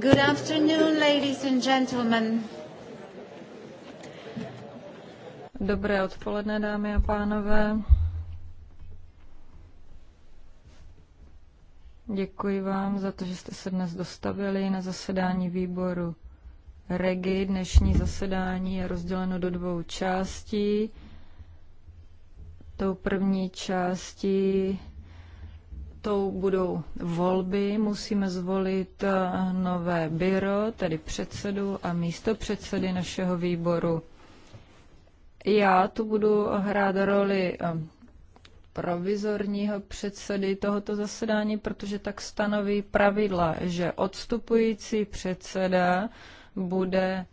Good afternoon, ladies and gentlemen. Dobré odpoledne, dámy a pánové. Děkuji vám za to, že jste se dnes dostavili na zasedání výboru REGI. Dnešní zasedání je rozděleno do dvou částí. Tou první částí tou budou volby. Musíme zvolit eh, nové byro, tedy předsedu a místo předsedy našeho výboru. Já tu budu hrát roli eh, provizorního předsedy tohoto zasedání, protože tak stanoví pravidla, že odstupující předseda bude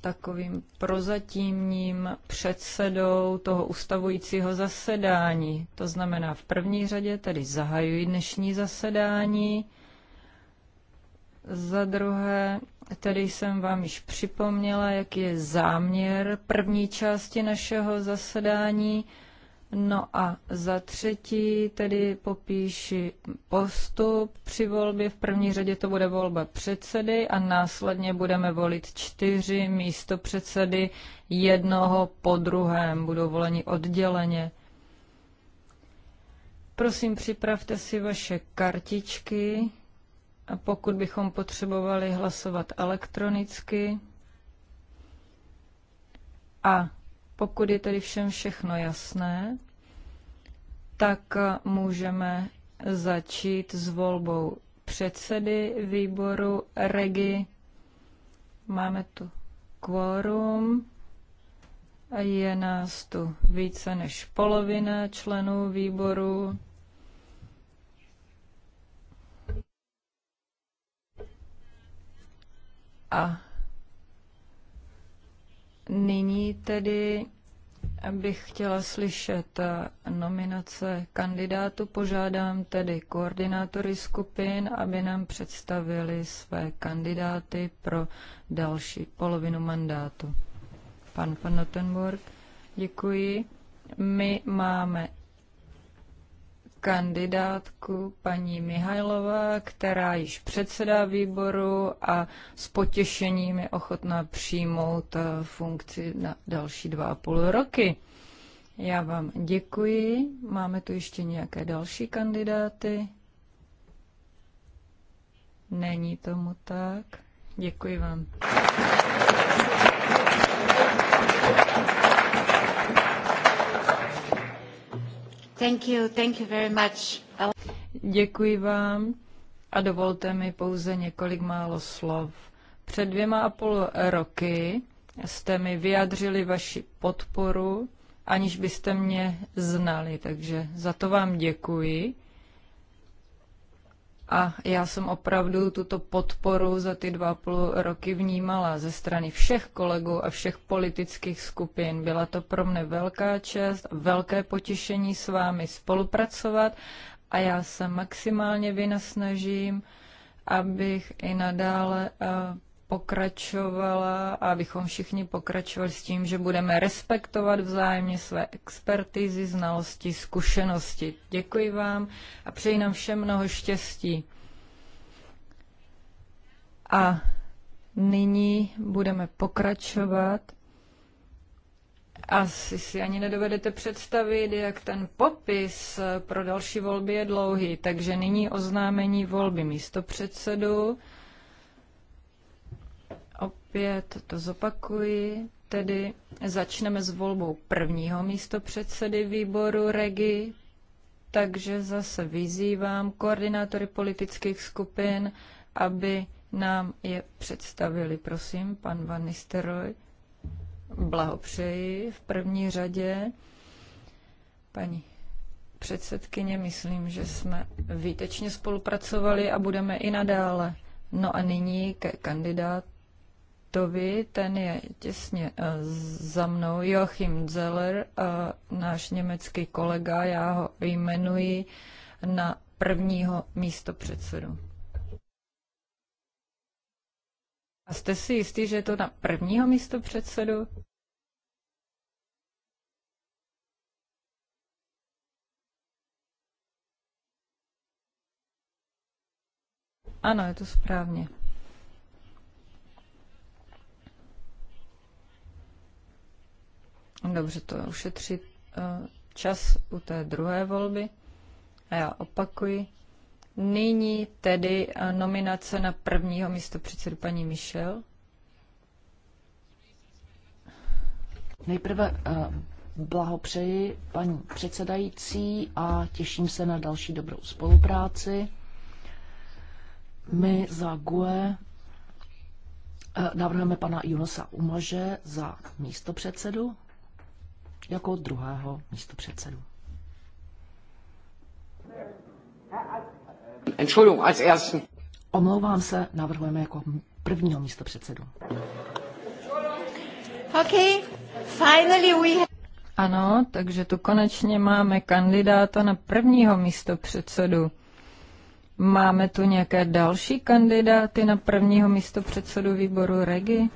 takovým prozatímním předsedou toho ustavujícího zasedání. To znamená, v první řadě tedy zahajuji dnešní zasedání. Za druhé, tedy jsem vám již připomněla, jaký je záměr první části našeho zasedání. No a za třetí tedy popíši postup při volbě. V první řadě to bude volba předsedy a následně budeme volit čtyři místo předsedy jednoho po druhém. Budou voleni odděleně. Prosím, připravte si vaše kartičky a pokud bychom potřebovali hlasovat elektronicky a pokud je tedy všem všechno jasné, tak můžeme začít s volbou předsedy výboru REGI. Máme tu kvórum. Je nás tu více než polovina členů výboru. A Nyní tedy bych chtěla slyšet nominace kandidátu. Požádám tedy koordinátory skupin, aby nám představili své kandidáty pro další polovinu mandátu. Pan Panotenburg, děkuji. My máme kandidátku paní Mihajlova, která již předsedá výboru a s potěšením je ochotná přijmout eh, funkci na další dva a půl roky. Já vám děkuji. Máme tu ještě nějaké další kandidáty? Není tomu tak. Děkuji vám. Thank you, thank you very much. Děkuji vám a dovolte mi pouze několik málo slov. Před dvěma a půl roky jste mi vyjadřili vaši podporu, aniž byste mě znali, takže za to vám děkuji. A já jsem opravdu tuto podporu za ty dva půl roky vnímala ze strany všech kolegů a všech politických skupin. Byla to pro mne velká čest, velké potěšení s vámi spolupracovat a já se maximálně vynasnažím, abych i nadále eh, pokračovala a abychom všichni pokračovali s tím, že budeme respektovat vzájemně své expertizy, znalosti, zkušenosti. Děkuji vám a přeji nám všem mnoho štěstí. A nyní budeme pokračovat. Asi si ani nedovedete představit, jak ten popis pro další volby je dlouhý. Takže nyní oznámení volby místo předsedu. Opět to zopakuji, tedy začneme s volbou prvního místo předsedy výboru REGI, takže zase vyzývám koordinátory politických skupin, aby nám je představili. Prosím, pan Van Nisteroj, blahopřeji v první řadě. Paní předsedkyně, myslím, že jsme výtečně spolupracovali a budeme i nadále. No a nyní ke kandidát Tovi, ten je těsně eh, za mnou, Joachim Zeller, eh, náš německý kolega, já ho jmenuji na prvního místo předsedu. A jste si jistý, že je to na prvního místo předsedu? Ano, je to správně. Dobře, to ušetří eh, čas u té druhé volby. A já opakuji. Nyní tedy eh, nominace na prvního místo předsedu paní Michel. Nejprve eh, blahopřeji paní předsedající a těším se na další dobrou spolupráci. My za GUE navrhneme pana Junosa Umaže za místo předsedu jako druhého místo Entschuldigung, als ersten. Omlouvám se, navrhujeme jako prvního předsedu. Okay, finally we have... Ano, takže tu konečně máme kandidáta na prvního místo předsedu. Máme tu nějaké další kandidáty na prvního místo předsedu výboru Regi?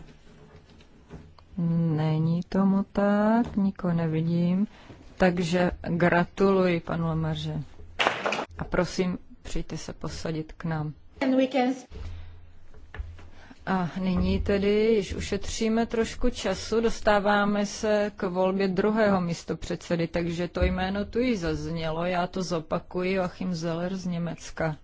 Není tomu tak, nikoho nevidím. Takže gratuluji panu Lemarže. A prosím, přijďte se posadit k nám. A nyní tedy již ušetříme trošku času, dostáváme se k volbě druhého místopředsedy, takže to jméno tu již zaznělo, já to zopakuji, Joachim Zeller z Německa.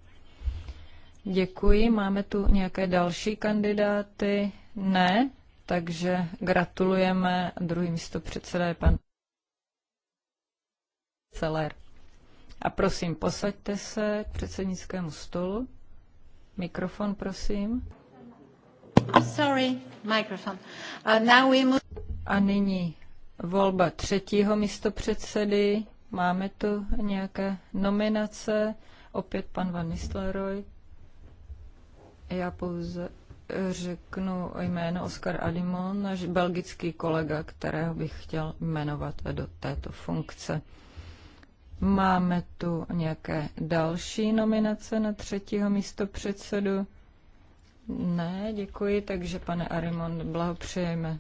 Děkuji, máme tu nějaké další kandidáty? Ne? takže gratulujeme. Druhý místo předseda je pan Celer. A prosím, posaďte se k předsednickému stolu. Mikrofon, prosím. sorry, mikrofon. Uh, A nyní volba třetího místopředsedy. Máme tu nějaké nominace. Opět pan Van Nistelrooy. Já pouze řeknu jméno Oskar Adimon, náš belgický kolega, kterého bych chtěl jmenovat do této funkce. Máme tu nějaké další nominace na třetího místo předsedu? Ne, děkuji, takže pane Arimon, blahopřejeme.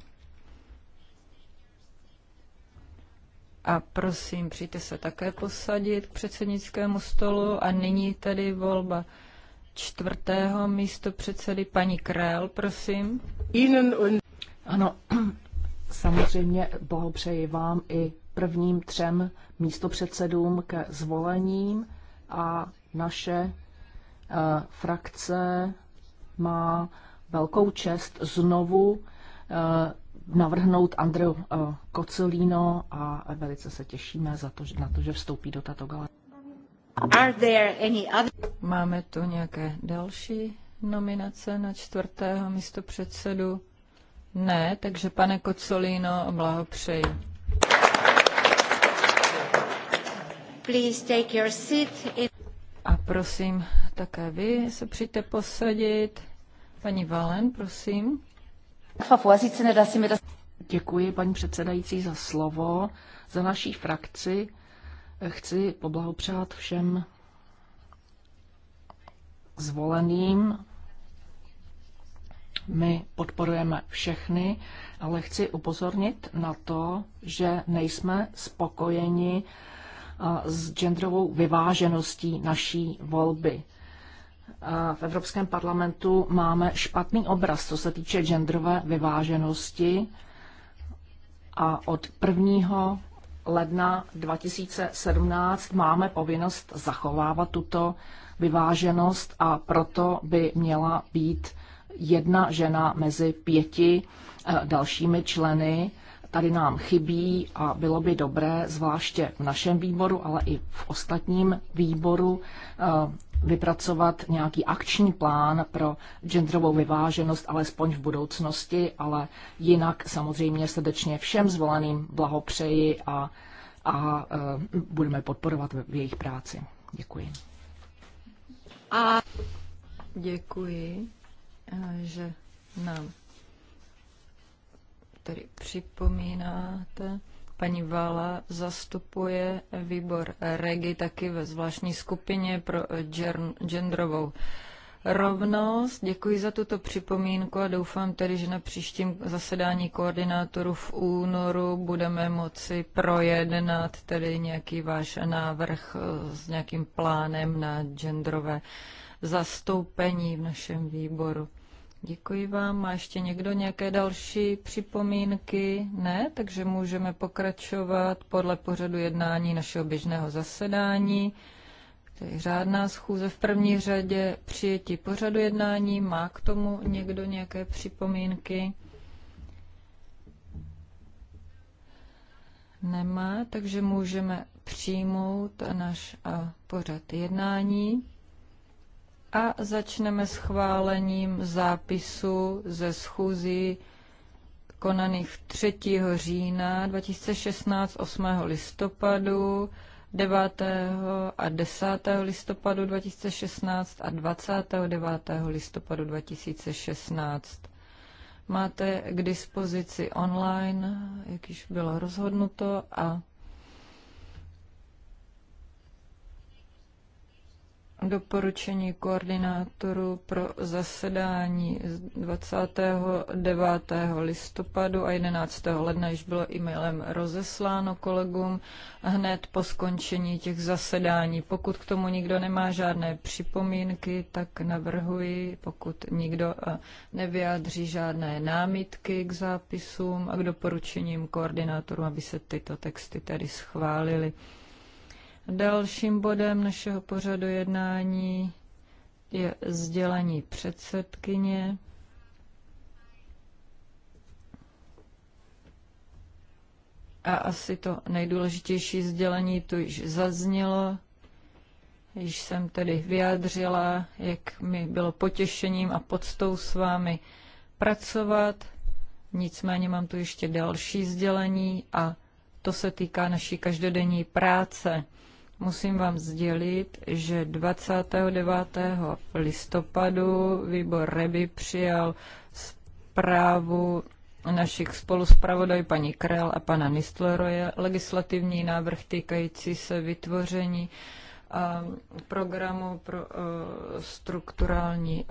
A prosím, přijďte se také posadit k předsednickému stolu a nyní tedy volba čtvrtého místo předsedy paní Král, prosím. Ano, samozřejmě blahopřeji vám i prvním třem místopředsedům ke zvolením a naše uh, frakce má velkou čest znovu uh, navrhnout Andreu eh, Kocelíno a velice se těšíme za to, na to, že vstoupí do tato galerie. Máme tu nějaké další nominace na čtvrtého místo předsedu? Ne, takže pane Kocolino, blahopřeji. Please take your seat. In... A prosím, také vy se přijďte posadit. Paní Valen, prosím. Děkuji, paní předsedající, za slovo. Za naší frakci Chci poblahopřát všem zvoleným. My podporujeme všechny, ale chci upozornit na to, že nejsme spokojeni s genderovou vyvážeností naší volby. V Evropském parlamentu máme špatný obraz, co se týče genderové vyváženosti a od 1 ledna 2017 máme povinnost zachovávat tuto vyváženost a proto by měla být jedna žena mezi pěti eh, dalšími členy. Tady nám chybí a bylo by dobré, zvláště v našem výboru, ale i v ostatním výboru, eh, vypracovat nějaký akční plán pro genderovou vyváženost, alespoň v budoucnosti, ale jinak samozřejmě srdečně všem zvoleným blahopřeji a, a e, budeme podporovat v jejich práci. Děkuji. A děkuji, e, že nám tady připomínáte Paní Vala zastupuje výbor REGI taky ve zvláštní skupině pro genderovou rovnost. Děkuji za tuto připomínku a doufám tedy, že na příštím zasedání koordinátorů v únoru budeme moci projednat tedy nějaký váš návrh eh, s nějakým plánem na genderové zastoupení v našem výboru. Děkuji vám. Má ještě někdo nějaké další připomínky? Ne, takže můžeme pokračovat podle pořadu jednání našeho běžného zasedání. Tedy řádná schůze v první řadě přijetí pořadu jednání. Má k tomu někdo nějaké připomínky? Nemá, takže můžeme přijmout náš pořad jednání a začneme schválením zápisu ze schůzí konaných 3. října 2016, 8. listopadu, 9. a 10. listopadu 2016 a 29. listopadu 2016. Máte k dispozici online, jak již bylo rozhodnuto, a doporučení koordinátoru pro zasedání z 29. listopadu a 11. ledna již bylo e-mailem rozesláno kolegům hned po skončení těch zasedání. Pokud k tomu nikdo nemá žádné připomínky, tak navrhuji, pokud nikdo nevyjádří žádné námitky k zápisům a k doporučením koordinátorům, aby se tyto texty tedy schválily. Dalším bodem našeho pořadu jednání je sdělení předsedkyně. A asi to nejdůležitější sdělení tu již zaznělo. Již jsem tedy vyjádřila, jak mi bylo potěšením a podstou s vámi pracovat. Nicméně mám tu ještě další sdělení a to se týká naší každodenní práce. Musím vám sdělit, že 29. listopadu výbor Reby přijal zprávu našich spoluspravodaj paní Krel a pana Nistleroje legislativní návrh týkající se vytvoření programu pro strukturální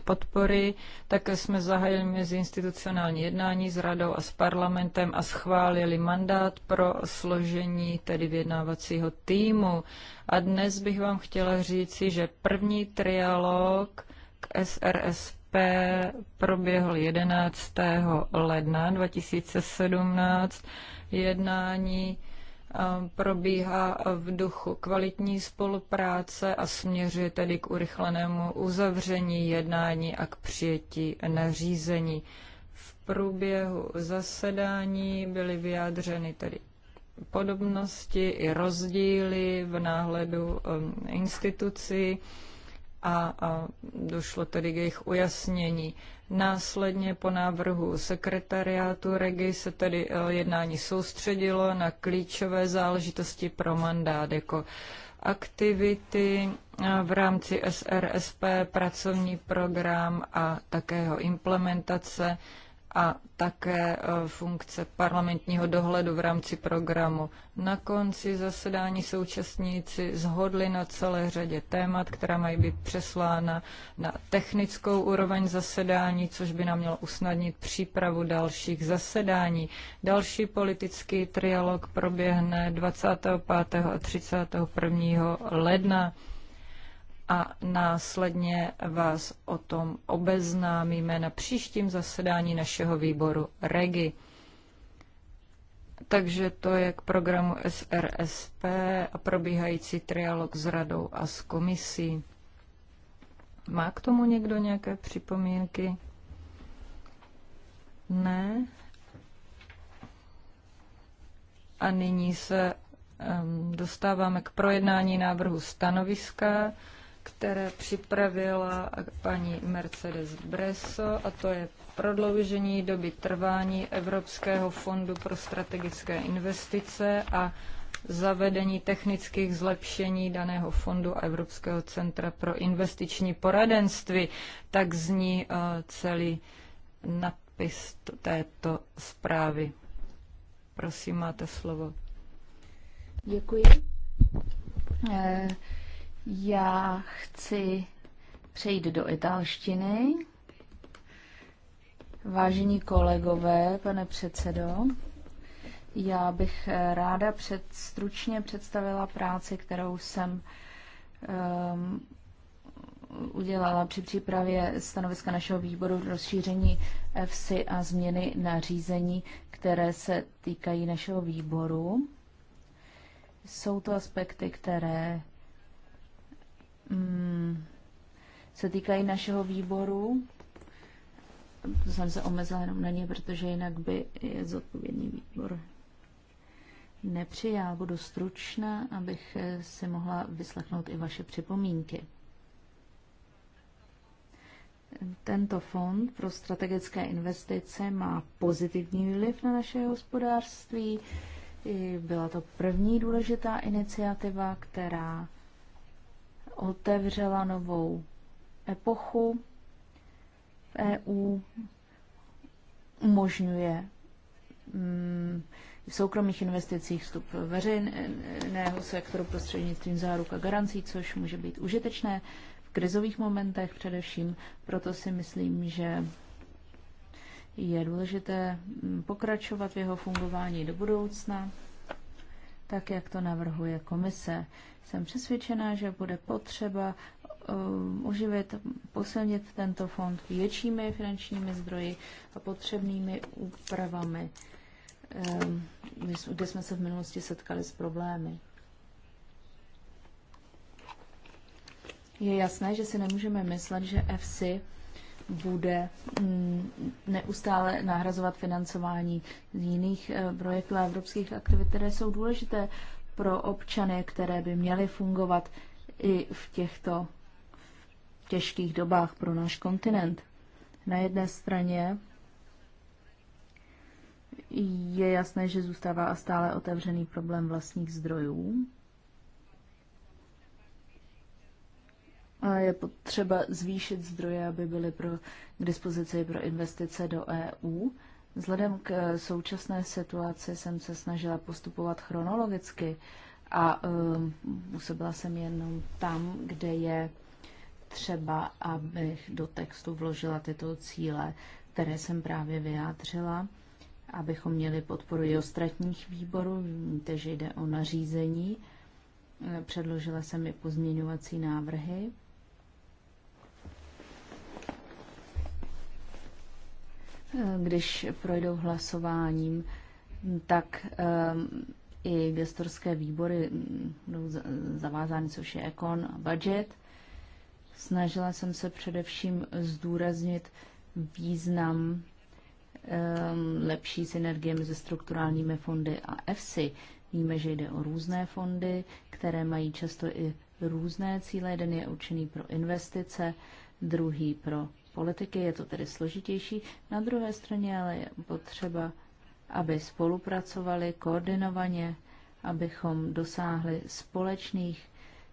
podpory. tak jsme zahájili meziinstitucionální jednání s radou a s parlamentem a schválili mandát pro složení tedy vyjednávacího týmu. A dnes bych vám chtěla říci, že první trialog k SRSP proběhl 11. ledna 2017. Jednání probíhá v duchu kvalitní spolupráce a směřuje tedy k urychlenému uzavření jednání a k přijetí nařízení. V průběhu zasedání byly vyjádřeny tedy podobnosti i rozdíly v náhledu um, institucí a, a došlo tedy k jejich ujasnění. Následně po návrhu sekretariátu REGI se tedy e, jednání soustředilo na klíčové záležitosti pro mandát jako aktivity e, v rámci SRSP, pracovní program a také jeho implementace, a také e, funkce parlamentního dohledu v rámci programu. Na konci zasedání současníci zhodli na celé řadě témat, která mají být přeslána na technickou úroveň zasedání, což by nám mělo usnadnit přípravu dalších zasedání. Další politický trialog proběhne 25. a 31. ledna a následně vás o tom obeznámíme na příštím zasedání našeho výboru REGI. Takže to je k programu SRSP a probíhající trialog s radou a s komisí. Má k tomu někdo nějaké připomínky? Ne. A nyní se ehm, dostáváme k projednání návrhu stanoviska které připravila paní Mercedes Breso, a to je prodloužení doby trvání Evropského fondu pro strategické investice a zavedení technických zlepšení daného fondu a Evropského centra pro investiční poradenství, tak zní eh, celý nadpis této zprávy. Prosím, máte slovo. Děkuji. Eh... Já chci přejít do italštiny. Vážení kolegové, pane předsedo, já bych eh, ráda před, stručně představila práci, kterou jsem um, udělala při přípravě stanoviska našeho výboru rozšíření EFSI a změny nařízení, které se týkají našeho výboru. Jsou to aspekty, které Mm, se týkají našeho výboru. To jsem se omezila jenom na ně, protože jinak by je zodpovědný výbor nepřijal. Budu stručná, abych si mohla vyslechnout i vaše připomínky. Tento fond pro strategické investice má pozitivní vliv na naše hospodářství. Byla to první důležitá iniciativa, která otevřela novou epochu v EU, umožňuje mm, v soukromých investicích vstup veřejného sektoru prostřednictvím záruk a garancí, což může být užitečné v krizových momentech především. Proto si myslím, že je důležité mm, pokračovat v jeho fungování do budoucna, tak jak to navrhuje komise. Jsem přesvědčená, že bude potřeba um, oživit, posilnit tento fond většími finančními zdroji a potřebnými úpravami, um, kde jsme se v minulosti setkali s problémy. Je jasné, že si nemůžeme myslet, že FC bude mm, neustále nahrazovat financování z jiných eh, projektů a evropských aktivit, které jsou důležité pro občany, které by měly fungovat i v těchto těžkých dobách pro náš kontinent. Na jedné straně je jasné, že zůstává a stále otevřený problém vlastních zdrojů. A je potřeba zvýšit zdroje, aby byly pro, k dispozici pro investice do EU. Vzhledem k eh, současné situaci jsem se snažila postupovat chronologicky a um, působila jsem jenom tam, kde je třeba, abych do textu vložila tyto cíle, které jsem právě vyjádřila, abychom měli podporu i ostatních výborů. Víte, že jde o nařízení. Eh, předložila jsem i pozměňovací návrhy Eh, když projdou hlasováním, tak ehm, i gestorské výbory mm, budou zavázány, což je ekon a budget. Snažila jsem se především zdůraznit význam ehm, lepší synergie mezi strukturálními fondy a EFSI. Víme, že jde o různé fondy, které mají často i různé cíle. Jeden je určený pro investice, druhý pro politiky, je to tedy složitější. Na druhé straně ale je potřeba, aby spolupracovali koordinovaně, abychom dosáhli společných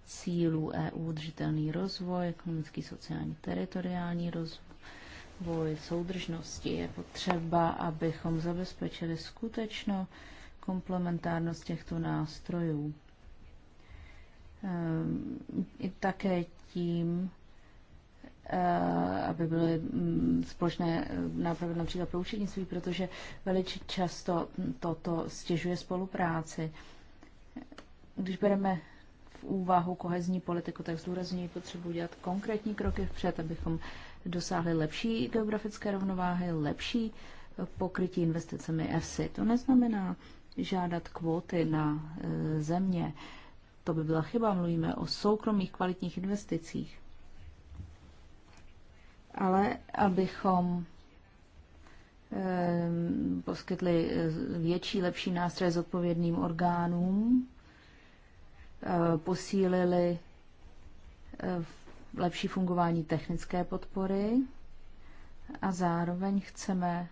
cílů EU, držitelný rozvoj, ekonomický, sociální, teritoriální rozvoj, soudržnosti. Je potřeba, abychom zabezpečili skutečnou komplementárnost těchto nástrojů. Ehm, také tím, Eh, aby byly mm, společné eh, nápravy například pro učenictví, protože velice často toto stěžuje spolupráci. Když bereme v úvahu kohezní politiku, tak zdůrazněji potřebu dělat konkrétní kroky vpřed, abychom dosáhli lepší geografické rovnováhy, lepší pokrytí investicemi EFSI. To neznamená žádat kvóty na eh, země. To by byla chyba. Mluvíme o soukromých kvalitních investicích ale abychom ehm, poskytli eh, větší, lepší nástroje zodpovědným orgánům, eh, posílili eh, lepší fungování technické podpory a zároveň chceme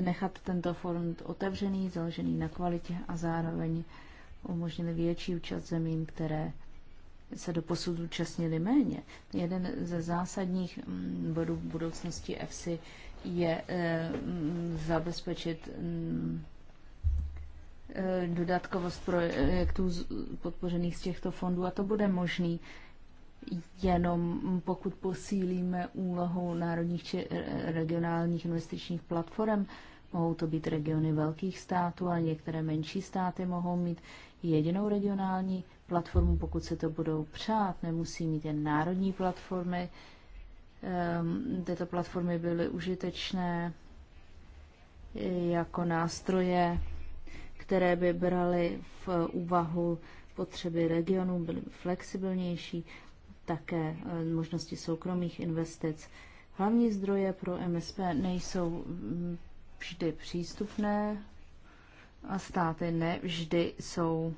nechat tento fond otevřený, založený na kvalitě a zároveň umožnili větší účast zemím, které se do posud účastnili méně. Jeden ze zásadních mm, bodů budoucnosti EFSI je eh, mm, zabezpečit mm, eh, dodatkovost projektů podpořených z těchto fondů a to bude možný jenom pokud posílíme úlohu národních či eh, regionálních investičních platform. Mohou to být regiony velkých států, ale některé menší státy mohou mít jedinou regionální platformu, pokud se to budou přát. Nemusí mít jen národní platformy. Ehm, tyto platformy byly užitečné jako nástroje, které by braly v úvahu potřeby regionů, byly flexibilnější, také eh, možnosti soukromých investic. Hlavní zdroje pro MSP nejsou mm, vždy přístupné a státy nevždy jsou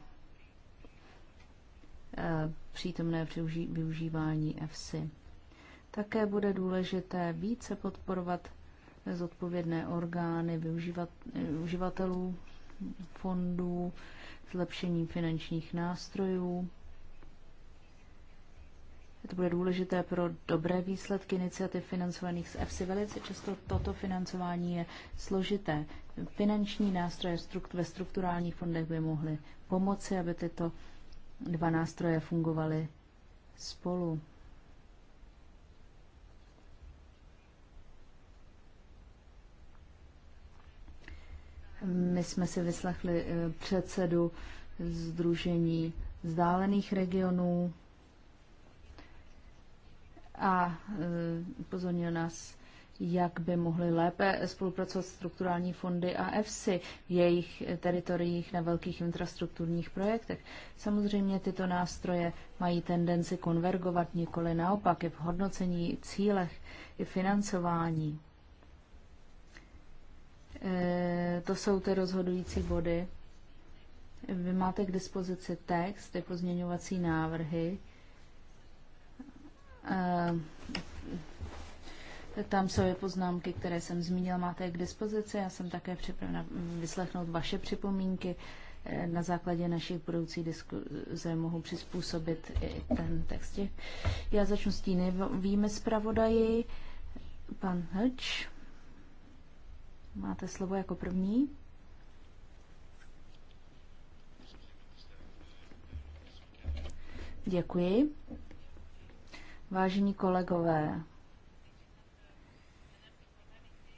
eh, přítomné při využívání EFSI. Také bude důležité více podporovat zodpovědné orgány využívat, uživatelů fondů, zlepšení finančních nástrojů, to bude důležité pro dobré výsledky iniciativ financovaných z EFSI. Velice často toto financování je složité. Finanční nástroje ve strukturálních fondech by mohly pomoci, aby tyto dva nástroje fungovaly spolu. My jsme si vyslechli eh, předsedu Združení vzdálených regionů a e, upozornil nás, jak by mohly lépe spolupracovat strukturální fondy a EFSI v jejich teritoriích na velkých infrastrukturních projektech. Samozřejmě tyto nástroje mají tendenci konvergovat nikoli naopak i v hodnocení, cílech, i financování. E, to jsou ty rozhodující body. Vy máte k dispozici text, ty pozměňovací návrhy tam jsou je poznámky, které jsem zmínil, máte je k dispozici. Já jsem také připravena vyslechnout vaše připomínky. E, na základě našich budoucích diskuze mohu přizpůsobit i ten text. Já začnu s tím víme zpravodaji. Pan Hlč, máte slovo jako první. Děkuji. Vážení kolegové,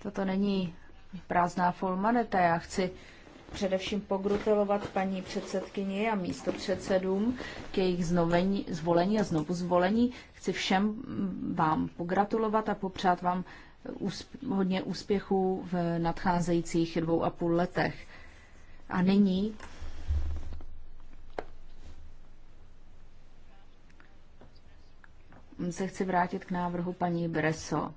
toto není prázdná folmaneta. Já chci především pogrutelovat paní předsedkyni a místo předsedům k jejich znovení, zvolení a znovu zvolení. Chci všem vám pogratulovat a popřát vám úsp- hodně úspěchů v nadcházejících dvou a půl letech. A nyní se chci vrátit k návrhu paní Breso.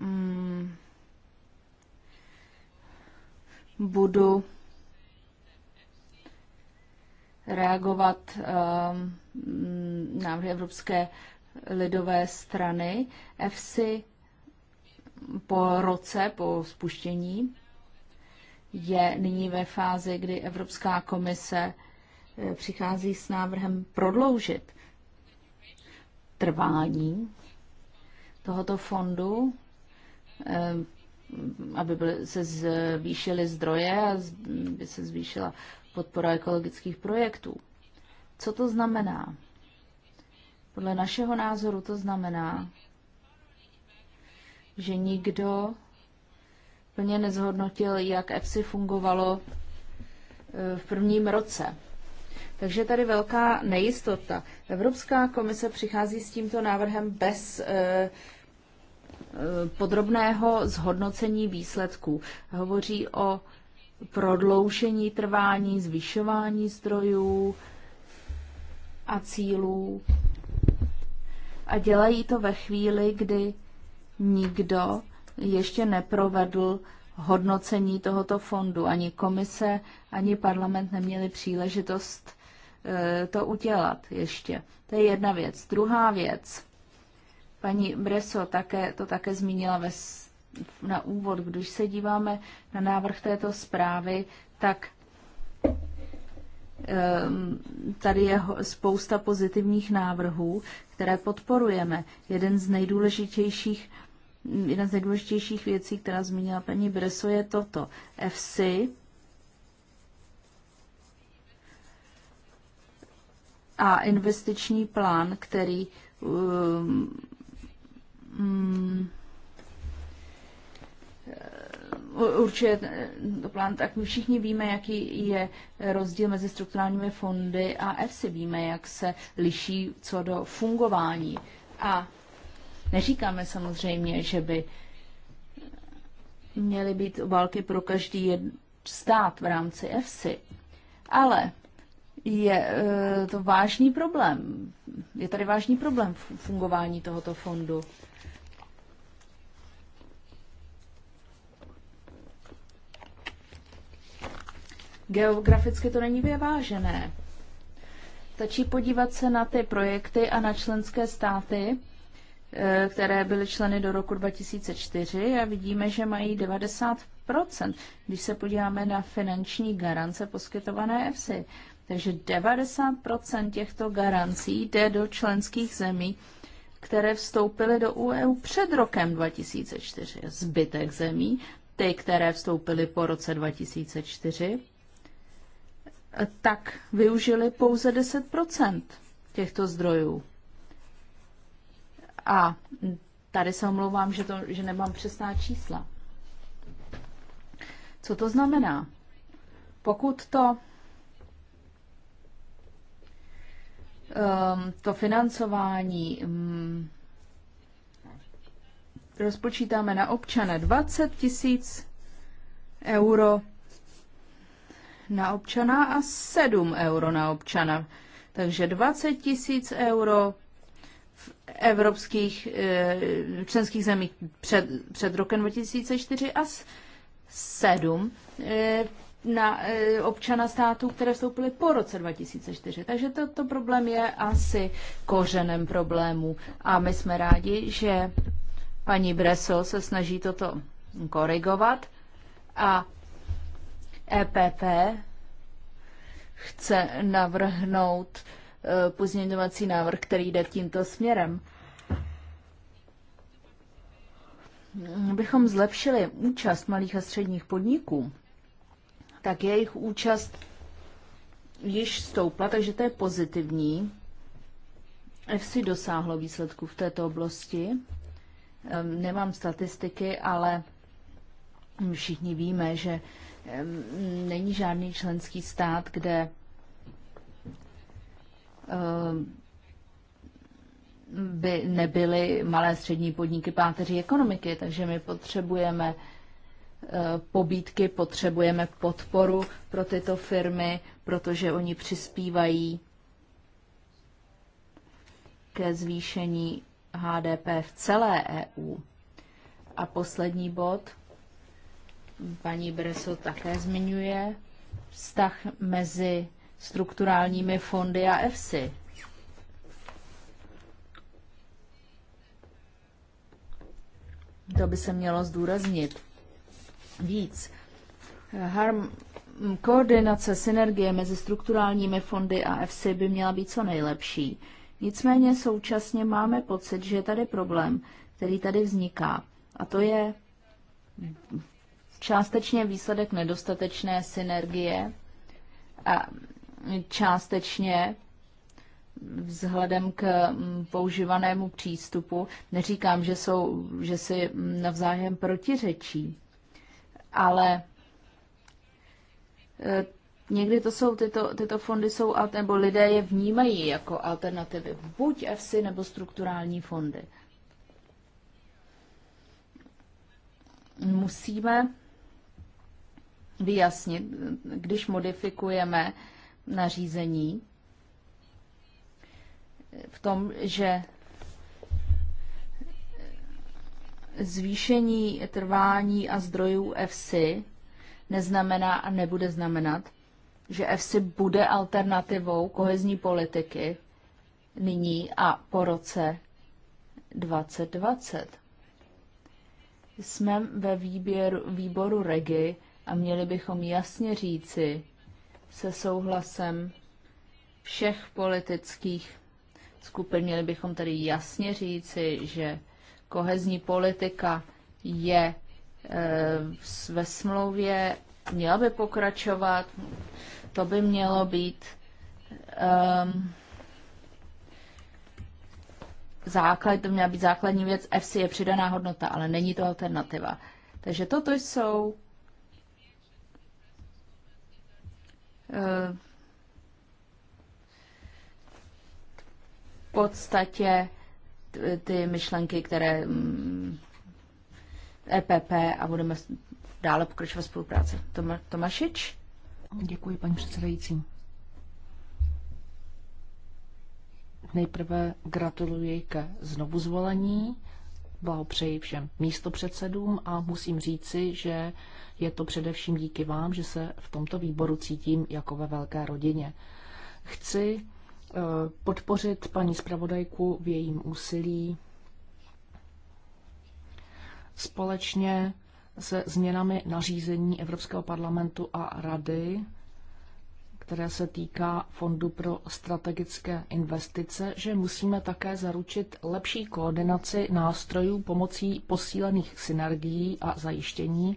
Hmm. Budu reagovat na ehm, návrhy Evropské lidové strany. EFSI po roce, po spuštění je nyní ve fázi, kdy Evropská komise eh, přichází s návrhem prodloužit trvání tohoto fondu, eh, aby se zvýšily zdroje a by se zvýšila podpora ekologických projektů. Co to znamená? Podle našeho názoru to znamená, že nikdo plně nezhodnotil, jak EPSI fungovalo e, v prvním roce. Takže tady velká nejistota. Evropská komise přichází s tímto návrhem bez e, e, podrobného zhodnocení výsledků. Hovoří o prodloušení trvání, zvyšování zdrojů a cílů. A dělají to ve chvíli, kdy nikdo ještě neprovedl hodnocení tohoto fondu. Ani komise, ani parlament neměli příležitost eh, to udělat ještě. To je jedna věc. Druhá věc. Paní Breso také, to také zmínila ve, na úvod. Když se díváme na návrh této zprávy, tak ehm, tady je spousta pozitivních návrhů, které podporujeme. Jeden z nejdůležitějších Jedna z nejdůležitějších věcí, která zmínila paní Breso, je toto. FC a investiční plán, který um, um, určuje plán, tak my všichni víme, jaký je rozdíl mezi strukturálními fondy a FC, Víme, jak se liší co do fungování. A Neříkáme samozřejmě, že by měly být války pro každý stát v rámci EFSI, ale je e, to vážný problém. Je tady vážný problém fungování tohoto fondu. Geograficky to není vyvážené. Stačí podívat se na ty projekty a na členské státy, Eh, které byly členy do roku 2004 a vidíme, že mají 90 když se podíváme na finanční garance poskytované EFSI. Takže 90 těchto garancí jde do členských zemí, které vstoupily do EU e před rokem 2004. Zbytek zemí, ty, které vstoupily po roce 2004, eh, tak využili pouze 10 těchto zdrojů. A tady se omlouvám, že, to, že nemám přesná čísla. Co to znamená? Pokud to, um, to financování um, rozpočítáme na občana 20 tisíc euro na občana a 7 euro na občana. Takže 20 tisíc euro v evropských eh, členských zemích před, před rokem 2004 a 7 eh, na eh, občana států, které vstoupily po roce 2004. Takže to problém je asi kořenem problému A my jsme rádi, že paní Breso se snaží toto korigovat a EPP chce navrhnout Eh, pozměňovací návrh, který jde tímto směrem. Bychom zlepšili účast malých a středních podniků, tak jejich účast již stoupla, takže to je pozitivní. FC dosáhlo výsledku v této oblasti. Nemám statistiky, ale všichni víme, že není žádný členský stát, kde Eh, by nebyly malé střední podniky páteří ekonomiky, takže my potřebujeme eh, pobídky, potřebujeme podporu pro tyto firmy, protože oni přispívají ke zvýšení HDP v celé EU. A poslední bod, paní Breso také zmiňuje, vztah mezi strukturálními fondy a EFSI. To by se mělo zdůraznit víc. Harm, koordinace, synergie mezi strukturálními fondy a EFSI by měla být co nejlepší. Nicméně současně máme pocit, že je tady problém, který tady vzniká. A to je částečně výsledek nedostatečné synergie a částečně vzhledem k mm, používanému přístupu. Neříkám, že, jsou, že si navzájem protiřečí, ale e, někdy to jsou tyto, tyto fondy jsou, nebo lidé je vnímají jako alternativy. Buď EFSI nebo strukturální fondy. Musíme vyjasnit, když modifikujeme nařízení v tom, že zvýšení trvání a zdrojů FC neznamená a nebude znamenat, že FC bude alternativou kohezní politiky nyní a po roce 2020. Jsme ve výběru, výboru REGI a měli bychom jasně říci, se souhlasem všech politických skupin. Měli bychom tedy jasně říci, že kohezní politika je e, ve smlouvě, měla by pokračovat, to by mělo být um, základ, to měla být základní věc, FC je přidaná hodnota, ale není to alternativa. Takže toto jsou v podstatě ty myšlenky, které mm, EPP a budeme dále pokračovat spolupráce. Tomašič? Děkuji, paní předsedající. Nejprve gratuluji ke zvolení, blahopřeji všem místopředsedům a musím říci, že je to především díky vám, že se v tomto výboru cítím jako ve velké rodině. Chci eh, podpořit paní zpravodajku v jejím úsilí společně se změnami nařízení Evropského parlamentu a Rady, které se týká Fondu pro strategické investice, že musíme také zaručit lepší koordinaci nástrojů pomocí posílených synergií a zajištění,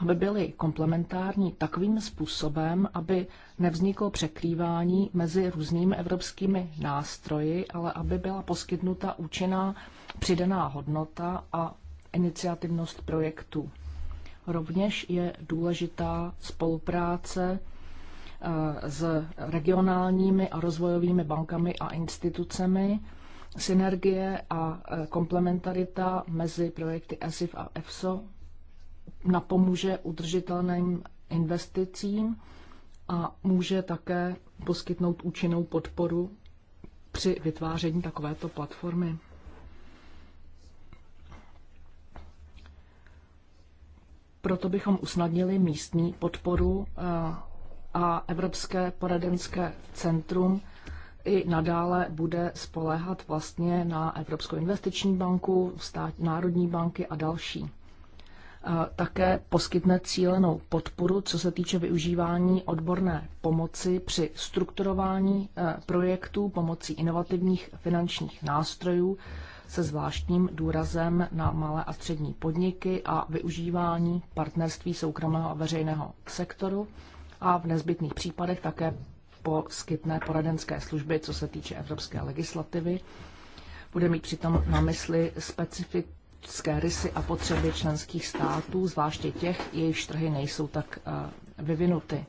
aby byly komplementární takovým způsobem, aby nevzniklo překrývání mezi různými evropskými nástroji, ale aby byla poskytnuta účinná přidaná hodnota a iniciativnost projektů. Rovněž je důležitá spolupráce eh, s regionálními a rozvojovými bankami a institucemi, synergie a eh, komplementarita mezi projekty ESIF a EFSO napomůže udržitelným investicím a může také poskytnout účinnou podporu při vytváření takovéto platformy. Proto bychom usnadnili místní podporu eh, a Evropské poradenské centrum i nadále bude spoléhat vlastně na Evropskou investiční banku, stát, národní banky a další také poskytne cílenou podporu, co se týče využívání odborné pomoci při strukturování e, projektů pomocí inovativních finančních nástrojů se zvláštním důrazem na malé a střední podniky a využívání partnerství soukromého a veřejného sektoru a v nezbytných případech také poskytné poradenské služby, co se týče evropské legislativy. Bude mít přitom na mysli specifik, specifické rysy a potřeby členských států, zvláště těch, jejichž trhy nejsou tak eh, vyvinuty.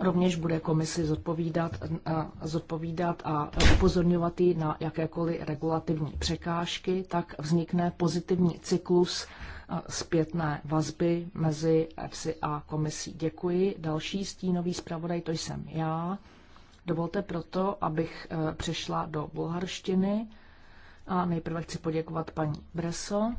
Rovněž bude komisi zodpovídat, eh, zodpovídat a upozorňovat ji na jakékoliv regulativní překážky, tak vznikne pozitivní cyklus eh, zpětné vazby mezi EFSI a komisí. Děkuji. Další stínový zpravodaj, to jsem já. Dovolte proto, abych přešla do bulharštiny. A nejprve chci poděkovat paní Breso.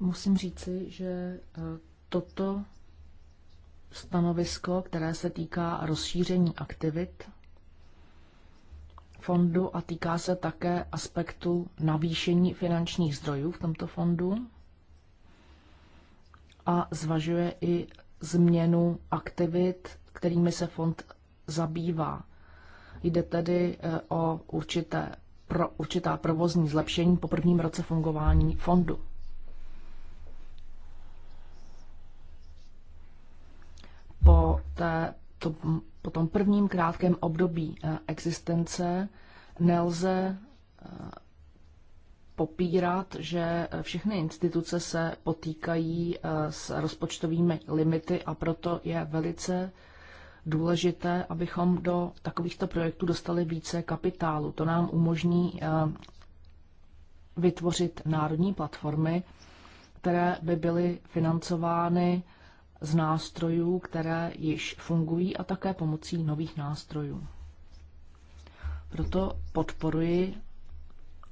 Musím říci, že eh, toto stanovisko, které se týká rozšíření aktivit fondu a týká se také aspektu navýšení finančních zdrojů v tomto fondu a zvažuje i změnu aktivit, kterými se fond zabývá. Jde tedy e, o určité, pro, určitá provozní zlepšení po prvním roce fungování fondu. Po, té, to, po tom prvním krátkém období e, existence nelze e, popírat, že eh, všechny instituce se potýkají eh, s rozpočtovými limity a proto je velice důležité, abychom do takovýchto projektů dostali více kapitálu. To nám umožní eh, vytvořit národní platformy, které by byly financovány z nástrojů, které již fungují a také pomocí nových nástrojů. Proto podporuji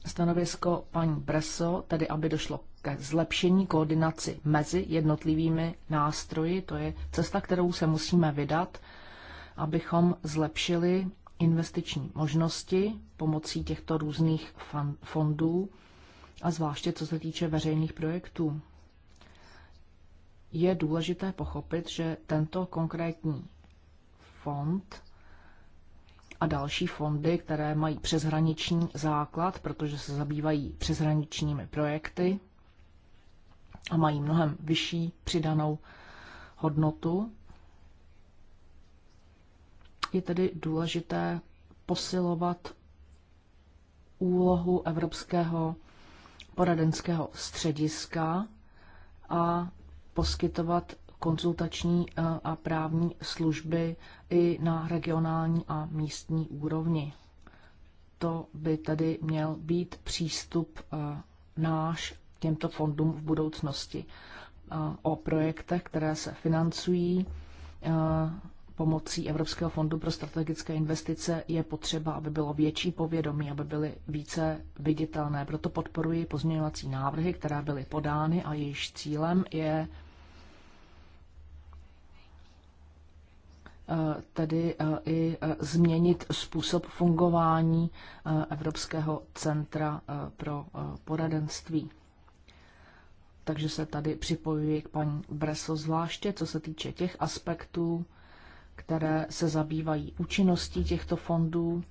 stanovisko paní Preso, tedy aby došlo ke zlepšení koordinaci mezi jednotlivými nástroji. To je cesta, kterou se musíme vydat, abychom zlepšili investiční možnosti pomocí těchto různých fondů a zvláště co se týče veřejných projektů. Je důležité pochopit, že tento konkrétní fond a další fondy, které mají přeshraniční základ, protože se zabývají přeshraničními projekty a mají mnohem vyšší přidanou hodnotu. Je tedy důležité posilovat úlohu Evropského poradenského střediska a poskytovat konzultační eh, a právní služby i na regionální a místní úrovni. To by tedy měl být přístup eh, náš těmto fondům v budoucnosti. Eh, o projektech, které se financují pomocí Evropského fondu pro strategické investice, je potřeba, aby bylo větší povědomí, aby byly více viditelné. Proto podporuji pozměňovací návrhy, které byly podány a jejich cílem je Eh, tedy eh, i eh, změnit způsob fungování Evropského centra pro poradenství. Takže se tady připojuji k paní Breso zvláště, co se týče těch aspektů, které se zabývají účinností těchto fondů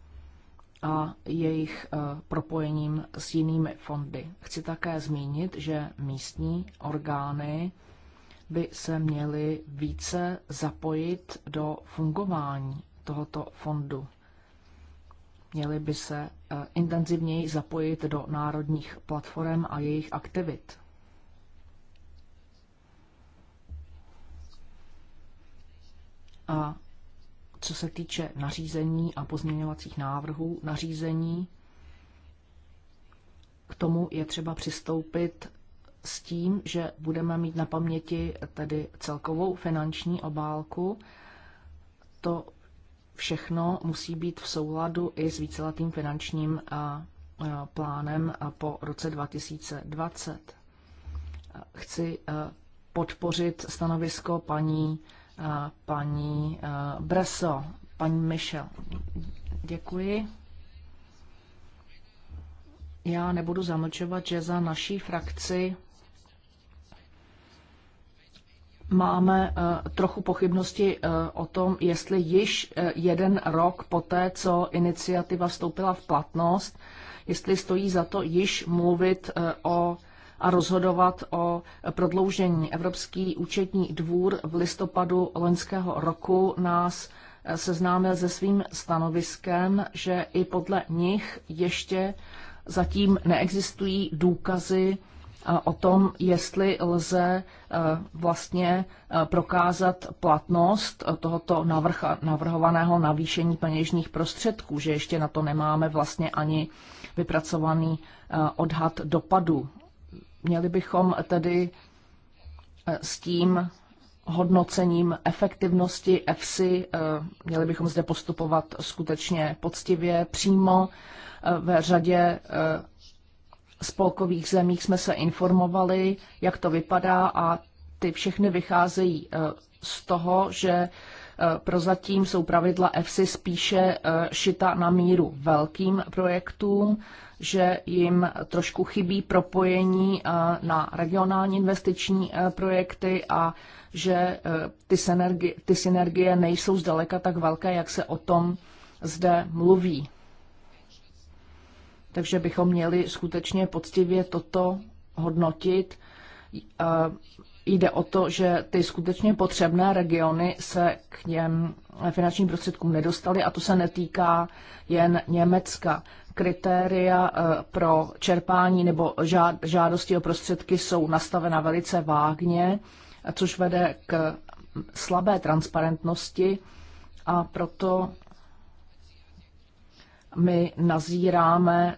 a jejich propojením s jinými fondy. Chci také zmínit, že místní orgány by se měli více zapojit do fungování tohoto fondu. Měli by se eh, intenzivněji zapojit do národních platform a jejich aktivit. A co se týče nařízení a pozměňovacích návrhů nařízení, k tomu je třeba přistoupit s tím, že budeme mít na paměti tedy celkovou finanční obálku. To všechno musí být v souladu i s víceletým finančním plánem po roce 2020. Chci podpořit stanovisko paní, paní Breso, paní Michel. Děkuji. Já nebudu zamlčovat, že za naší frakci máme eh, trochu pochybnosti eh, o tom, jestli již eh, jeden rok poté, co iniciativa vstoupila v platnost, jestli stojí za to již mluvit o a rozhodovat o prodloužení. Evropský účetní dvůr v listopadu loňského roku nás seznámil se svým stanoviskem, že i podle nich ještě zatím neexistují důkazy o tom, jestli lze e, vlastně e, prokázat platnost e, tohoto navrch, navrhovaného navýšení peněžních prostředků, že ještě na to nemáme vlastně ani vypracovaný odhad dopadu. Měli bychom tedy s tím hodnocením efektivnosti EFSI, měli bychom zde postupovat skutečně poctivě, přímo ve řadě spolkových zemích jsme se informovali, jak to vypadá a ty všechny vycházejí eh, z toho, že eh, prozatím jsou pravidla EFSI spíše eh, šita na míru velkým projektům, že jim trošku chybí propojení na regionální investiční projekty a že ty synergie, ty synergie nejsou zdaleka tak velké, jak se o tom zde mluví. Takže bychom měli skutečně poctivě toto hodnotit. Jde o to, že ty skutečně potřebné regiony se k něm finančním prostředkům nedostaly a to se netýká jen Německa. Kritéria e, pro čerpání nebo žádosti o prostředky jsou nastavena velice vágně, což vede k slabé transparentnosti a proto my nazíráme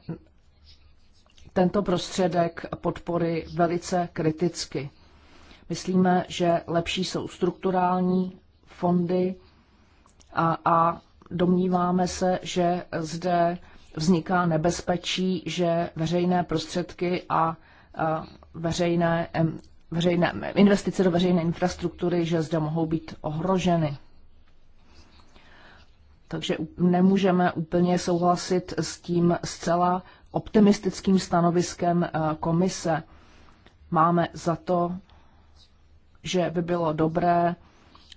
tento prostředek podpory velice kriticky. Myslíme, že lepší jsou strukturální fondy a, a domníváme se, že zde vzniká nebezpečí, že veřejné prostředky a, a veřejné, veřejné investice do veřejné infrastruktury, že zde mohou být ohroženy. Takže nemůžeme úplně souhlasit s tím zcela optimistickým stanoviskem eh, komise. Máme za to, že by bylo dobré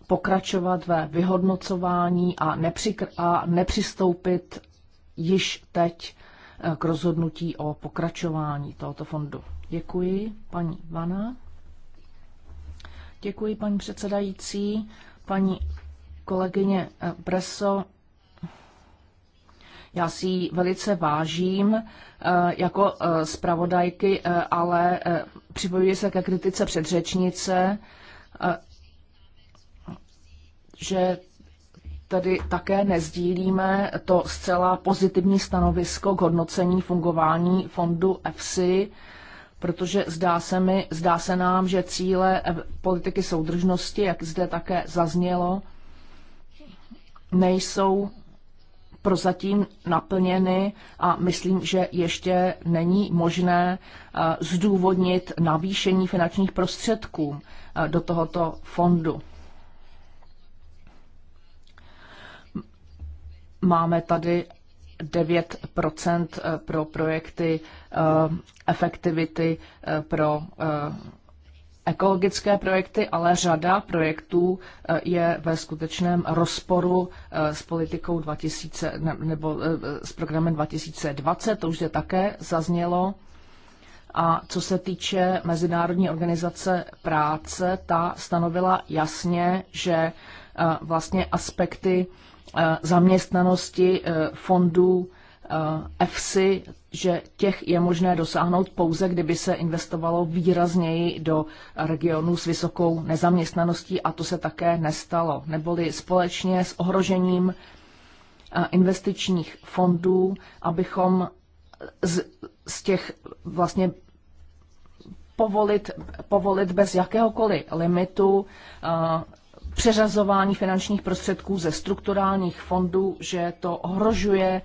pokračovat ve vyhodnocování a, nepřikr- a nepřistoupit již teď eh, k rozhodnutí o pokračování tohoto fondu. Děkuji, paní Vana. Děkuji, paní předsedající. Paní kolegyně eh, Breso já si ji velice vážím eh, jako eh, zpravodajky, eh, ale připojuji se ke kritice předřečnice, že tedy také nezdílíme to zcela pozitivní stanovisko k hodnocení fungování fondu EFSI, protože zdá se, mi, zdá se nám, že cíle politiky soudržnosti, jak zde také zaznělo, nejsou prozatím naplněny a myslím, že ještě není možné eh, zdůvodnit navýšení finančních prostředků eh, do tohoto fondu. Máme tady 9 eh, pro projekty efektivity pro ekologické projekty, ale řada projektů eh, je ve skutečném rozporu eh, s politikou 2000 nebo eh, s programem 2020, to už je také zaznělo. A co se týče Mezinárodní organizace práce, ta stanovila jasně, že vlastně aspekty zaměstnanosti fondů EFSI že těch je možné dosáhnout pouze, kdyby se investovalo výrazněji do regionů s vysokou nezaměstnaností a to se také nestalo. Neboli společně s ohrožením investičních fondů, abychom z, z těch vlastně povolit, povolit bez jakéhokoliv limitu přeřazování finančních prostředků ze strukturálních fondů, že to ohrožuje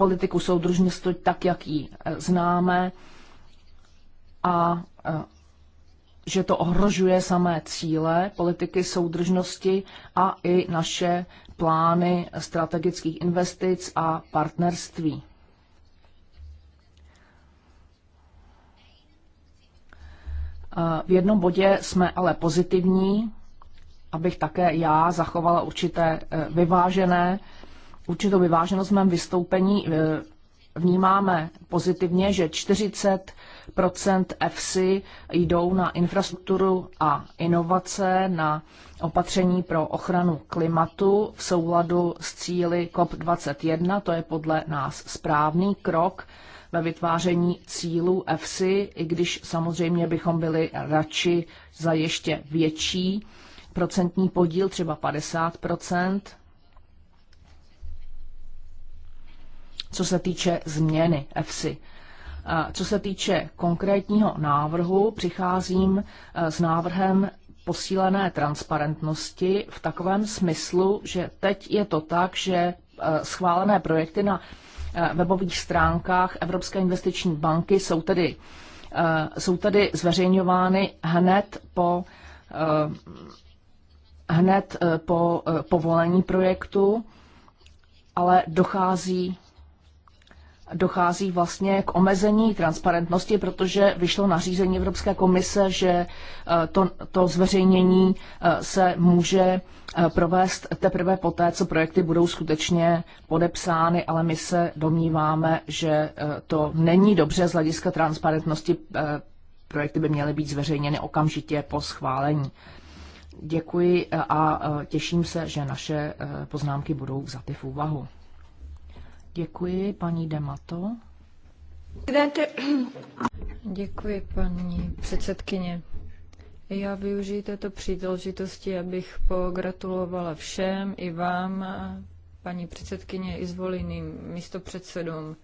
politiku soudržnosti tak, jak ji eh, známe a eh, že to ohrožuje samé cíle politiky soudržnosti a i naše plány strategických investic a partnerství. Eh, v jednom bodě jsme ale pozitivní, abych také já zachovala určité vyvážené určitou vyváženost v mém vystoupení eh, vnímáme pozitivně, že 40 EFSI jdou na infrastrukturu a inovace, na opatření pro ochranu klimatu v souladu s cíly COP21. To je podle nás správný krok ve vytváření cílů EFSI, i když samozřejmě bychom byli radši za ještě větší procentní podíl, třeba 50 co se týče změny EFSI. Co se týče konkrétního návrhu, přicházím e, s návrhem posílené transparentnosti v takovém smyslu, že teď je to tak, že e, schválené projekty na e, webových stránkách Evropské investiční banky jsou tedy, jsou tedy zveřejňovány hned po hned po povolení projektu, ale dochází dochází vlastně k omezení transparentnosti, protože vyšlo nařízení Evropské komise, že e, to, to zveřejnění e, se může e, provést teprve poté, co projekty budou skutečně podepsány, ale my se domníváme, že to není dobře z hlediska transparentnosti. Projekty by měly být zveřejněny okamžitě po schválení. Děkuji a těším se, že naše poznámky budou vzaty v úvahu. Děkuji, paní Demato. Děkuji, paní předsedkyně. Já využiji této příležitosti, abych pogratulovala všem, i vám, paní předsedkyně, i zvoleným místopředsedům.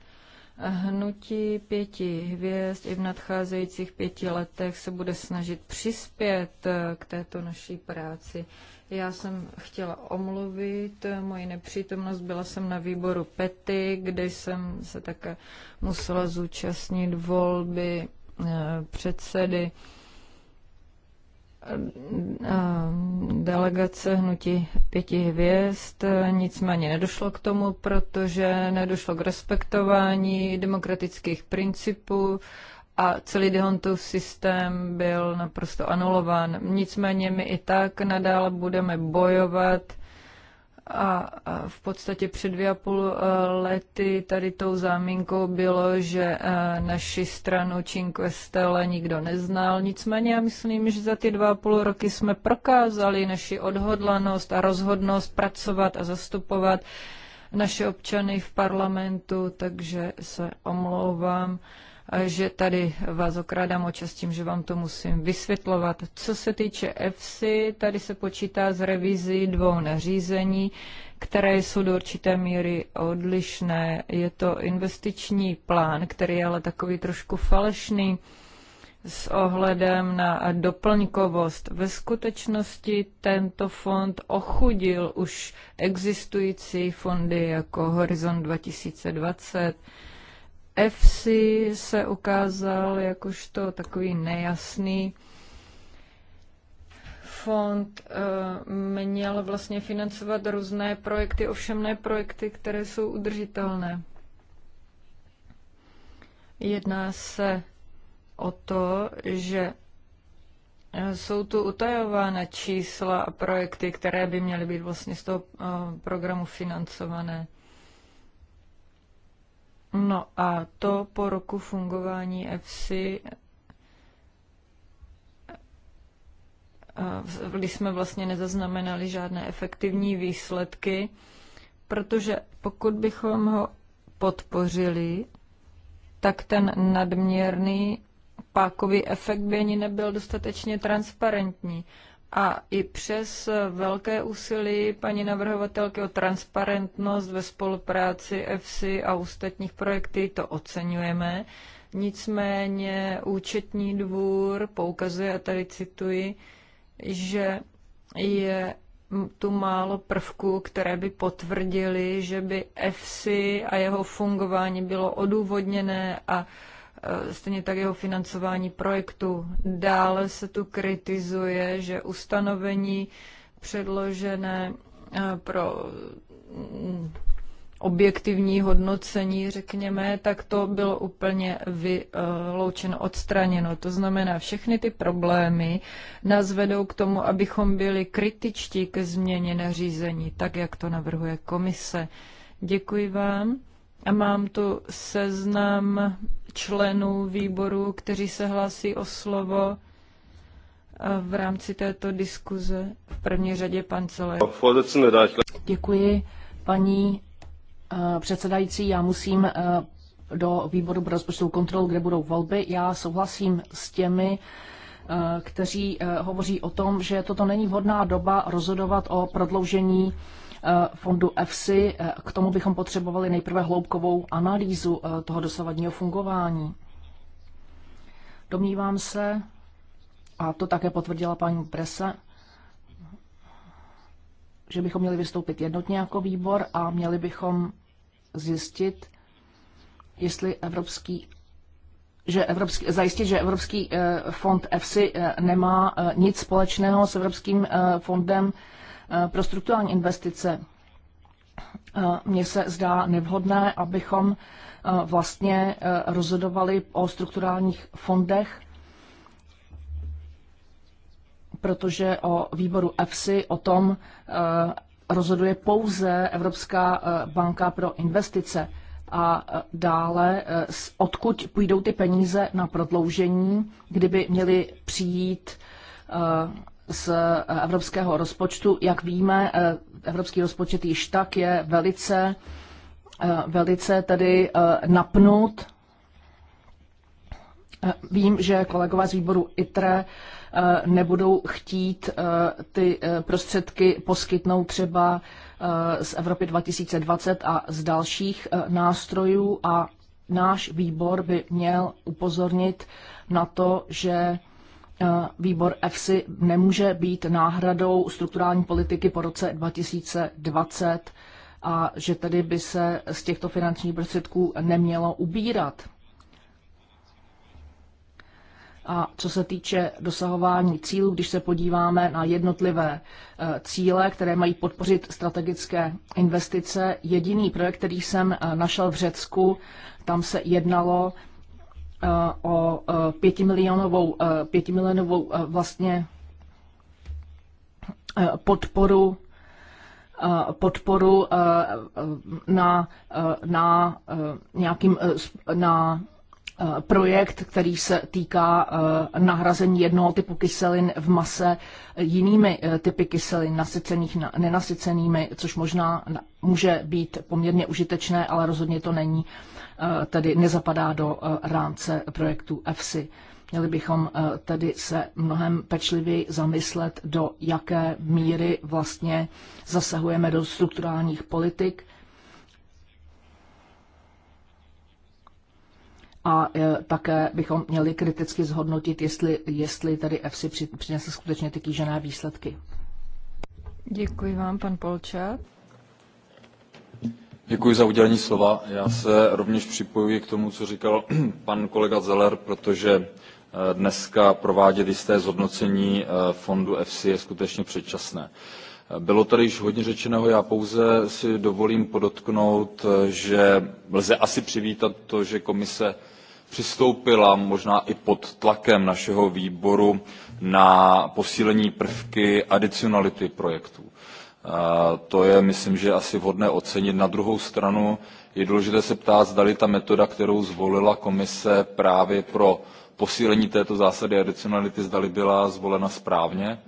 Hnutí pěti hvězd i v nadcházejících pěti letech se bude snažit přispět k této naší práci. Já jsem chtěla omluvit eh, moji nepřítomnost. Byla jsem na výboru PETY, kde jsem se také musela zúčastnit volby eh, předsedy eh, delegace hnutí pěti hvězd, nicméně nedošlo k tomu, protože nedošlo k respektování demokratických principů a celý Dehontův systém byl naprosto anulován. Nicméně my i tak nadále budeme bojovat a, a v podstatě před dvě a půl eh, lety tady tou záminkou bylo, že eh, naši stranu Cinque Stelle nikdo neznal. Nicméně já myslím, že za ty dva a půl roky jsme prokázali naši odhodlanost a rozhodnost pracovat a zastupovat naše občany v parlamentu, takže se omlouvám. Uh, že tady vás okrádám o čas tím, že vám to musím vysvětlovat. Co se týče EFSI, tady se počítá z revizí dvou nařízení, které jsou do určité míry odlišné. Je to investiční plán, který je ale takový trošku falešný s ohledem na doplňkovost. Ve skutečnosti tento fond ochudil už existující fondy jako Horizon 2020 FC se ukázal jakožto takový nejasný fond eh, měl vlastně financovat různé projekty, ovšem ne projekty, které jsou udržitelné. Jedná se o to, že eh, jsou tu utajována čísla a projekty, které by měly být vlastně z toho eh, programu financované. No a to po roku fungování EFSI, eh, kdy jsme vlastně nezaznamenali žádné efektivní výsledky, protože pokud bychom ho podpořili, tak ten nadměrný pákový efekt by ani nebyl dostatečně transparentní. A i přes velké úsilí paní navrhovatelky o transparentnost ve spolupráci EFSI a ostatních projekty to oceňujeme. Nicméně účetní dvůr poukazuje, a tady cituji, že je tu málo prvků, které by potvrdili, že by EFSI a jeho fungování bylo odůvodněné a Eh, stejně tak jeho financování projektu. Dále se tu kritizuje, že ustanovení předložené eh, pro mm, objektivní hodnocení, řekněme, tak to bylo úplně vyloučeno, odstraněno. To znamená, všechny ty problémy nás vedou k tomu, abychom byli kritičtí ke změně nařízení, tak jak to navrhuje komise. Děkuji vám. A mám tu seznam členů výboru, kteří se hlásí o slovo eh, v rámci této diskuze. V první řadě pan Celer. Děkuji, paní eh, předsedající. Já musím eh, do výboru pro rozpočtovou kontrolu, kde budou volby. Já souhlasím s těmi, kteří hovoří o tom, že toto není vhodná doba rozhodovat o prodloužení Eh, fondu EFSI. Eh, k tomu bychom potřebovali nejprve hloubkovou analýzu eh, toho dosavadního fungování. Domnívám se, a to také potvrdila paní Prese, že bychom měli vystoupit jednotně jako výbor a měli bychom zjistit, jestli evropský že evropský, zajistit, že Evropský fond EFSI nemá nic společného s Evropským fondem Eh, pro strukturální investice. Eh, mně se zdá nevhodné, abychom eh, vlastně rozhodovali o strukturálních fondech, protože o výboru EFSI o tom rozhoduje pouze Evropská banka pro investice a dále, odkud půjdou ty peníze na prodloužení, kdyby měly přijít z eh, evropského rozpočtu. Jak víme, eh, evropský rozpočet již tak je velice, eh, velice tedy napnut. Vím, že kolegové z výboru ITRE nebudou chtít ty prostředky poskytnout třeba z Evropy 2020 a z dalších nástrojů a náš výbor by měl upozornit na to, že E, výbor EFSI nemůže být náhradou strukturální politiky po roce 2020 a že tedy by se z těchto finančních prostředků nemělo ubírat. A co se týče dosahování cílů, když se podíváme na jednotlivé e, cíle, které mají podpořit strategické investice, jediný projekt, který jsem e, našel v Řecku, tam se jednalo o pětimilionovou, pětimilionovou vlastně podporu podporu na, na nějakým na projekt, který se týká nahrazení jednoho typu kyselin v mase jinými typy kyselin, nasycených nenasycenými, což možná může být poměrně užitečné, ale rozhodně to není Eh, tedy nezapadá do eh, rámce projektu EFSI. Měli bychom eh, tedy se mnohem pečlivěji zamyslet, do jaké míry vlastně zasahujeme do strukturálních politik a také bychom měli kriticky zhodnotit, jestli, jestli tady EFSI přinese skutečně ty kýžené výsledky. Děkuji vám, pan Polčák. Děkuji za udělení slova. Já se rovněž připojuji k tomu, co říkal pan kolega Zeller, protože eh, dneska provádět jisté zhodnocení eh, fondu EFSI je skutečně předčasné. Eh, bylo tady již hodně řečeného, já pouze si dovolím podotknout, že lze asi přivítat to, že komise přistoupila možná i pod tlakem našeho výboru na posílení prvky adicionality projektů to je, myslím, že asi vhodné ocenit. Na druhou stranu je důležité se ptát, zdali ta metoda, kterou zvolila komise právě pro posílení této zásady adicionality, zdali byla zvolena správně. E,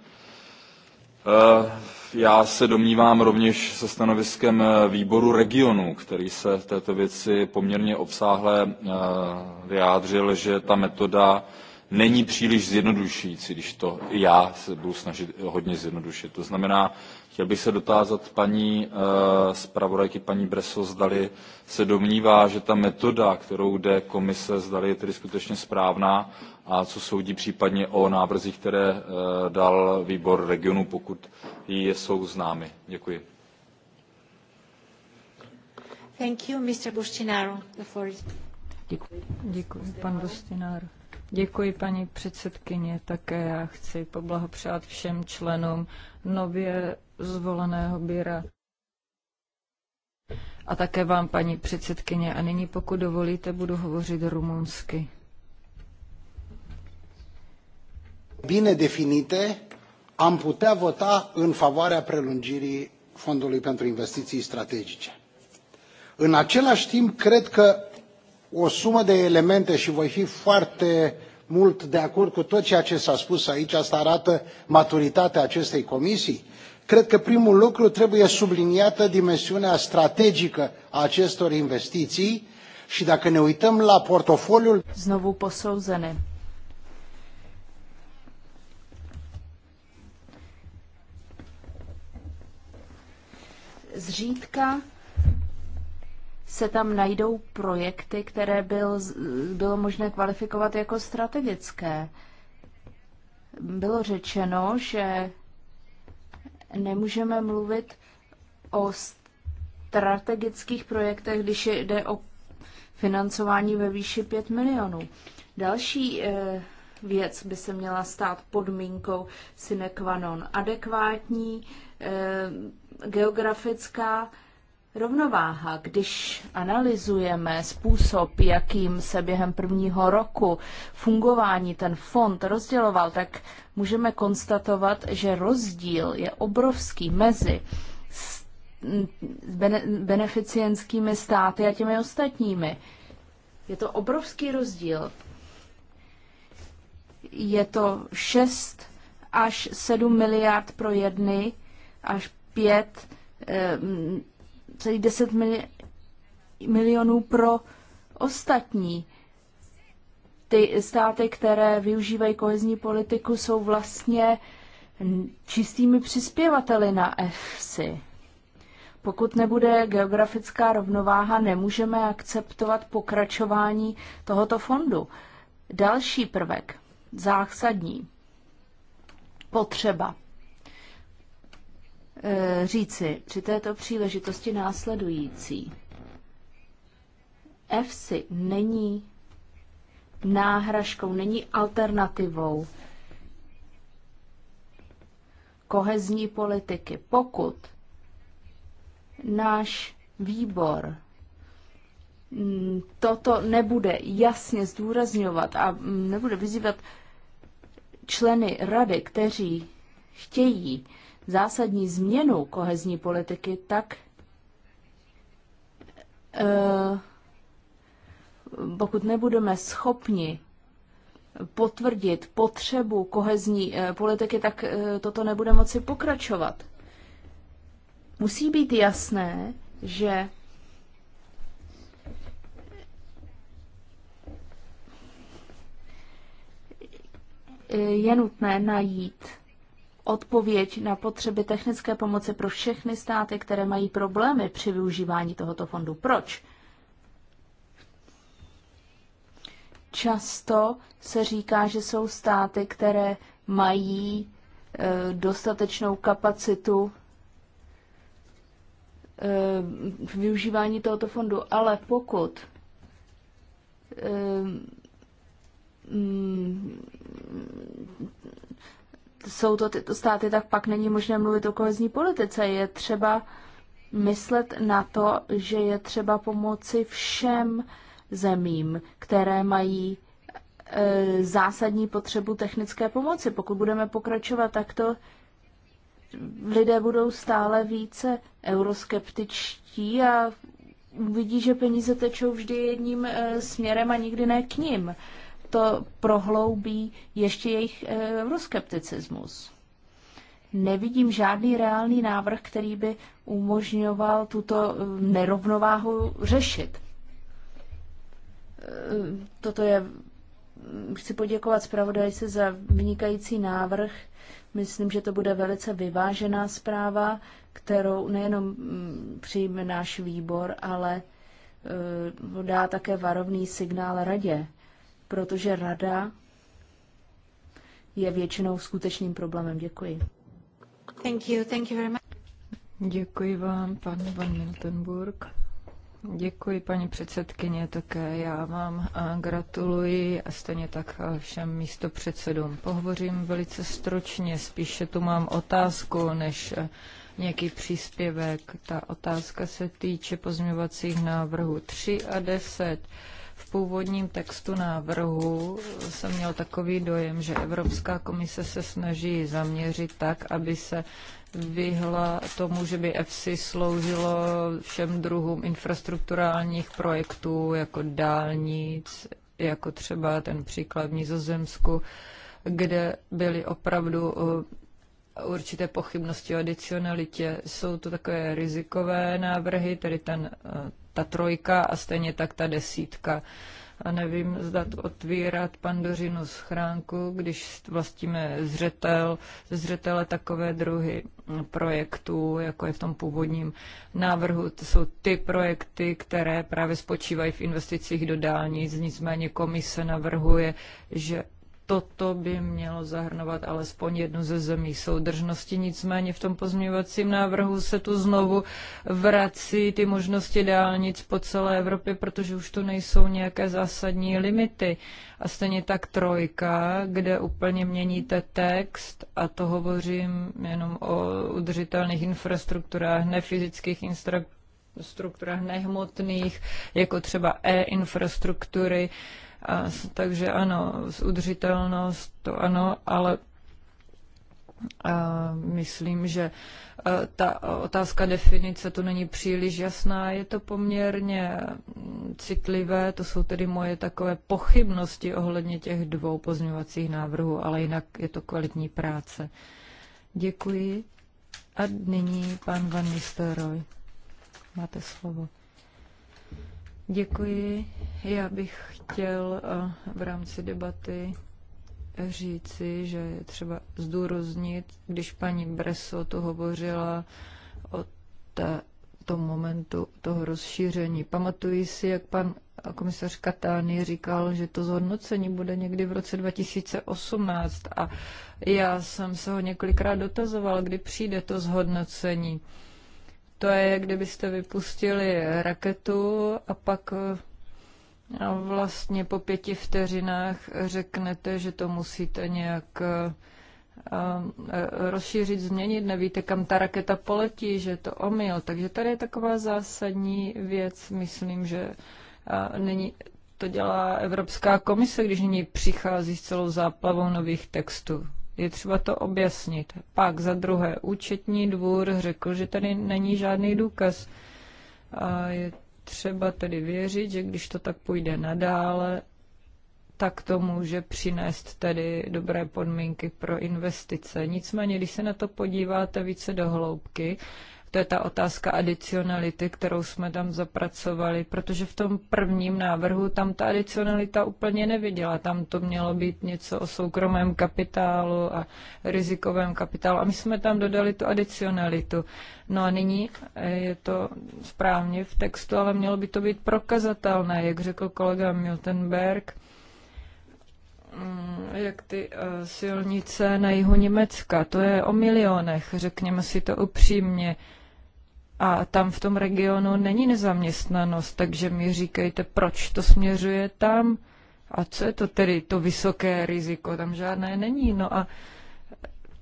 já se domnívám rovněž se stanoviskem výboru regionů, který se v této věci poměrně obsáhle e, vyjádřil, že ta metoda není příliš zjednodušující, když to i já se budu snažit hodně zjednodušit. To znamená, Chtěl bych se dotázat paní eh, zpravodajky, paní Breso, zdali se domnívá, že ta metoda, kterou jde komise, zdali je tedy skutečně správná a co soudí případně o návrzích, které eh, dal výbor regionu, pokud jí jsou známy. Děkuji. Thank you, Mr. Bustinaro. The floor is... Děkuji. Děkuji, pan Bustinaro. Děkuji, paní předsedkyně. Také já chci poblahopřát všem členům nově zvoleného bíra. A také vám, paní předsedkyně. A nyní, pokud dovolíte, budu hovořit rumunsky. Bine definite, am putea vota în favoarea prelungirii Fondului pentru Investiții Strategice. În același timp, cred că o sumă de elemente și voi fi foarte mult de acord cu tot ceea ce s-a spus aici, asta arată maturitatea acestei comisii. Cred că primul lucru trebuie subliniată dimensiunea strategică a acestor investiții și dacă ne uităm la portofoliul... Znovu posouzeny. Zřídka se tam najdou projekty, které byl, bylo možné kvalifikovat jako strategické. Bylo řečeno, že nemůžeme mluvit o strategických projektech, když jde o financování ve výši 5 milionů. Další eh, věc by se měla stát podmínkou sine qua non. Adekvátní eh, geografická rovnováha, když analyzujeme způsob, jakým se během prvního roku fungování ten fond rozděloval, tak můžeme konstatovat, že rozdíl je obrovský mezi beneficienskými státy a těmi ostatními. Je to obrovský rozdíl. Je to 6 až 7 miliard pro jedny, až 5 celý 10 mili, milionů pro ostatní. Ty státy, které využívají kohezní politiku, jsou vlastně čistými přispěvateli na EFSI. Pokud nebude geografická rovnováha, nemůžeme akceptovat pokračování tohoto fondu. Další prvek, zásadní, potřeba Eh, říci při této příležitosti následující. si není náhražkou, není alternativou kohezní politiky. Pokud náš výbor mm, toto nebude jasně zdůrazňovat a mm, nebude vyzývat členy rady, kteří chtějí zásadní změnu kohezní politiky, tak eh, pokud nebudeme schopni potvrdit potřebu kohezní eh, politiky, tak eh, toto nebude moci pokračovat. Musí být jasné, že je nutné najít odpověď na potřeby technické pomoci pro všechny státy, které mají problémy při využívání tohoto fondu. Proč? Často se říká, že jsou státy, které mají eh, dostatečnou kapacitu eh, využívání tohoto fondu, ale pokud eh, mm, jsou to tyto státy, tak pak není možné mluvit o kohezní politice. Je třeba myslet na to, že je třeba pomoci všem zemím, které mají e, zásadní potřebu technické pomoci. Pokud budeme pokračovat takto, lidé budou stále více euroskeptičtí a vidí, že peníze tečou vždy jedním e, směrem a nikdy ne k ním. E, to prohloubí ještě jejich eh, euroskepticismus. Nevidím žádný reálný návrh, který by umožňoval tuto eh, nerovnováhu řešit. Eh, toto je hm, chci poděkovat zpravodajce za vynikající návrh. Myslím, že to bude velice vyvážená zpráva, kterou nejenom hm, přijme náš výbor, ale dá také varovný signál radě protože rada je většinou skutečným problémem. Děkuji. Thank you, thank you very much. Děkuji vám, pan Van Miltenburg. Děkuji, paní předsedkyně, také já vám gratuluji a stejně tak všem místopředsedům. Pohovořím velice stročně, spíše tu mám otázku, než e, nějaký příspěvek. Ta otázka se týče pozměvacích návrhů 3 a 10 původním textu návrhu jsem měl takový dojem, že Evropská komise se snaží zaměřit tak, aby se vyhla tomu, že by EFSI sloužilo všem druhům infrastrukturálních projektů, jako dálnic, jako třeba ten příklad v Nizozemsku, kde byly opravdu eh, určité pochybnosti o adicionalitě. Jsou to takové rizikové návrhy, tedy ten, eh, ta trojka a stejně tak ta desítka. A nevím, zda otvírat pandořinu schránku, když vlastíme zřetel, zřetele takové druhy projektů, jako je v tom původním návrhu. To jsou ty projekty, které právě spočívají v investicích do dálnic, nicméně komise navrhuje, že toto by mělo zahrnovat alespoň jednu ze zemí soudržnosti. Nicméně v tom pozměňovacím návrhu se tu znovu vrací ty možnosti dálnic po celé Evropě, protože už tu nejsou nějaké zásadní limity. A stejně tak trojka, kde úplně měníte text, a to hovořím jenom o udržitelných infrastrukturách, nefyzických infrastrukturách, nehmotných, jako třeba e-infrastruktury, a, takže ano, udržitelnost to ano, ale a myslím, že ta otázka definice tu není příliš jasná. Je to poměrně mm, citlivé, to jsou tedy moje takové pochybnosti ohledně těch dvou pozměňovacích návrhů, ale jinak je to kvalitní práce. Děkuji. A nyní pan Van Nistelrooy. Máte slovo. Děkuji. Já bych chtěl eh, v rámci debaty říci, že je třeba zdůraznit, když paní Breso to hovořila o té, tom momentu toho rozšíření. Pamatuji si, jak pan komisař Katány říkal, že to zhodnocení bude někdy v roce 2018 a já jsem se ho několikrát dotazoval, kdy přijde to zhodnocení. To je, kdybyste vypustili raketu a pak eh, a vlastně po pěti vteřinách řeknete, že to musíte nějak eh, eh, rozšířit, změnit, nevíte, kam ta raketa poletí, že je to omyl. Takže tady je taková zásadní věc, myslím, že není, to dělá Evropská komise, když nyní přichází s celou záplavou nových textů. Je třeba to objasnit. Pak za druhé, účetní dvůr řekl, že tady není žádný důkaz. A je třeba tedy věřit, že když to tak půjde nadále, tak to může přinést tedy dobré podmínky pro investice. Nicméně, když se na to podíváte více do hloubky, to je ta otázka adicionality, kterou jsme tam zapracovali, protože v tom prvním návrhu tam ta adicionalita úplně neviděla. Tam to mělo být něco o soukromém kapitálu a rizikovém kapitálu. A my jsme tam dodali tu adicionalitu. No a nyní eh, je to správně v textu, ale mělo by to být prokazatelné, jak řekl kolega Miltenberg mm, jak ty eh, silnice na jihu Německa. To je o milionech, řekněme si to upřímně. A tam v tom regionu není nezaměstnanost, takže mi říkejte, proč to směřuje tam a co je to tedy to vysoké riziko, tam žádné není. No a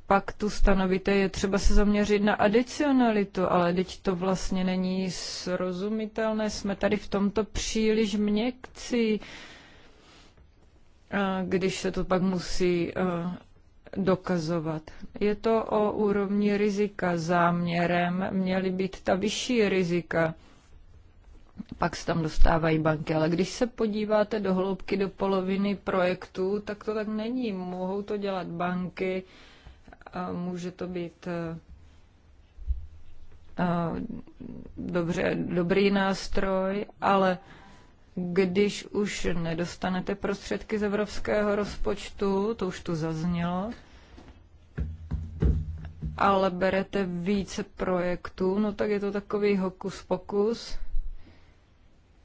pak tu stanovíte, je třeba se zaměřit na adicionalitu, ale teď to vlastně není srozumitelné, jsme tady v tomto příliš měkci, když se to pak musí eh, dokazovat. Je to o úrovni rizika. Záměrem měly být ta vyšší rizika. Pak se tam dostávají banky. Ale když se podíváte do hloubky do poloviny projektů, tak to tak není. Mohou to dělat banky, a může to být eh, eh, dobře, dobrý nástroj, ale když už nedostanete prostředky z evropského rozpočtu, to už tu zaznělo, ale berete více projektů, no tak je to takový hokus pokus,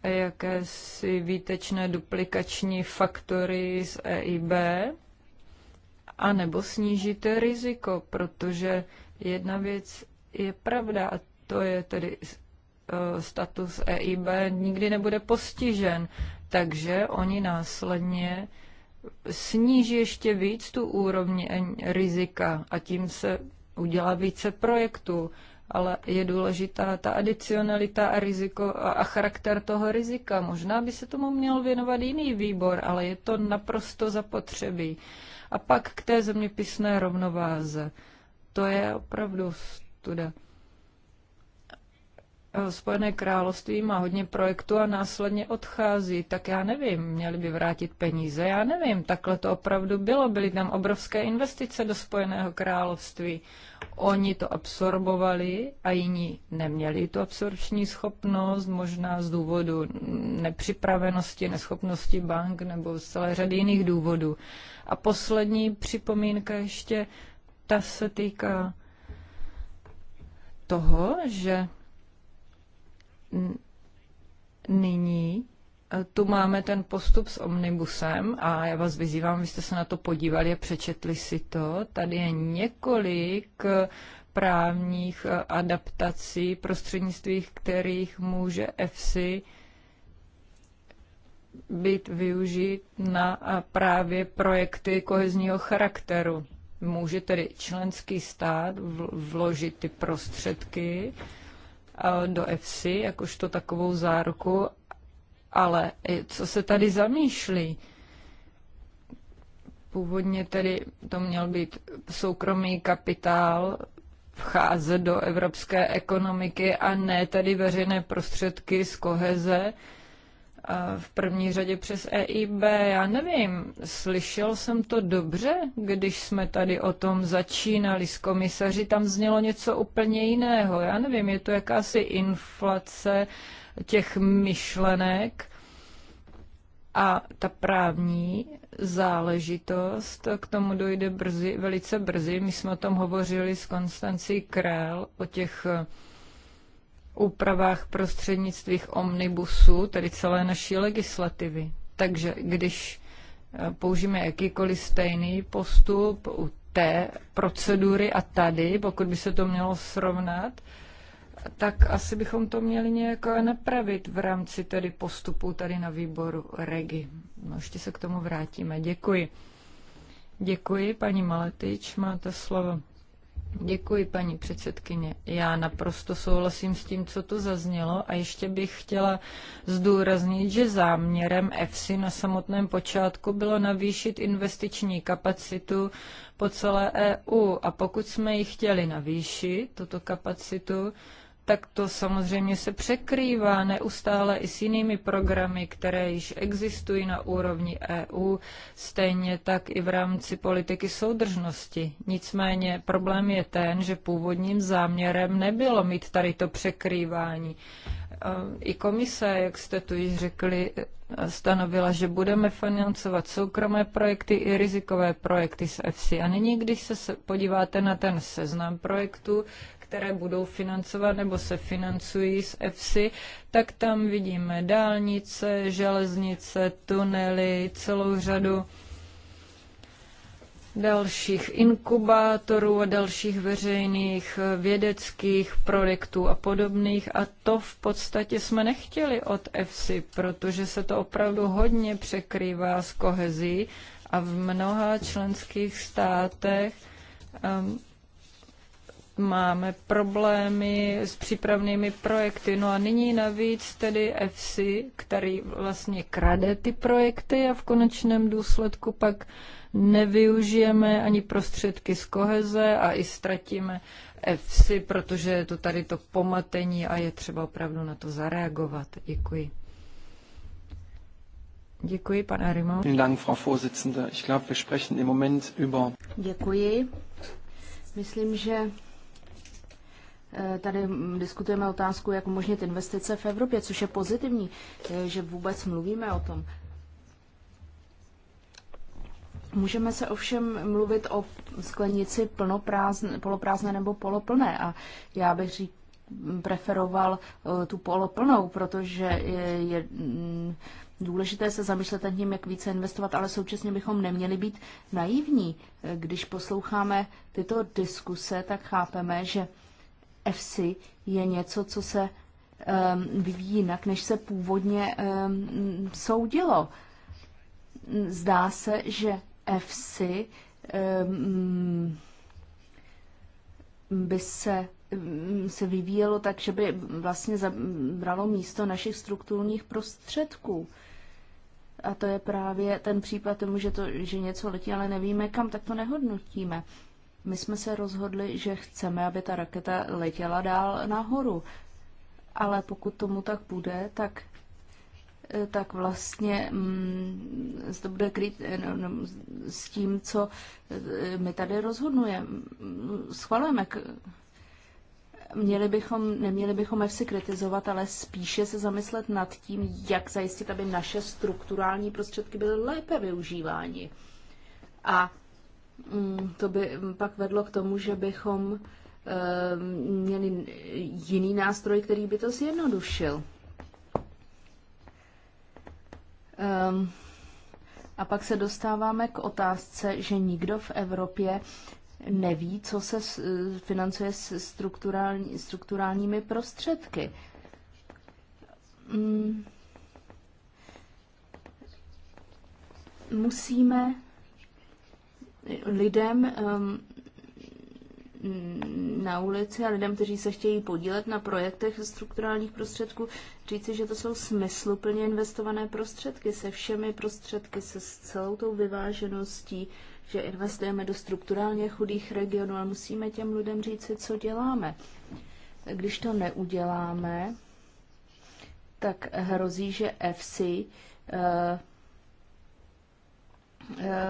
jakési výtečné duplikační faktory z EIB, a nebo snížíte riziko, protože jedna věc je pravda a to je tedy eh, status EIB nikdy nebude postižen, takže oni následně sníží ještě víc tu úroveň rizika a tím se udělá více projektů, ale je důležitá ta adicionalita a, riziko, a charakter toho rizika. Možná by se tomu měl věnovat jiný výbor, ale je to naprosto zapotřebí. A pak k té zeměpisné rovnováze. To je opravdu studa. Eh, Spojené království má hodně projektů a následně odchází, tak já nevím, měli by vrátit peníze, já nevím, takhle to opravdu bylo, byly tam obrovské investice do Spojeného království. Oni to absorbovali a jiní neměli tu absorpční schopnost, možná z důvodu nepřipravenosti, neschopnosti bank nebo z celé řady jiných důvodů. A poslední připomínka ještě, ta se týká toho, že nyní tu máme ten postup s omnibusem a já vás vyzývám, vy jste se na to podívali a přečetli si to. Tady je několik právních adaptací, prostřednictvím kterých může EFSI být využit na právě projekty kohezního charakteru. Může tedy členský stát vložit ty prostředky, do FC, jakožto takovou záruku, ale co se tady zamýšlí? Původně tedy to měl být soukromý kapitál vcházet do evropské ekonomiky a ne tedy veřejné prostředky z koheze, v první řadě přes EIB, já nevím, slyšel jsem to dobře, když jsme tady o tom začínali s komisaři, tam znělo něco úplně jiného, já nevím, je to jakási inflace těch myšlenek a ta právní záležitost, k tomu dojde brzy, velice brzy, my jsme o tom hovořili s Konstancí Král, o těch úpravách prostřednictvích omnibusu, tedy celé naší legislativy. Takže když eh, použijeme jakýkoliv stejný postup u té procedury a tady, pokud by se to mělo srovnat, tak asi bychom to měli nějak napravit v rámci tedy postupu tady na výboru REGI. No, ještě se k tomu vrátíme. Děkuji. Děkuji, paní Maletič, máte slovo. Děkuji, paní předsedkyně. Já naprosto souhlasím s tím, co tu zaznělo a ještě bych chtěla zdůraznit, že záměrem EFSI na samotném počátku bylo navýšit investiční kapacitu po celé EU a pokud jsme ji chtěli navýšit, tuto kapacitu, tak to samozřejmě se překrývá neustále i s jinými programy, které již existují na úrovni EU, stejně tak i v rámci politiky soudržnosti. Nicméně problém je ten, že původním záměrem nebylo mít tady to překrývání. Eh, I komise, jak jste tu již řekli, eh, stanovila, že budeme financovat soukromé projekty i rizikové projekty z EFSI. A nyní, když se podíváte na ten seznam projektů, které budou financovat nebo se financují z EFSI, tak tam vidíme dálnice, železnice, tunely, celou řadu dalších inkubátorů a dalších veřejných eh, vědeckých projektů a podobných. A to v podstatě jsme nechtěli od EFSI, protože se to opravdu hodně překrývá s kohezí a v mnoha členských státech um, máme problémy s přípravnými projekty. No a nyní navíc tedy FC, který vlastně krade ty projekty a v konečném důsledku pak nevyužijeme ani prostředky z koheze a i ztratíme FC, protože je to tady to pomatení a je třeba opravdu na to zareagovat. Děkuji. Děkuji, pan Arimo. Děkuji. Myslím, že Eh, tady mm, diskutujeme otázku, jak umožnit investice v Evropě, což je pozitivní, eh, že vůbec mluvíme o tom. Můžeme se ovšem mluvit o sklenici plnoprázdné, poloprázdné nebo poloplné a já bych řík, preferoval eh, tu poloplnou, protože je, je mm, důležité se zamýšlet nad tím, jak více investovat, ale současně bychom neměli být naivní. Když posloucháme tyto diskuse, tak chápeme, že EFSI je něco, co se um, vyvíjí jinak, než se původně um, soudilo. Zdá se, že EFSI um, by se se vyvíjelo tak, že by vlastně zabralo místo našich strukturních prostředků. A to je právě ten případ tomu, že, to, že něco letí, ale nevíme kam, tak to nehodnotíme. My jsme se rozhodli, že chceme, aby ta raketa letěla dál nahoru. Ale pokud tomu tak bude, tak eh, tak vlastně mm, to bude kryt eh, no, no, s tím, co eh, my tady rozhodnujeme, schvalujeme. Měli bychom, neměli bychom EFSI kritizovat, ale spíše se zamyslet nad tím, jak zajistit, aby naše strukturální prostředky byly lépe využívány. A Mm, to by pak vedlo k tomu, že bychom eh, měli jiný nástroj, který by to zjednodušil. Ehm, a pak se dostáváme k otázce, že nikdo v Evropě neví, co se eh, financuje s strukturální, strukturálními prostředky. Mm. Musíme lidem um, na ulici a lidem, kteří se chtějí podílet na projektech strukturálních prostředků, říci, že to jsou smysluplně investované prostředky se všemi prostředky, se s celou tou vyvážeností, že investujeme do strukturálně chudých regionů, ale musíme těm lidem říci, co děláme. Když to neuděláme, tak hrozí, že FC eh, eh,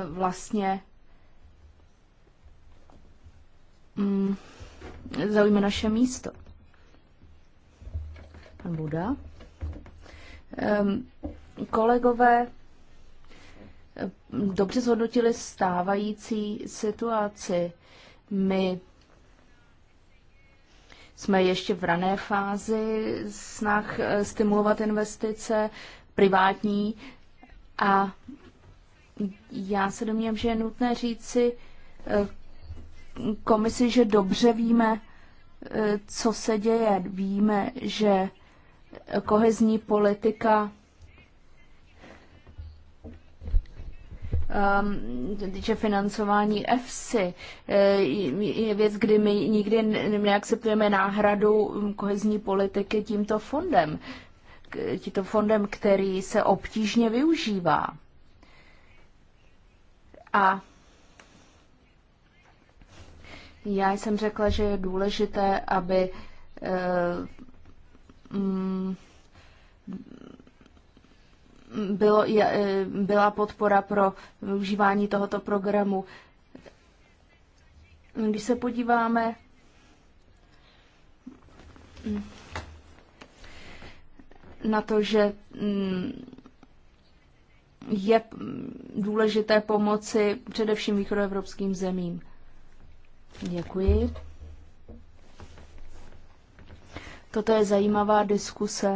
vlastně mm, zaujme naše místo. Pan Buda. Um, kolegové dobře zhodnotili stávající situaci. My jsme ještě v rané fázi snah eh, stimulovat investice privátní a já se domnívám, že je nutné říci eh, komisi, že dobře víme, e, co se děje. Víme, že kohezní politika um, týče financování EFSI, e, je věc, kdy my nikdy neakceptujeme náhradu kohezní politiky tímto fondem, tímto fondem, který se obtížně využívá. A já jsem řekla, že je důležité, aby eh, mm, bylo, eh, byla podpora pro využívání tohoto programu. Když se podíváme mm, na to, že mm, je důležité pomoci především východoevropským zemím. Děkuji. Toto je zajímavá diskuse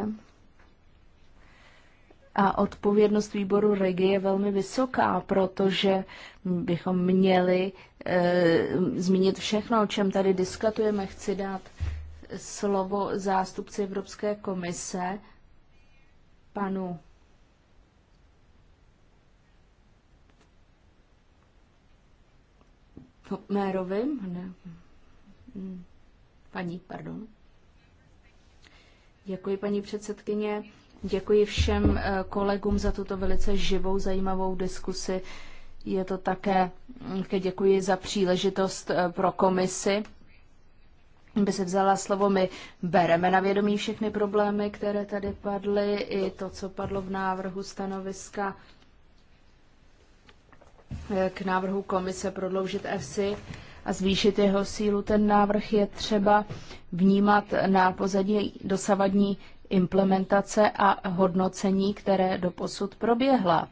a odpovědnost výboru regie je velmi vysoká, protože bychom měli e, zmínit všechno, o čem tady diskutujeme. Chci dát slovo zástupci Evropské komise, panu Mérovi, ne, hm, paní, pardon. Děkuji, paní předsedkyně. Děkuji všem eh, kolegům za tuto velice živou, zajímavou diskusi. Je to také, hm, děkuji za příležitost eh, pro komisi, by se vzala slovo, my bereme na vědomí všechny problémy, které tady padly, i to, co padlo v návrhu stanoviska k návrhu komise prodloužit EFSI a zvýšit jeho sílu. Ten návrh je třeba vnímat na pozadí dosavadní implementace a hodnocení, které do posud proběhla.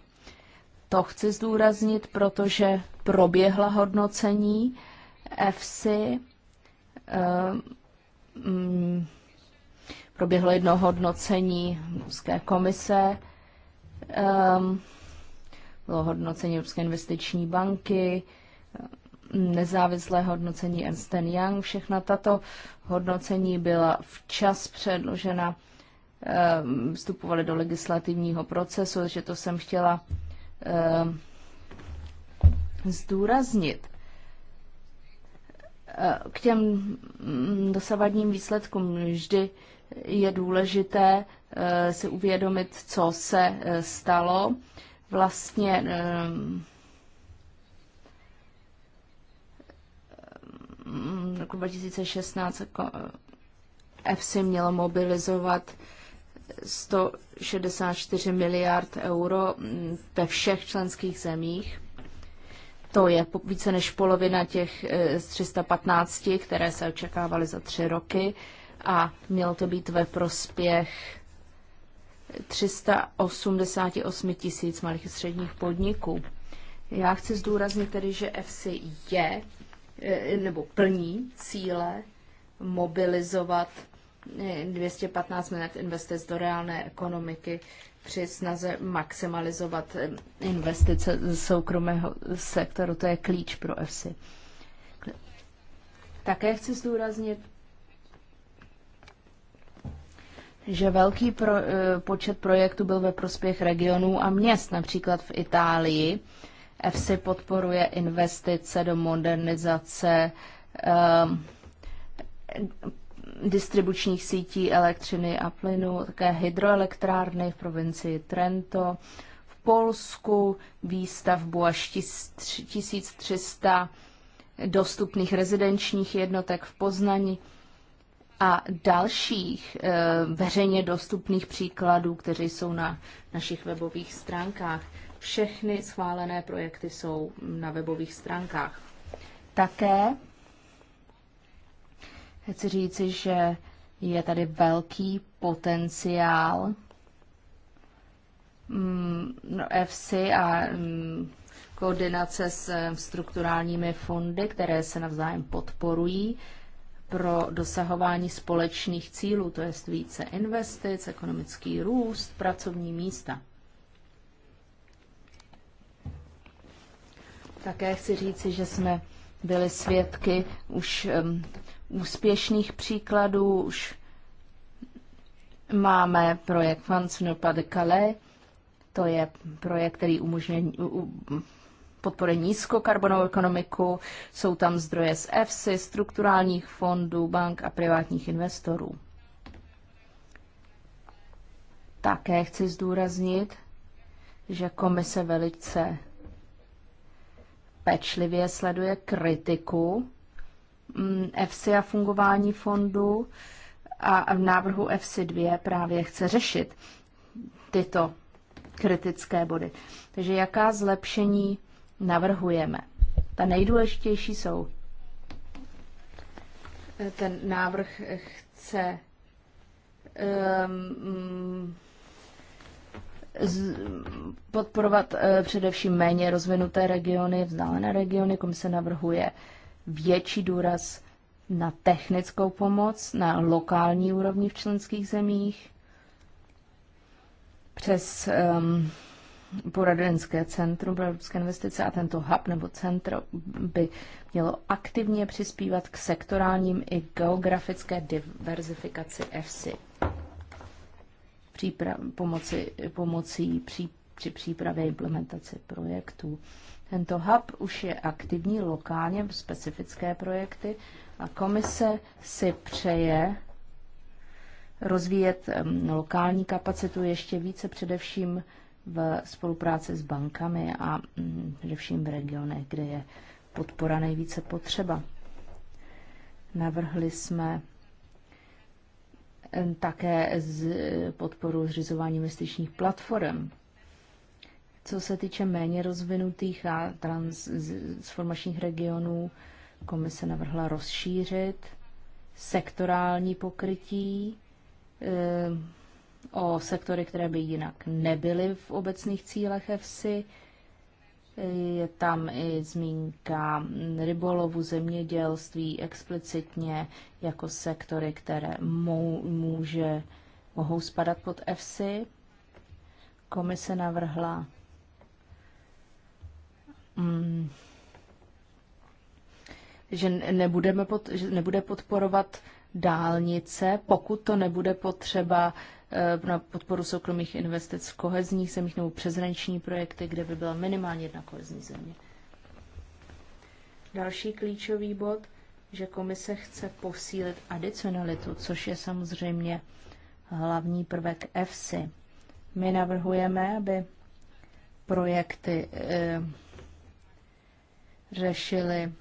To chci zdůraznit, protože proběhla hodnocení EFSI, ehm, mm, proběhlo jedno hodnocení Ruské komise, ehm, bylo hodnocení Evropské investiční banky, nezávislé hodnocení Ernst Young, všechna tato hodnocení byla včas předložena, ehm, vstupovaly do legislativního procesu, takže to jsem chtěla ehm, zdůraznit. E, k těm mm, dosavadním výsledkům vždy je důležité e, si uvědomit, co se e, stalo vlastně v eh, eh, roku 2016 jako, EFSI eh, mělo mobilizovat 164 miliard euro mm, ve všech členských zemích. To je více než polovina těch z 315, které se očekávaly za tři roky a mělo to být ve prospěch 388 tisíc malých a středních podniků. Já chci zdůraznit tedy, že FC je eh, nebo plní cíle mobilizovat 215 eh, miliard investic do reálné ekonomiky při snaze maximalizovat eh, investice ze soukromého sektoru. To je klíč pro FSI. Také chci zdůraznit že velký pro, eh, počet projektů byl ve prospěch regionů a měst, například v Itálii. EFSI podporuje investice do modernizace um, distribučních sítí elektřiny a plynu, také hydroelektrárny v provincii Trento, v Polsku výstavbu až 1300 dostupných rezidenčních jednotek v Poznani a dalších eh, veřejně dostupných příkladů, které jsou na našich webových stránkách. Všechny schválené projekty jsou na webových stránkách. Také chci říci, že je tady velký potenciál mm, no, FC a mm, koordinace s eh, strukturálními fondy, které se navzájem podporují pro dosahování společných cílů, to je více investic, ekonomický růst, pracovní místa. Také chci říci, že jsme byli svědky už um, úspěšných příkladů, už máme projekt Manson de Calais, to je projekt, který umožňuje, podpory nízkokarbonovou ekonomiku, jsou tam zdroje z EFSI, strukturálních fondů, bank a privátních investorů. Také chci zdůraznit, že komise velice pečlivě sleduje kritiku mm, EFSI a fungování fondu a v návrhu EFSI 2 právě chce řešit tyto kritické body. Takže jaká zlepšení navrhujeme. Ta nejdůležitější jsou. Ten návrh chce ehm, podporovat eh, především méně rozvinuté regiony, vzdálené regiony. se navrhuje větší důraz na technickou pomoc na lokální úrovni v členských zemích přes um, poradenské centrum pro evropské investice a tento hub nebo centro by mělo aktivně přispívat k sektorálním i geografické diverzifikaci EFSI. Přípra- pomoci, pomocí pří, při přípravě implementaci projektů. Tento hub už je aktivní lokálně v specifické projekty a komise si přeje rozvíjet lokální kapacitu ještě více, především v spolupráci s bankami a mm, především v regionech, kde je podpora nejvíce potřeba. Navrhli jsme eh, také z podporu zřizování investičních platform. Co se týče méně rozvinutých a transformačních regionů, komise navrhla rozšířit sektorální pokrytí eh, o sektory, které by jinak nebyly v obecných cílech EFSI. Je tam i zmínka rybolovu, zemědělství explicitně jako sektory, které mou, může, mohou spadat pod EFSI. Komise navrhla mm, že nebudeme pod, že nebude podporovat dálnice, pokud to nebude potřeba Eh, na podporu soukromých investic v kohezních zemích nebo přezranční projekty, kde by byla minimálně jedna kohezní země. Další klíčový bod, že komise chce posílit adicionalitu, což je samozřejmě hlavní prvek EFSI. My navrhujeme, aby projekty e, řešily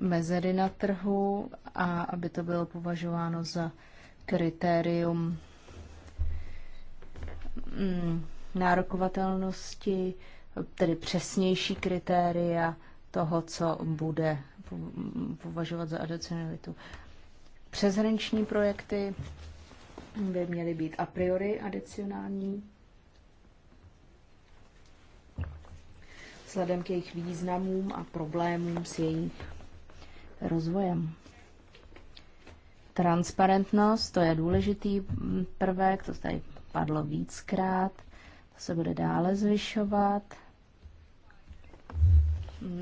mezery na trhu a aby to bylo považováno za kritérium Mm, nárokovatelnosti, tedy přesnější kritéria toho, co bude považovat za adicionalitu. Přeshraniční projekty by měly být a priori adicionální. Vzhledem k jejich významům a problémům s jejich rozvojem. Transparentnost, to je důležitý prvek, to tady padlo víckrát, to se bude dále zvyšovat.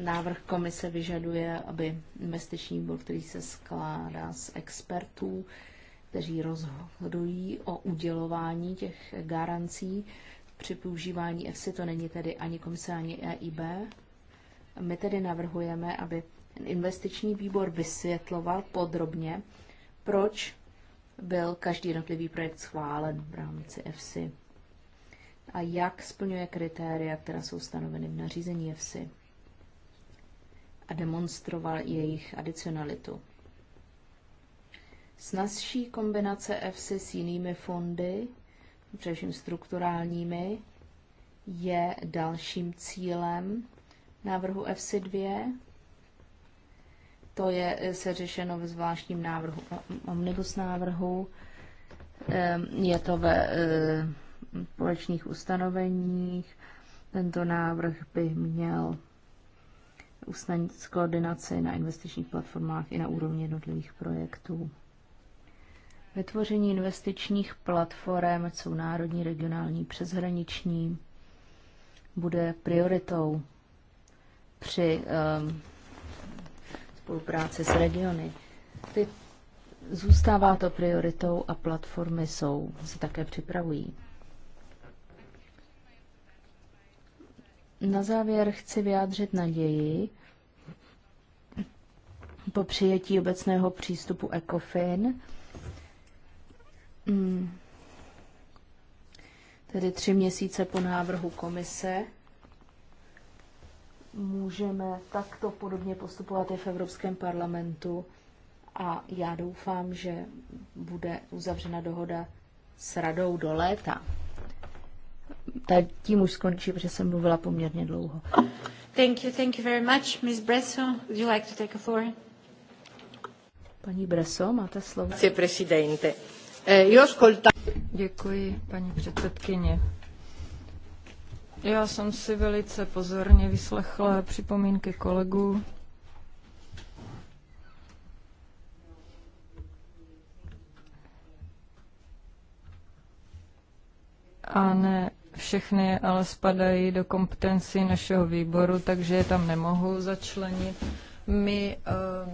Návrh komise vyžaduje, aby investiční bod, který se skládá z expertů, kteří rozhodují o udělování těch garancí při používání EFSI, to není tedy ani komise, ani EIB. My tedy navrhujeme, aby investiční výbor vysvětloval podrobně, proč byl každý jednotlivý projekt schválen v rámci EFSI a jak splňuje kritéria, která jsou stanoveny v nařízení EFSI a demonstroval jejich adicionalitu. Snazší kombinace EFSI s jinými fondy, především strukturálními, je dalším cílem návrhu EFSI 2 to je eh, se řešeno ve zvláštním návrhu, omnibus návrhu. Ehm, je to ve eh, společných ustanoveních. Tento návrh by měl usnadnit koordinaci na investičních platformách i na úrovni jednotlivých projektů. Vytvoření investičních platform jsou národní, regionální, přeshraniční, bude prioritou při um, spolupráce s regiony. Ty zůstává to prioritou a platformy jsou, se také připravují. Na závěr chci vyjádřit naději po přijetí obecného přístupu ECOFIN, hmm. tedy tři měsíce po návrhu komise, můžeme takto podobně postupovat i v Evropském parlamentu a já doufám, že bude uzavřena dohoda s radou do léta. Tak tím už skončí, protože jsem mluvila poměrně dlouho. Thank you, thank you very much. Miss Bresso, would you like to take a floor? Paní Bresso, máte slovo. Eh, Děkuji, paní předsedkyně. Já jsem si velice pozorně vyslechla připomínky kolegů. A ne všechny ale spadají do kompetenci našeho výboru, takže je tam nemohu začlenit. My eh,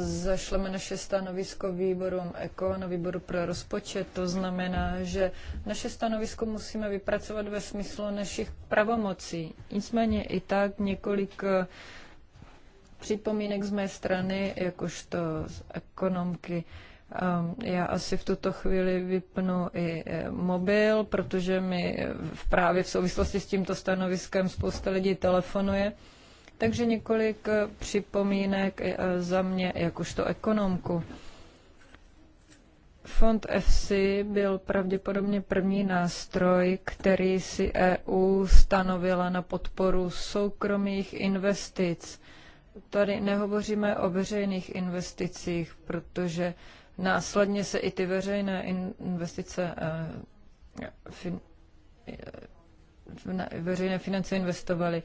zašleme naše stanovisko výborům ECO na výboru pro rozpočet. To znamená, že naše stanovisko musíme vypracovat ve smyslu našich pravomocí. Nicméně i tak několik eh, připomínek z mé strany, jakožto z ekonomky. Ehm, já asi v tuto chvíli vypnu i eh, mobil, protože mi právě v souvislosti s tímto stanoviskem spousta lidí telefonuje. Takže několik eh, připomínek eh, za mě jakožto ekonomku. Fond FC byl pravděpodobně první nástroj, který si EU stanovila na podporu soukromých investic. Tady nehovoříme o veřejných investicích, protože následně se i ty veřejné investice, eh, fin, veřejné finance investovaly.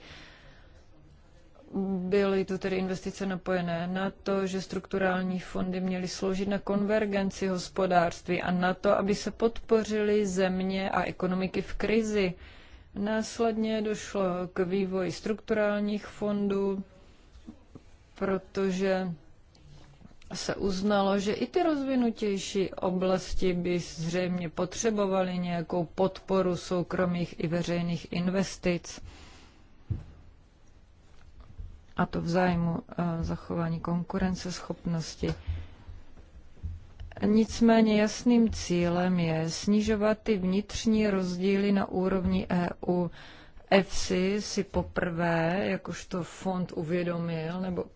Byly tu tedy investice napojené na to, že strukturální fondy měly sloužit na konvergenci hospodářství a na to, aby se podpořily země a ekonomiky v krizi. Následně došlo k vývoji strukturálních fondů, protože se uznalo, že i ty rozvinutější oblasti by zřejmě potřebovaly nějakou podporu soukromých i veřejných investic a to v zájmu eh, zachování konkurenceschopnosti. Nicméně jasným cílem je snižovat ty vnitřní rozdíly na úrovni EU. EFSI si poprvé, jakožto fond uvědomil nebo uh,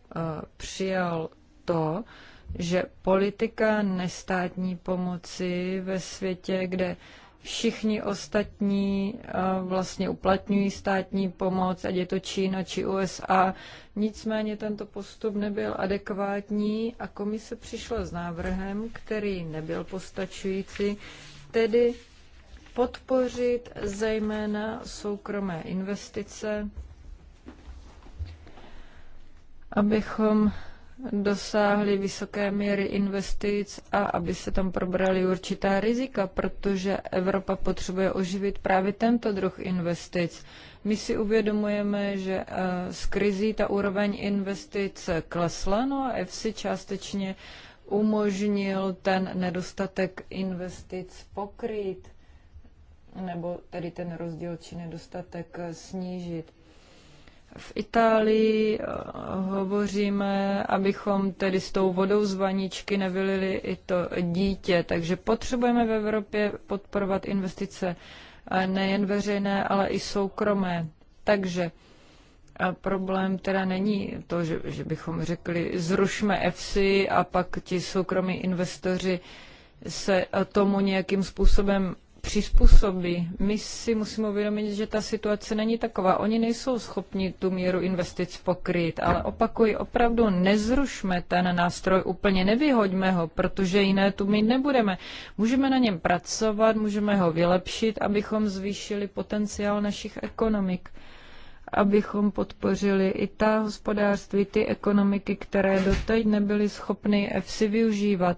přijal to, že politika nestátní pomoci ve světě, kde všichni ostatní eh, vlastně uplatňují státní pomoc, ať je to Čína či USA. Nicméně tento postup nebyl adekvátní a komise přišla s návrhem, který nebyl postačující, tedy podpořit zejména soukromé investice, abychom dosáhli vysoké míry investic a aby se tam probrali určitá rizika, protože Evropa potřebuje oživit právě tento druh investic. My si uvědomujeme, že z eh, krizí ta úroveň investic klesla, no a EFSI částečně umožnil ten nedostatek investic pokrýt, nebo tedy ten rozdíl či nedostatek eh, snížit. V Itálii eh, hovoříme, abychom tedy s tou vodou z vaničky nevylili i to dítě, takže potřebujeme v Evropě podporovat investice nejen veřejné, ale i soukromé. Takže a problém teda není to, že, že bychom řekli, zrušme EFSI a pak ti soukromí investoři se tomu nějakým způsobem přizpůsobí. My si musíme uvědomit, že ta situace není taková. Oni nejsou schopni tu míru investic pokryt, ale opakuji, opravdu nezrušme ten nástroj, úplně nevyhoďme ho, protože jiné tu mít nebudeme. Můžeme na něm pracovat, můžeme ho vylepšit, abychom zvýšili potenciál našich ekonomik abychom podpořili i ta hospodářství, ty ekonomiky, které doteď nebyly schopny EFSI využívat.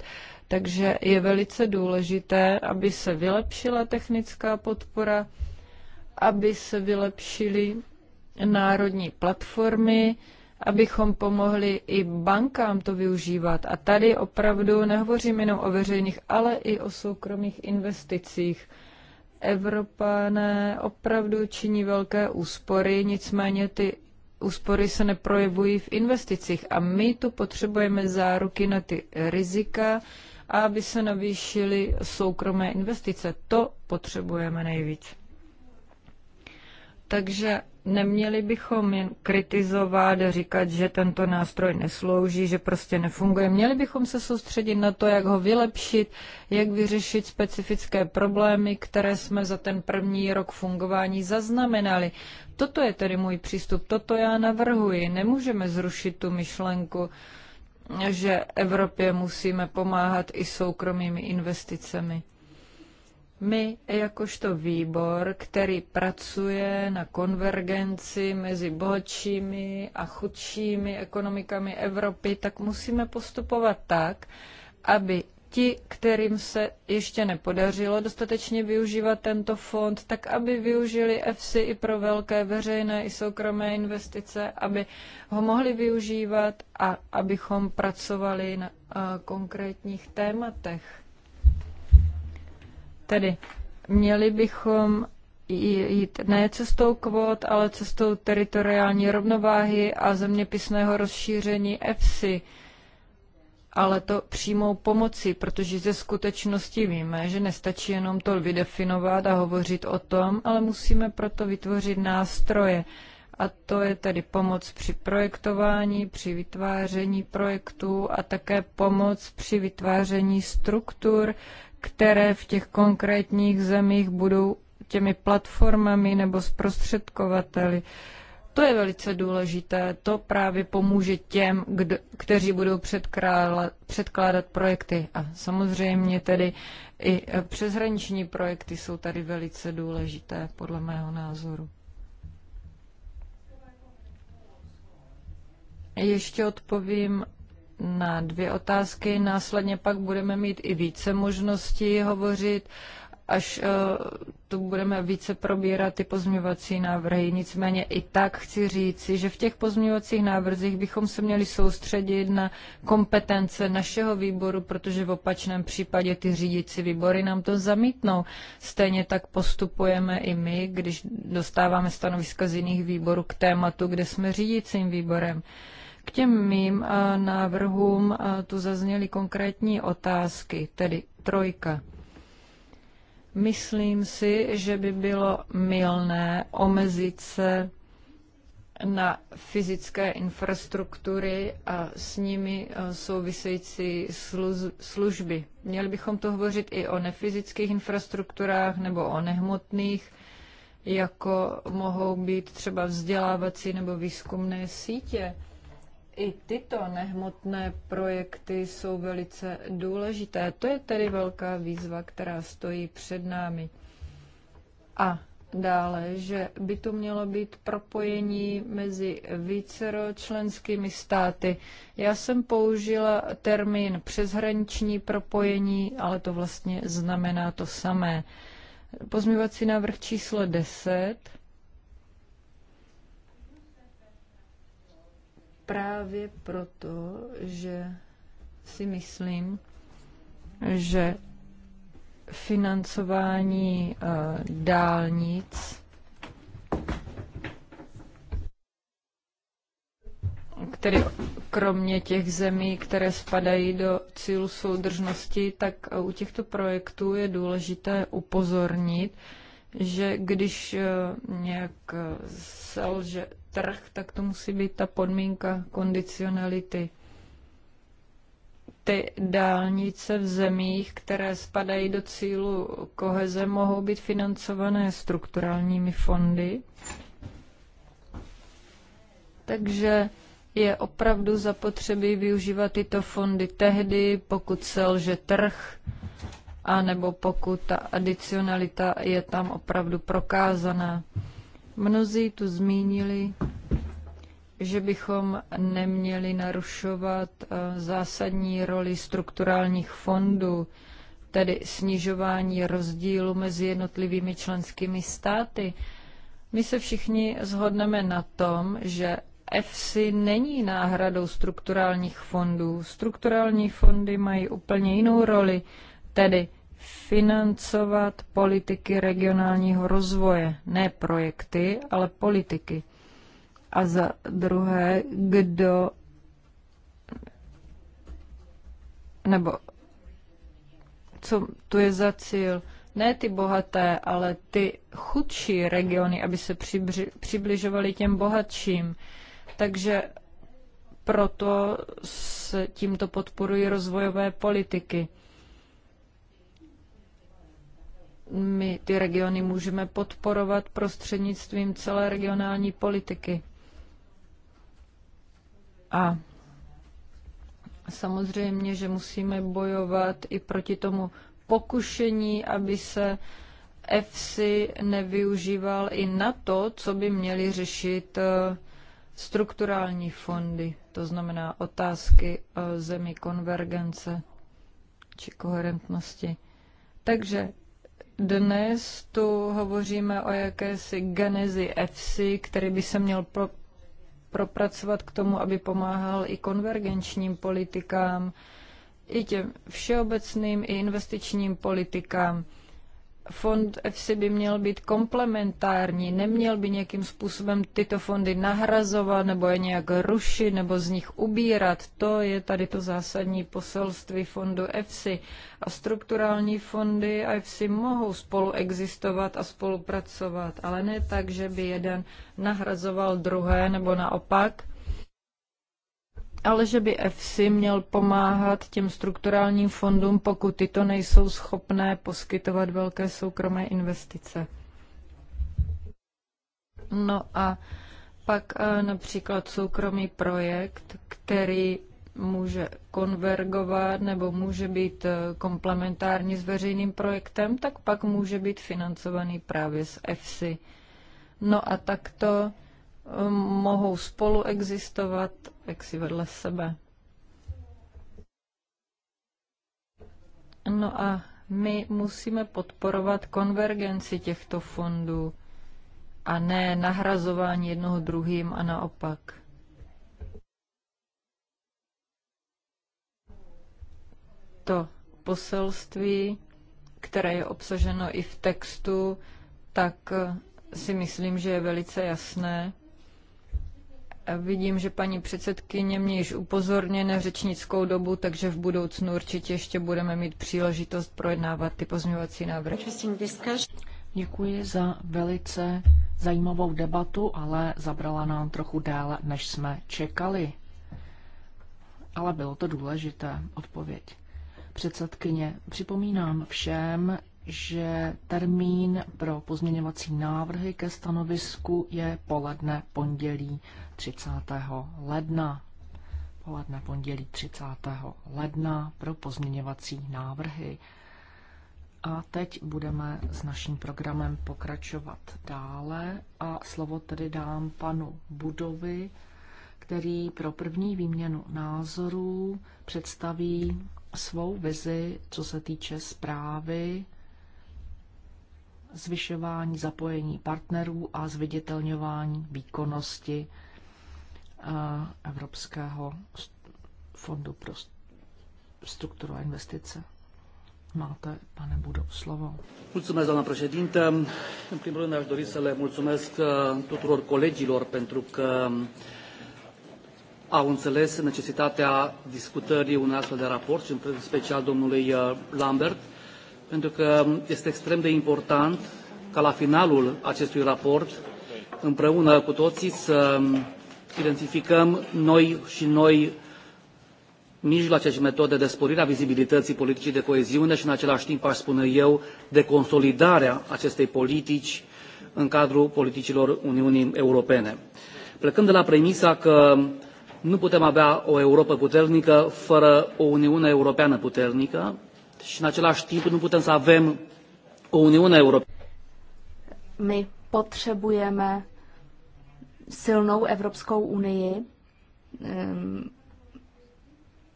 Takže je velice důležité, aby se vylepšila technická podpora, aby se vylepšily národní platformy, abychom pomohli i bankám to využívat. A tady opravdu nehovořím jenom o veřejných, ale i o soukromých investicích. Evropané opravdu činí velké úspory, nicméně ty úspory se neprojevují v investicích a my tu potřebujeme záruky na ty rizika, a aby se navýšily soukromé investice. To potřebujeme nejvíc. Takže neměli bychom jen kritizovat a říkat, že tento nástroj neslouží, že prostě nefunguje. Měli bychom se soustředit na to, jak ho vylepšit, jak vyřešit specifické problémy, které jsme za ten první rok fungování zaznamenali. Toto je tedy můj přístup, toto já navrhuji. Nemůžeme zrušit tu myšlenku že Evropě musíme pomáhat i soukromými investicemi. My, jakožto výbor, který pracuje na konvergenci mezi bohatšími a chudšími ekonomikami Evropy, tak musíme postupovat tak, aby ti, kterým se ještě nepodařilo dostatečně využívat tento fond, tak aby využili EFSI i pro velké veřejné i soukromé investice, aby ho mohli využívat a abychom pracovali na eh, konkrétních tématech. Tedy měli bychom jít ne cestou kvot, ale cestou teritoriální rovnováhy a zeměpisného rozšíření EFSI ale to přímou pomocí, protože ze skutečnosti víme, že nestačí jenom to vydefinovat a hovořit o tom, ale musíme proto vytvořit nástroje. A to je tedy pomoc při projektování, při vytváření projektů a také pomoc při vytváření struktur, které v těch konkrétních zemích budou těmi platformami nebo zprostředkovateli. Uh, to je velice důležité. To právě pomůže těm, kdo, kteří budou předkládat, projekty. A samozřejmě tedy i přeshraniční projekty jsou tady velice důležité, podle mého názoru. Ještě odpovím na dvě otázky, následně pak budeme mít i více možností hovořit. Uh, až eh, tu budeme více probírat ty pozměňovací návrhy. Nicméně i tak chci říci, že v těch pozměňovacích návrzích bychom se měli soustředit na kompetence našeho výboru, protože v opačném případě ty řídící výbory nám to zamítnou. Stejně tak postupujeme i my, když dostáváme stanoviska z jiných výborů k tématu, kde jsme řídícím výborem. K těm mým eh, návrhům eh, tu zazněly konkrétní otázky, tedy trojka. Myslím si, že by bylo milné omezit se na fyzické infrastruktury a s nimi eh, související služby. Měli bychom to hovořit i o nefyzických infrastrukturách nebo o nehmotných, jako mohou být třeba vzdělávací nebo výzkumné sítě i tyto nehmotné projekty jsou velice důležité. To je tedy velká výzva, která stojí před námi. A dále, že by tu mělo být propojení mezi vícero členskými státy. Já jsem použila termín přeshraniční propojení, ale to vlastně znamená to samé. Pozměvací návrh číslo 10 právě proto, že si myslím, že financování eh, dálnic, které kromě těch zemí, které spadají do cílu soudržnosti, tak eh, u těchto projektů je důležité upozornit, že když eh, nějak selže trh, tak to musí být ta podmínka kondicionality. Ty dálnice v zemích, které spadají do cílu koheze, mohou být financované strukturálními fondy. Takže je opravdu zapotřebí využívat tyto fondy tehdy, pokud selže trh, anebo pokud ta adicionalita je tam opravdu prokázaná. Mnozí tu zmínili, že bychom neměli narušovat eh, zásadní roli strukturálních fondů, tedy snižování rozdílu mezi jednotlivými členskými státy. My se všichni zhodneme na tom, že EFSI není náhradou strukturálních fondů. Strukturální fondy mají úplně jinou roli, tedy financovat politiky regionálního rozvoje, ne projekty, ale politiky. A za druhé, kdo nebo co tu je za cíl? Ne ty bohaté, ale ty chudší regiony, aby se přibři, přibližovaly těm bohatším. Takže proto se tímto podporují rozvojové politiky. my ty regiony můžeme podporovat prostřednictvím celé regionální politiky. A samozřejmě, že musíme bojovat i proti tomu pokušení, aby se EFSI nevyužíval i na to, co by měli řešit eh, strukturální fondy, to znamená otázky eh, zemí konvergence či koherentnosti. Takže dnes tu hovoříme o jakési genezi EFSI, který by se měl pro, propracovat k tomu, aby pomáhal i konvergenčním politikám, i těm všeobecným i investičním politikám fond EFSI by měl být komplementární, neměl by nějakým způsobem tyto fondy nahrazovat nebo je nějak rušit nebo z nich ubírat. To je tady to zásadní poselství fondu EFSI. A strukturální fondy EFSI mohou spolu existovat a spolupracovat, ale ne tak, že by jeden nahrazoval druhé nebo naopak ale že by EFSI měl pomáhat těm strukturálním fondům, pokud tyto nejsou schopné poskytovat velké soukromé investice. No a pak eh, například soukromý projekt, který může konvergovat nebo může být eh, komplementární s veřejným projektem, tak pak může být financovaný právě z EFSI. No a takto mohou spolu existovat jaksi vedle sebe. No a my musíme podporovat konvergenci těchto fondů a ne nahrazování jednoho druhým a naopak. To poselství, které je obsaženo i v textu, tak si myslím, že je velice jasné. Vidím, že paní předsedkyně mě již upozorněne řečnickou dobu, takže v budoucnu určitě ještě budeme mít příležitost projednávat ty pozměňovací návrhy. Děkuji za velice zajímavou debatu, ale zabrala nám trochu déle, než jsme čekali. Ale bylo to důležité, odpověď. Předsedkyně, připomínám všem, že termín pro pozměňovací návrhy ke stanovisku je poledne pondělí 30. ledna. Poledne pondělí 30. ledna pro pozměňovací návrhy. A teď budeme s naším programem pokračovat dále a slovo tedy dám panu Budovi, který pro první výměnu názorů představí svou vizi, co se týče zprávy zvyšování zapojení partnerů a zviditelňování výkonnosti eh, Evropského fondu pro strukturu a investice. Máte, pane Budo, slovo. Mulțumesc, doamna președintă. În primul rând, aș dori să le mulțumesc eh, tuturor colegilor pentru că eh, au înțeles necesitatea discutării unui astfel de raport și în special domnului Lambert pentru că um, este extrem de important ca la finalul acestui raport, împreună cu toții, să um, identificăm noi și noi mijloace și metode de sporire a vizibilității politicii de coeziune și, în același timp, aș spune eu, de consolidarea acestei politici în cadrul politicilor Uniunii Europene. Plecând de la premisa că nu putem avea o Europă puternică fără o Uniune Europeană puternică, și în același timp nu putem să avem o Uniune Europeană. My potřebujeme silnou Evropskou unii, ehm,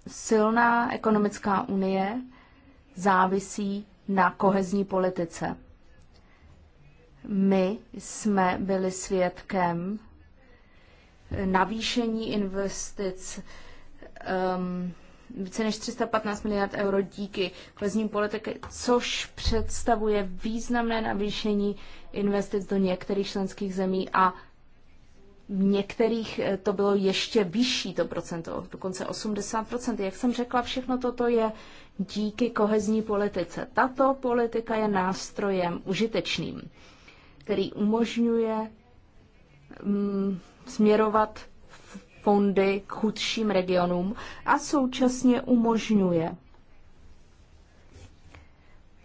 silná ekonomická unie závisí na kohezní politice. My jsme byli svědkem navýšení investic um, více než 315 miliard euro díky kohezní politiky, což představuje významné navýšení investic do některých členských zemí a v některých eh, to bylo ještě vyšší, to procento, dokonce 80%. Jak jsem řekla, všechno toto je díky kohezní politice. Tato politika je nástrojem užitečným, který umožňuje mm, směrovat fondy k chudším regionům a současně umožňuje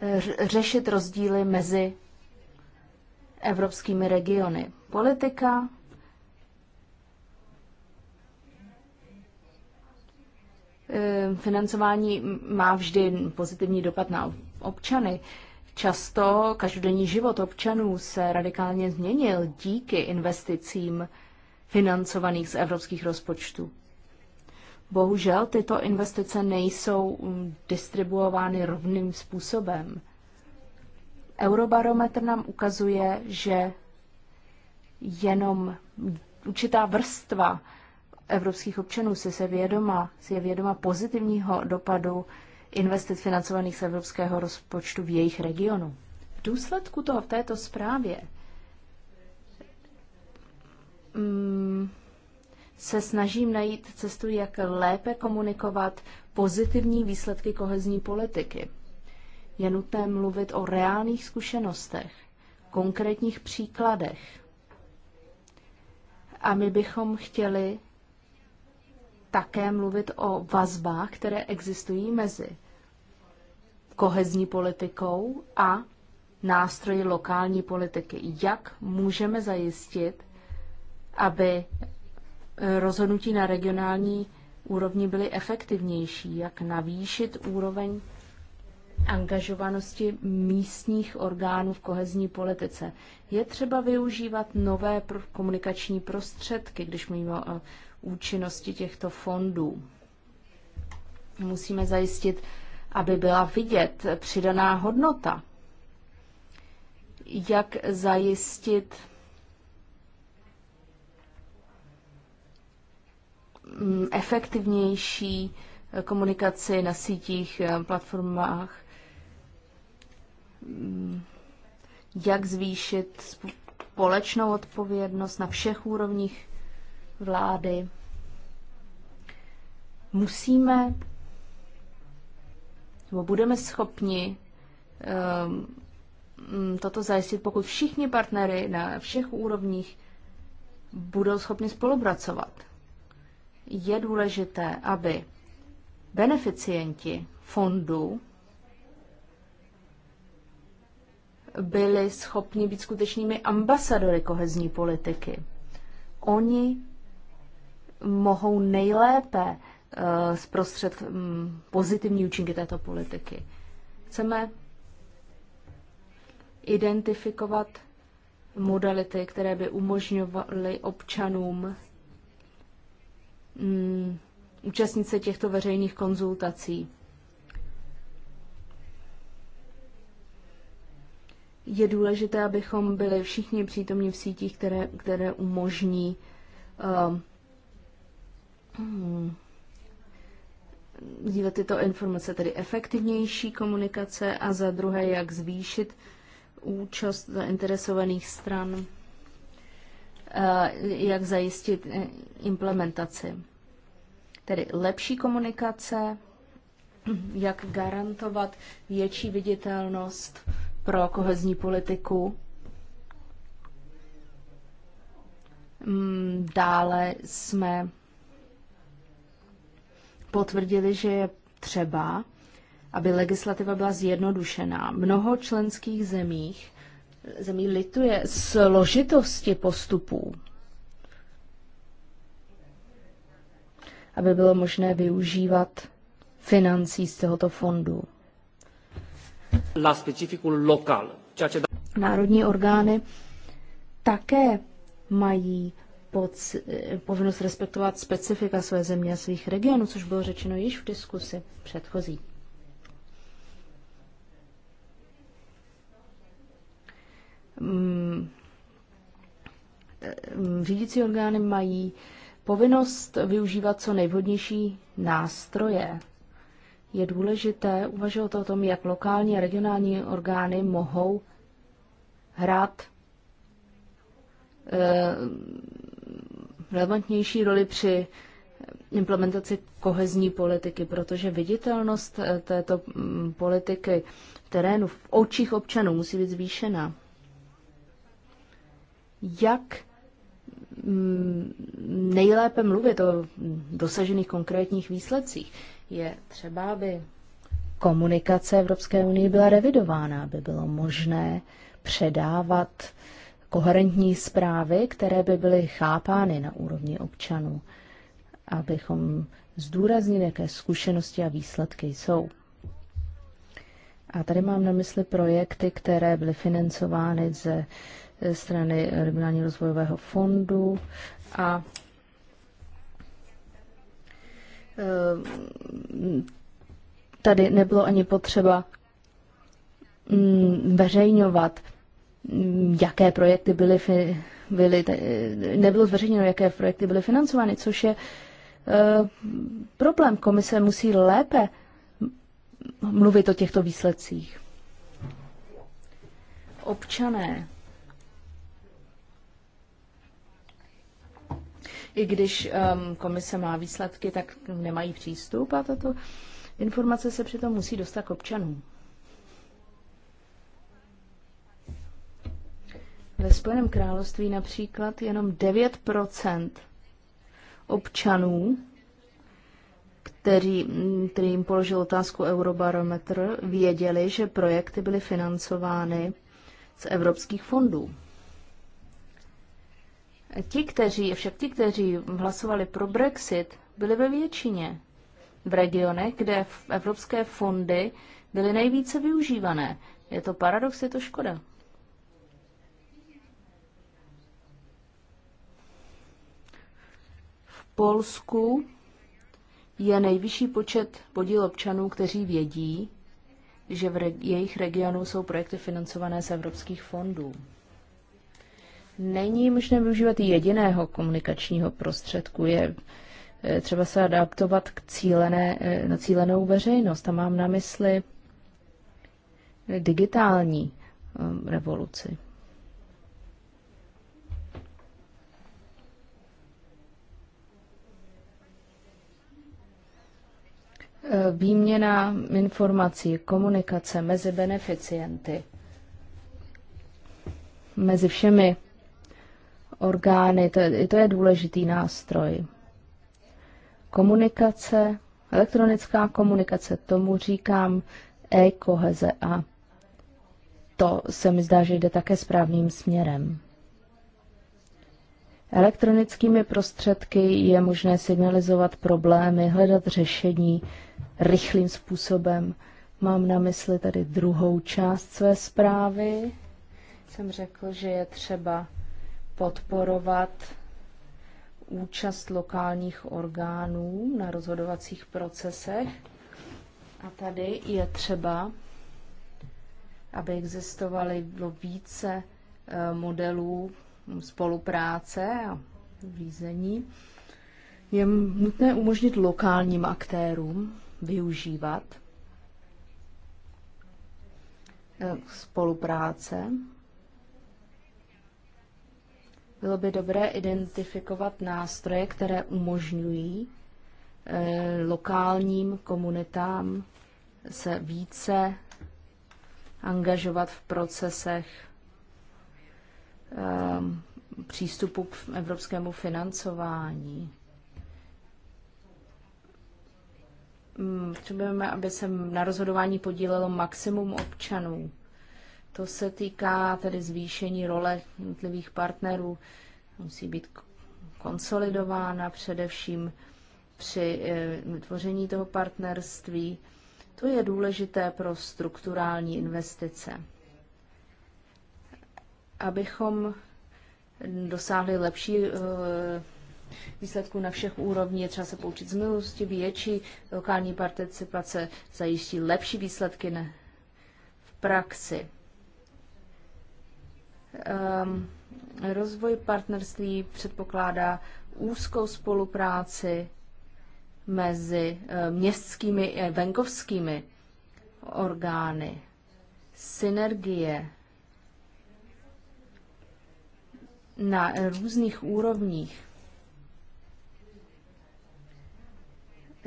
eh, řešit rozdíly mezi evropskými regiony. Politika eh, financování má vždy pozitivní dopad na občany. Často každodenní život občanů se radikálně změnil díky investicím financovaných z evropských rozpočtů. Bohužel tyto investice nejsou mm, distribuovány rovným způsobem. Eurobarometr nám ukazuje, že jenom určitá vrstva evropských občanů si, se vědoma, si je vědoma pozitivního dopadu investic financovaných z evropského rozpočtu v jejich regionu. V důsledku toho v této zprávě Mm, se snažím najít cestu, jak lépe komunikovat pozitivní výsledky kohezní politiky. Je nutné mluvit o reálných zkušenostech, konkrétních příkladech. A my bychom chtěli také mluvit o vazbách, které existují mezi kohezní politikou a nástroji lokální politiky. Jak můžeme zajistit, aby eh, rozhodnutí na regionální úrovni byly efektivnější, jak navýšit úroveň angažovanosti místních orgánů v kohezní politice. Je třeba využívat nové komunikační prostředky, když mluvíme o eh, účinnosti těchto fondů. Musíme zajistit, aby byla vidět přidaná hodnota. Jak zajistit Mm, efektivnější komunikaci na sítích, eh, platformách, mm, jak zvýšit společnou odpovědnost na všech úrovních vlády. Musíme nebo budeme schopni um, toto zajistit, pokud všichni partnery na všech úrovních budou schopni spolupracovat je důležité, aby beneficienti fondu byli schopni být skutečnými ambasadory kohezní politiky. Oni mohou nejlépe eh, zprostřed hm, pozitivní účinky této politiky. Chceme identifikovat modality, které by umožňovaly občanům mm, účastnit se těchto veřejných konzultací. Je důležité, abychom byli všichni přítomní v sítích, které, které umožní um, hmm, dívat tyto informace, tedy efektivnější komunikace a za druhé, jak zvýšit účast zainteresovaných stran Eh, jak zajistit eh, implementaci. Tedy lepší komunikace, jak garantovat větší viditelnost pro kohezní politiku. Mm, dále jsme potvrdili, že je třeba, aby legislativa byla zjednodušená. Mnoho členských zemích zemí lituje složitosti postupů, aby bylo možné využívat financí z tohoto fondu. La local, ce... Národní orgány také mají pod, povinnost respektovat specifika své země a svých regionů, což bylo řečeno již v diskusi předchozí. Mm, mm, řídící orgány mají povinnost využívat co nejvhodnější nástroje. Je důležité uvažovat o tom, jak lokální a regionální orgány mohou hrát eh, relevantnější roli při implementaci kohezní politiky, protože viditelnost eh, této mm, politiky v terénu v očích občanů musí být zvýšena jak mm, nejlépe mluvit o dosažených konkrétních výsledcích. Je třeba, aby komunikace Evropské unie byla revidována, aby bylo možné předávat koherentní zprávy, které by byly chápány na úrovni občanů, abychom zdůraznili, jaké zkušenosti a výsledky jsou. A tady mám na mysli projekty, které byly financovány ze Eh, strany regionální rozvojového fondu a eh, tady nebylo ani potřeba mm, veřejňovat, mm, jaké projekty byly, byly nebylo zveřejněno, jaké projekty byly financovány, což je eh, problém. Komise musí lépe mluvit o těchto výsledcích. Občané i když um, komise má výsledky, tak nemají přístup a tato informace se přitom musí dostat k občanům. Ve Spojeném království například jenom 9 občanů, který, který jim položil otázku Eurobarometr, věděli, že projekty byly financovány z evropských fondů. Ti, kteří, však ti, kteří hlasovali pro Brexit, byli ve většině v regionech, kde evropské fondy byly nejvíce využívané. Je to paradox, je to škoda. V Polsku je nejvyšší počet podíl občanů, kteří vědí, že v re- jejich regionu jsou projekty financované z evropských fondů není možné využívat jediného komunikačního prostředku. Je e, třeba se adaptovat k cílené, e, na cílenou veřejnost. A mám na mysli digitální e, revoluci. Výměna informací, komunikace mezi beneficienty, mezi všemi orgány, to, to je důležitý nástroj. Komunikace, elektronická komunikace, tomu říkám e-koheze a to se mi zdá, že jde také správným směrem. Elektronickými prostředky je možné signalizovat problémy, hledat řešení rychlým způsobem. Mám na mysli tady druhou část své zprávy. Jsem řekl, že je třeba podporovat účast lokálních orgánů na rozhodovacích procesech. A tady je třeba, aby existovaly více eh, modelů spolupráce a řízení. Je nutné umožnit lokálním aktérům využívat eh, spolupráce bylo by dobré identifikovat nástroje, které umožňují eh, lokálním komunitám se více angažovat v procesech ehm, přístupu k evropskému financování. Mm, potřebujeme, aby se na rozhodování podílelo maximum občanů. To se týká tedy zvýšení role jednotlivých partnerů, musí být konsolidována především při eh, vytvoření toho partnerství. To je důležité pro strukturální investice. Abychom dosáhli lepší eh, výsledku na všech úrovních, třeba se poučit z minulosti, větší lokální participace zajistí lepší výsledky v praxi. Um, rozvoj partnerství předpokládá úzkou spolupráci mezi ehm, městskými a venkovskými orgány, synergie na různých úrovních.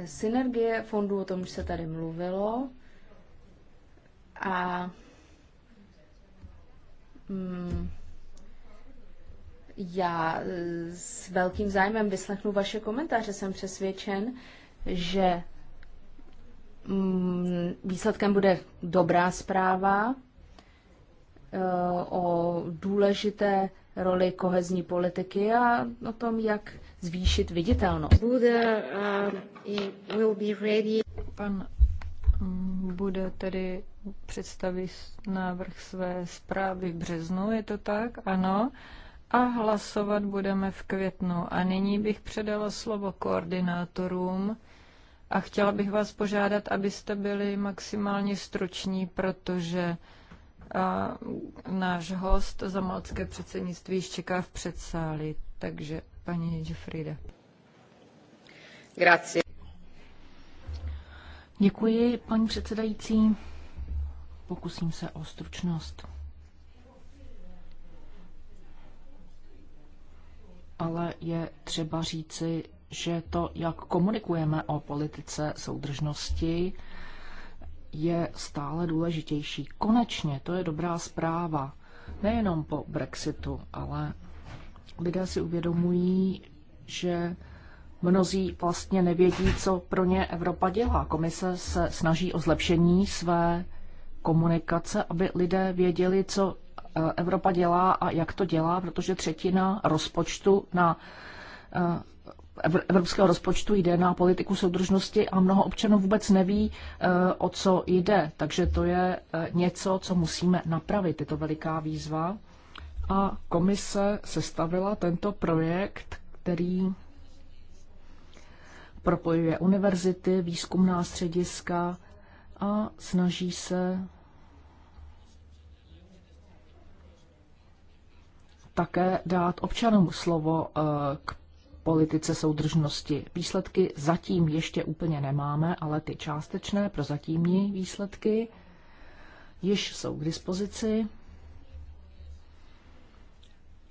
Synergie fondů, o tom už se tady mluvilo, a Hmm. já eh, s velkým zájmem vyslechnu vaše komentáře. Jsem přesvědčen, že mm, výsledkem bude dobrá zpráva eh, o důležité roli kohezní politiky a o tom, jak zvýšit viditelnost. Bude, uh, will be ready. Pan mm, bude tedy představí návrh své zprávy v březnu, je to tak? Ano. A hlasovat budeme v květnu. A nyní bych předala slovo koordinátorům a chtěla bych vás požádat, abyste byli maximálně struční, protože a, náš host za malcké předsednictví již čeká v předsáli. Takže paní Jeffrida. Grazie. Děkuji, paní předsedající. Pokusím se o stručnost. Ale je třeba říci, že to, jak komunikujeme o politice soudržnosti, je stále důležitější. Konečně, to je dobrá zpráva. Nejenom po Brexitu, ale lidé si uvědomují, že mnozí vlastně nevědí, co pro ně Evropa dělá. Komise se snaží o zlepšení své komunikace, aby lidé věděli, co e, Evropa dělá a jak to dělá, protože třetina rozpočtu na e, evropského rozpočtu jde na politiku soudržnosti a mnoho občanů vůbec neví, e, o co jde. Takže to je něco, co musíme napravit, je to veliká výzva. A komise sestavila tento projekt, který propojuje univerzity, výzkumná střediska a snaží se také dát občanům slovo eh, k politice soudržnosti. Výsledky zatím ještě úplně nemáme, ale ty částečné prozatímní výsledky již jsou k dispozici.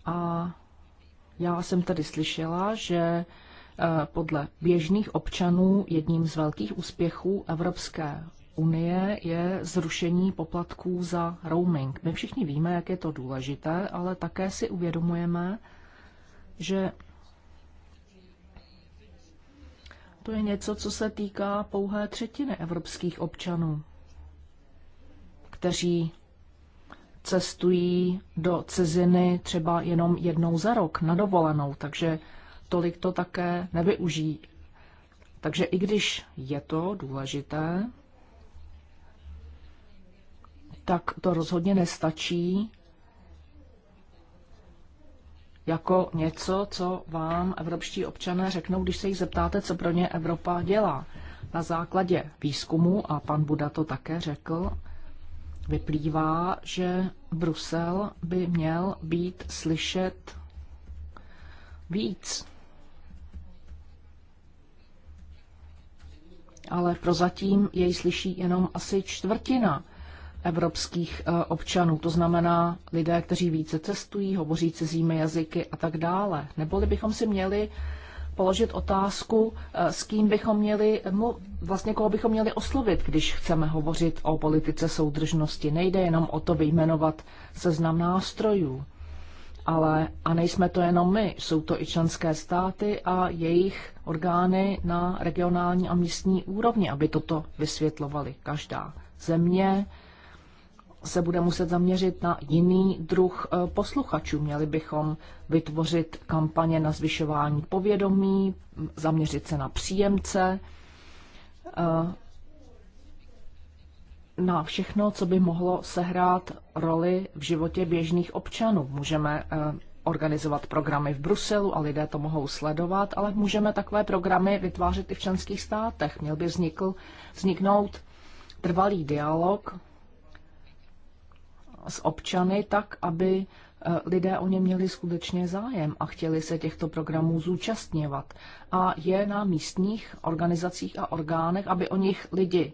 A já jsem tady slyšela, že eh, podle běžných občanů jedním z velkých úspěchů Evropské unie je zrušení poplatků za roaming. My všichni víme, jak je to důležité, ale také si uvědomujeme, že to je něco, co se týká pouhé třetiny evropských občanů, kteří cestují do ciziny třeba jenom jednou za rok na dovolenou, takže tolik to také nevyužijí. Takže i když je to důležité, tak to rozhodně nestačí jako něco, co vám evropští občané řeknou, když se jich zeptáte, co pro ně Evropa dělá. Na základě výzkumu, a pan Buda to také řekl, vyplývá, že Brusel by měl být slyšet víc. Ale prozatím jej slyší jenom asi čtvrtina evropských eh, občanů, to znamená lidé, kteří více cestují, hovoří cizími jazyky a tak dále. Neboli bychom si měli položit otázku, eh, s kým bychom měli, vlastně koho bychom měli oslovit, když chceme hovořit o politice soudržnosti. Nejde jenom o to vyjmenovat seznam nástrojů, ale a nejsme to jenom my, jsou to i členské státy a jejich orgány na regionální a místní úrovni, aby toto vysvětlovali každá země, se bude muset zaměřit na jiný druh eh, posluchačů. Měli bychom vytvořit kampaně na zvyšování povědomí, zaměřit se na příjemce, eh, na všechno, co by mohlo sehrát roli v životě běžných občanů. Můžeme eh, organizovat programy v Bruselu a lidé to mohou sledovat, ale můžeme takové programy vytvářet i v členských státech. Měl by vznikl, vzniknout trvalý dialog s občany tak, aby eh, lidé o ně měli skutečně zájem a chtěli se těchto programů zúčastňovat. A je na místních organizacích a orgánech, aby o nich lidi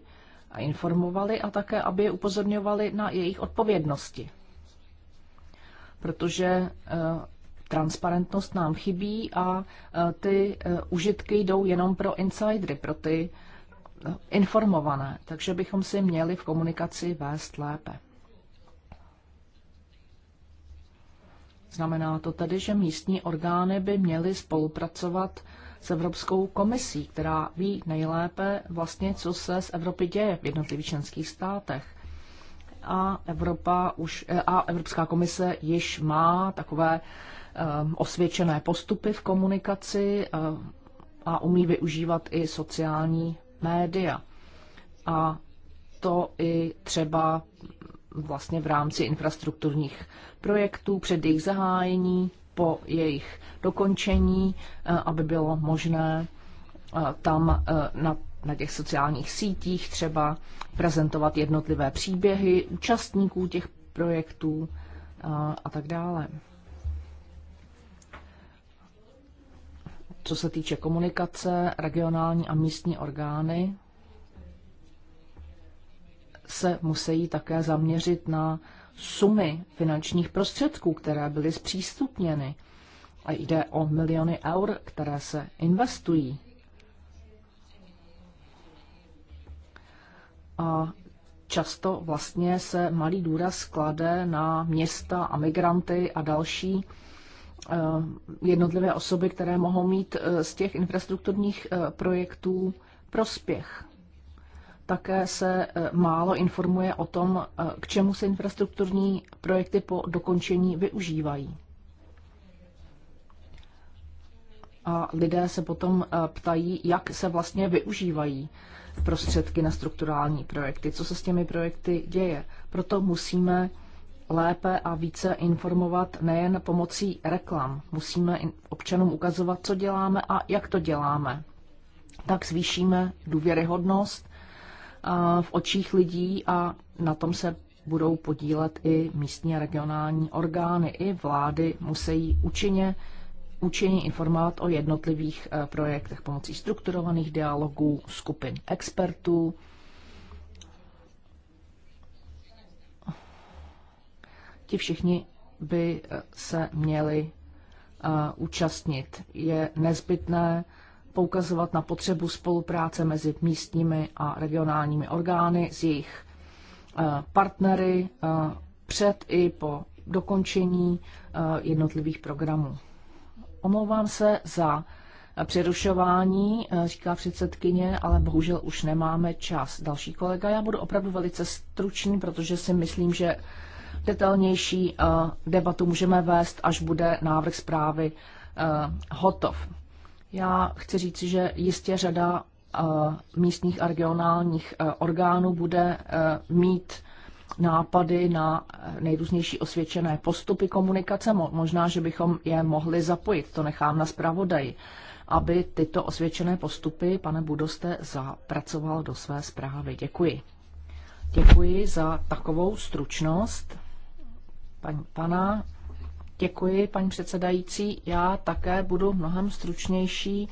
informovali a také, aby je upozorňovali na jejich odpovědnosti. Protože eh, transparentnost nám chybí a eh, ty užitky jdou jenom pro insidery, pro ty informované. Takže bychom si měli v komunikaci vést lépe. Znamená to tedy, že místní orgány by měly spolupracovat s Evropskou komisí, která ví nejlépe vlastně, co se z Evropy děje v jednotlivých členských státech. A, Evropa už, eh, a Evropská komise již má takové eh, osvědčené postupy v komunikaci eh, a umí využívat i sociální média. A to i třeba vlastně v rámci infrastrukturních projektů před jejich zahájení, po jejich dokončení, eh, aby bylo možné eh, tam eh, na, na těch sociálních sítích třeba prezentovat jednotlivé příběhy účastníků těch projektů a, a tak dále. Co se týče komunikace, regionální a místní orgány se musí také zaměřit na sumy finančních prostředků, které byly zpřístupněny. A jde o miliony eur, které se investují. A často vlastně se malý důraz sklade na města a migranty a další eh, jednotlivé osoby, které mohou mít eh, z těch infrastrukturních eh, projektů prospěch. Také se eh, málo informuje o tom, eh, k čemu se infrastrukturní projekty po dokončení využívají. A lidé se potom eh, ptají, jak se vlastně využívají prostředky na strukturální projekty, co se s těmi projekty děje. Proto musíme lépe a více informovat nejen pomocí reklam. Musíme občanům ukazovat, co děláme a jak to děláme. Tak zvýšíme důvěryhodnost v očích lidí a na tom se budou podílet i místní a regionální orgány, i vlády musí účinně Učení informovat o jednotlivých e, projektech pomocí strukturovaných dialogů, skupin expertů. Ti všichni by e, se měli e, účastnit. Je nezbytné poukazovat na potřebu spolupráce mezi místními a regionálními orgány s jejich eh, partnery eh, před i po dokončení eh, jednotlivých programů. Omlouvám se za přerušování, říká předsedkyně, ale bohužel už nemáme čas. Další kolega, já budu opravdu velice stručný, protože si myslím, že detailnější debatu můžeme vést, až bude návrh zprávy hotov. Já chci říct, že jistě řada eh, místních a regionálních eh, orgánů bude eh, mít nápady na nejrůznější osvědčené postupy komunikace. Možná, že bychom je mohli zapojit, to nechám na zpravodaj, aby tyto osvědčené postupy, pane Budoste, zapracoval do své zprávy. Děkuji. Děkuji za takovou stručnost pan, pana Děkuji, paní předsedající. Já také budu mnohem stručnější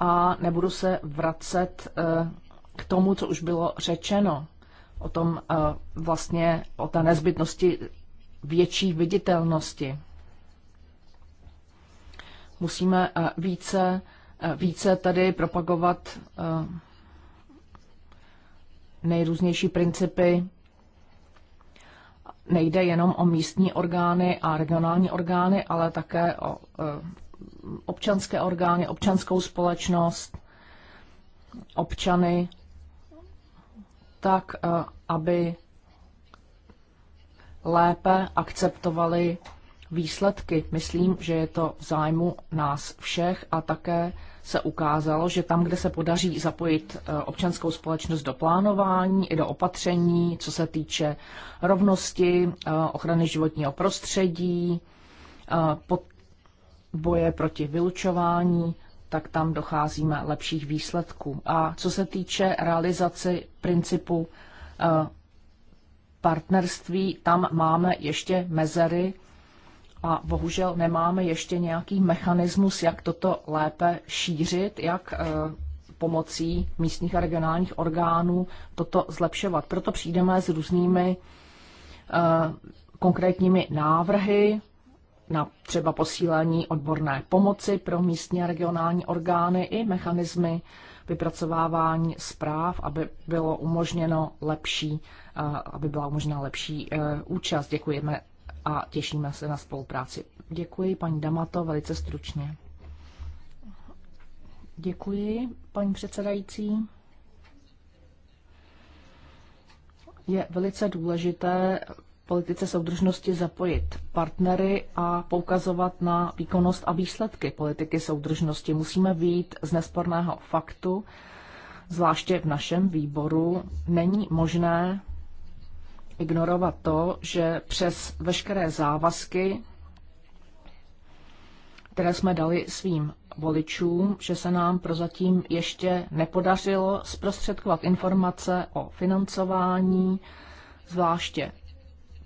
a nebudu se vracet eh, k tomu, co už bylo řečeno o tom eh, vlastně, o té nezbytnosti větší viditelnosti. Musíme eh, více, více tady propagovat nejrůznější principy nejde jenom o místní orgány a regionální orgány, ale také o e, občanské orgány, občanskou společnost, občany, tak e, aby lépe akceptovali výsledky. Myslím, že je to v zájmu nás všech a také se ukázalo, že tam, kde se podaří zapojit eh, občanskou společnost do plánování i do opatření, co se týče rovnosti, eh, ochrany životního prostředí, eh, boje proti vylučování, tak tam docházíme lepších výsledků. A co se týče realizaci principu partnerství, tam máme ještě mezery a bohužel nemáme ještě nějaký mechanismus, jak toto lépe šířit, jak eh, pomocí místních a regionálních orgánů toto zlepšovat. Proto přijdeme s různými eh, konkrétními návrhy na třeba posílení odborné pomoci pro místní a regionální orgány i mechanismy vypracovávání zpráv, aby bylo umožněno lepší, eh, aby byla umožněna lepší účast. Děkujeme a těšíme se na spolupráci. Děkuji, paní Damato, velice stručně. Děkuji, paní předsedající. Je velice důležité politice soudržnosti zapojit partnery a poukazovat na výkonnost a výsledky politiky soudržnosti. Musíme výjít z nesporného faktu, zvláště v našem výboru není možné ignorovat to, že přes veškeré závazky, které jsme dali svým voličům, že se nám prozatím ještě nepodařilo zprostředkovat informace o financování, zvláště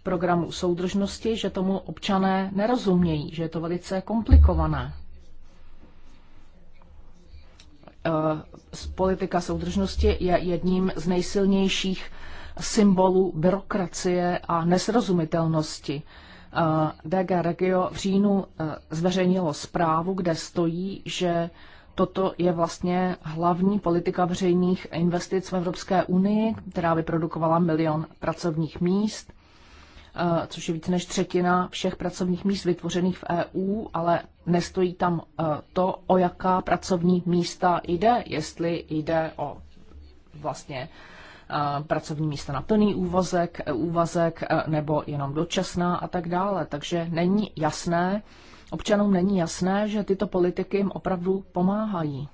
programu soudržnosti, že tomu občané nerozumějí, že je to velice komplikované. Eh, politika soudržnosti je jedním z nejsilnějších symbolů byrokracie a nesrozumitelnosti. Eh, DG Regio v říjnu eh, zveřejnilo zprávu, kde stojí, že toto je vlastně hlavní politika veřejných investic v Evropské unii, která vyprodukovala milion pracovních míst, eh, což je více než třetina všech pracovních míst vytvořených v EU, ale nestojí tam to, o jaká pracovní místa jde, jestli jde o vlastně pracovní místa na plný úvazek, úvazek e, nebo jenom dočasná a tak dále. Takže není jasné, občanům není jasné, že tyto politiky jim opravdu pomáhají.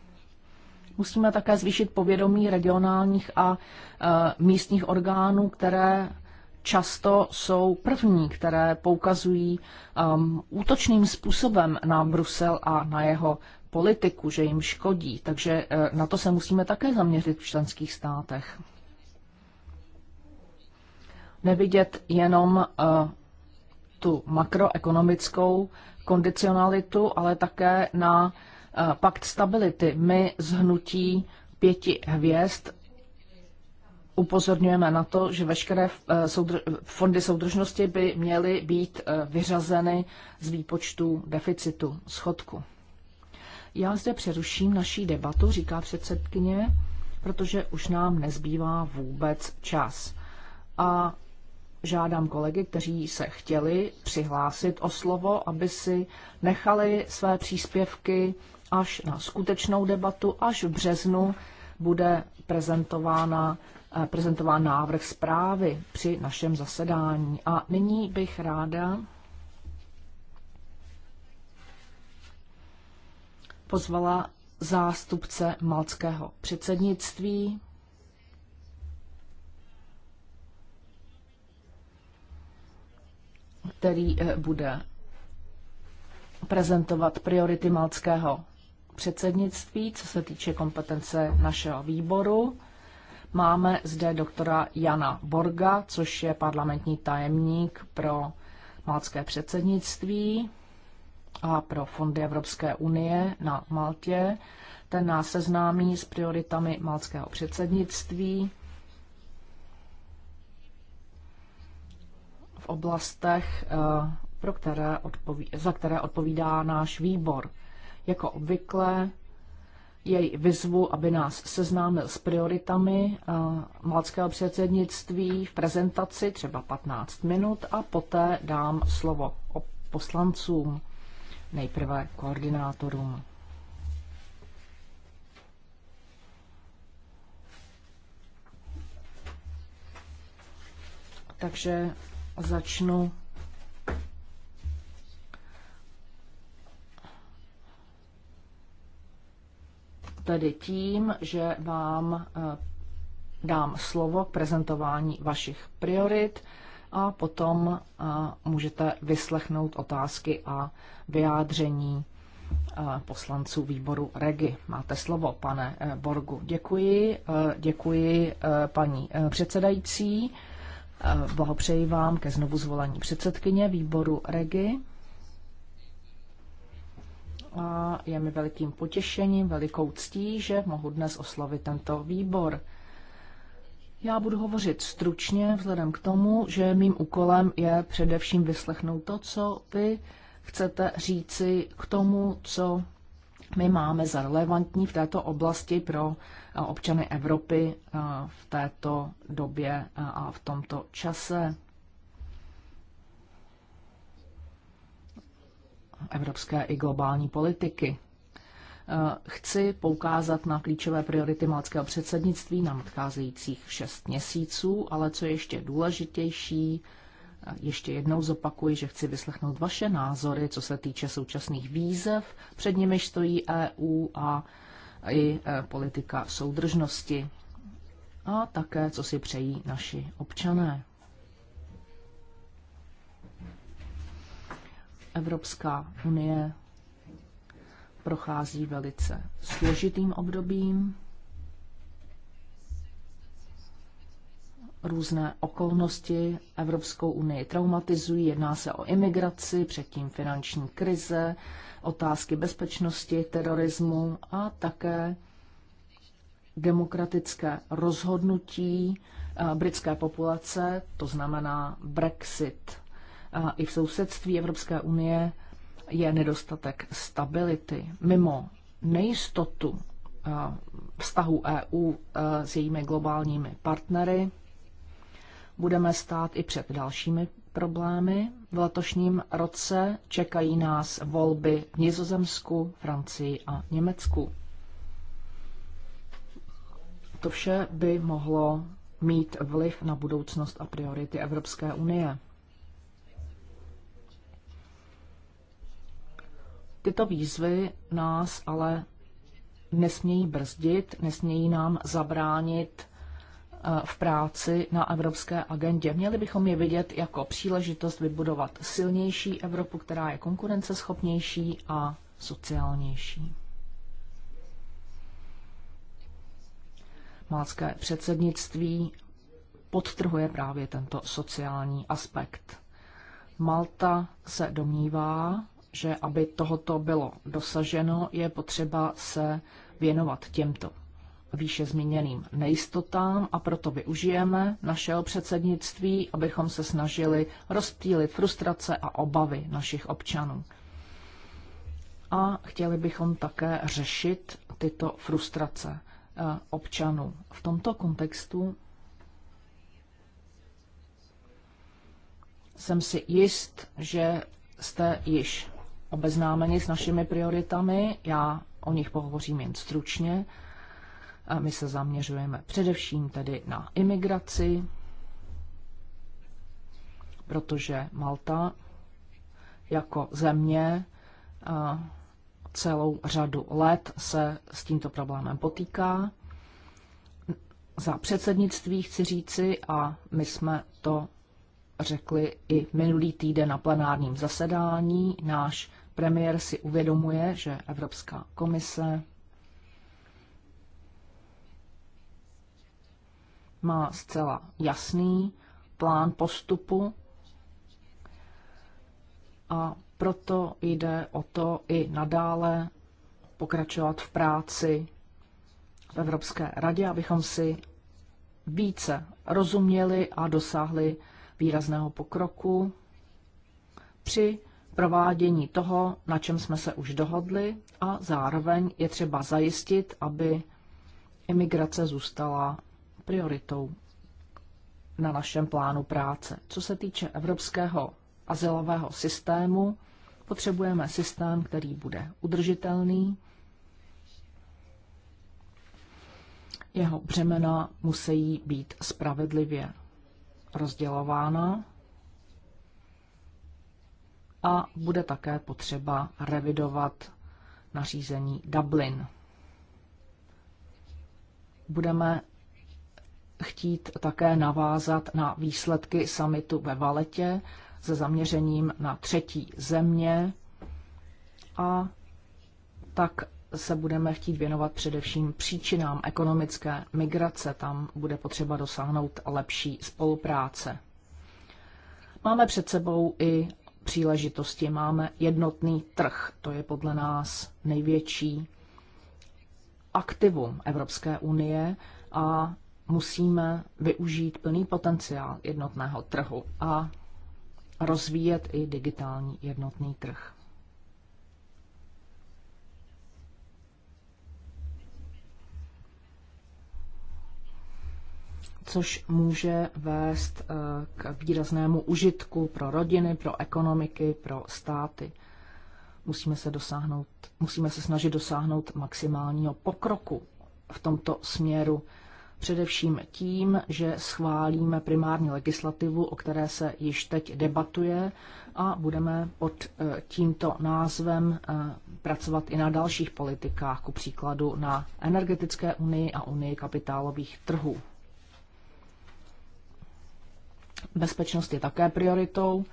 Musíme také zvýšit povědomí regionálních a e, místních orgánů, které často jsou první, které poukazují um, útočným způsobem na Brusel a na jeho politiku, že jim škodí. Takže e, na to se musíme také zaměřit v členských státech nevidět jenom eh, tu makroekonomickou kondicionalitu, ale také na eh, pakt stability. My z hnutí pěti hvězd upozorňujeme na to, že veškeré eh, fondy soudržnosti by měly být vyřazeny z výpočtu deficitu, schodku. Já zde přeruším naší debatu, říká předsedkyně, protože už nám nezbývá vůbec čas. A žádám kolegy, kteří se chtěli přihlásit o slovo, aby si nechali své příspěvky až na skutečnou debatu, až v březnu bude prezentována, eh, prezentován návrh zprávy při našem zasedání. A nyní bych ráda pozvala zástupce malckého předsednictví, který eh, bude prezentovat priority malckého předsednictví, co se týče kompetence našeho výboru. Máme zde doktora Jana Borga, což je parlamentní tajemník pro malcké předsednictví a pro fondy Evropské unie na Maltě. Ten nás seznámí s prioritami malckého předsednictví v oblastech, eh, pro které odpoví, za které odpovídá náš výbor. Jako obvykle jej vyzvu, aby nás seznámil s prioritami eh, malckého předsednictví v prezentaci, třeba 15 minut, a poté dám slovo poslancům, nejprve koordinátorům. Takže začnu tedy tím, že vám eh, dám slovo k prezentování vašich priorit a potom eh, můžete vyslechnout otázky a vyjádření eh, poslanců výboru REGI. Máte slovo, pane Borgu. Děkuji, děkuji paní předsedající. Eh, blahopřeji vám ke znovu zvolení předsedkyně výboru REGI. A je mi velikým potěšením, velikou ctí, že mohu dnes oslovit tento výbor. Já budu hovořit stručně vzhledem k tomu, že mým úkolem je především vyslechnout to, co vy chcete říci k tomu, co my máme za relevantní v této oblasti pro občany Evropy eh, v této době eh, a v tomto čase. Evropské i globální politiky. Eh, chci poukázat na klíčové priority malckého předsednictví na nadcházejících šest měsíců, ale co je ještě důležitější, ještě jednou zopakuji, že chci vyslechnout vaše názory, co se týče současných výzev, před nimiž stojí EU a i e, politika soudržnosti a také, co si přejí naši občané. Evropská unie prochází velice složitým obdobím. Různé okolnosti Evropskou unii traumatizují. Jedná se o imigraci, předtím finanční krize, otázky bezpečnosti, terorismu a také demokratické rozhodnutí eh, britské populace, to znamená Brexit. Eh, I v sousedství Evropské unie je nedostatek stability. Mimo nejistotu eh, vztahu EU s jejími globálními partnery budeme stát i před dalšími problémy. V letošním roce čekají nás volby v Nizozemsku, Francii a Německu. To vše by mohlo mít vliv na budoucnost a priority Evropské unie. Tyto výzvy nás ale nesmějí brzdit, nesmějí nám zabránit Eh, v práci na evropské agendě. Měli bychom je vidět jako příležitost vybudovat silnější Evropu, která je konkurenceschopnější a sociálnější. Malské předsednictví podtrhuje právě tento sociální aspekt. Malta se domnívá, že aby tohoto bylo dosaženo, je potřeba se věnovat těmto výše zmíněným nejistotám a proto využijeme našeho předsednictví, abychom se snažili rozptýlit frustrace a obavy našich občanů. A chtěli bychom také řešit tyto frustrace eh, občanů. V tomto kontextu jsem si jist, že jste již obeznámeni s našimi prioritami. Já o nich pohovořím jen stručně. My se zaměřujeme především tedy na imigraci, protože Malta jako země celou řadu let se s tímto problémem potýká. Za předsednictví chci říci, a my jsme to řekli i minulý týden na plenárním zasedání, náš premiér si uvědomuje, že Evropská komise má zcela jasný plán postupu a proto jde o to i nadále pokračovat v práci v Evropské radě, abychom si více rozuměli a dosáhli výrazného pokroku při provádění toho, na čem jsme se už dohodli a zároveň je třeba zajistit, aby imigrace zůstala prioritou na našem plánu práce. Co se týče evropského azylového systému, potřebujeme systém, který bude udržitelný. Jeho břemena musí být spravedlivě rozdělována a bude také potřeba revidovat nařízení Dublin. Budeme chtít také navázat na výsledky samitu ve Valetě se zaměřením na třetí země a tak se budeme chtít věnovat především příčinám ekonomické migrace. Tam bude potřeba dosáhnout lepší spolupráce. Máme před sebou i příležitosti. Máme jednotný trh. To je podle nás největší aktivum Evropské unie a musíme využít plný potenciál jednotného trhu a rozvíjet i digitální jednotný trh. což může vést eh, k výraznému užitku pro rodiny, pro ekonomiky, pro státy. Musíme se, dosáhnout, musíme se snažit dosáhnout maximálního pokroku v tomto směru Především tím, že schválíme primární legislativu, o které se již teď debatuje a budeme pod eh, tímto názvem eh, pracovat i na dalších politikách, ku příkladu na energetické unii a unii kapitálových trhů. Bezpečnost je také prioritou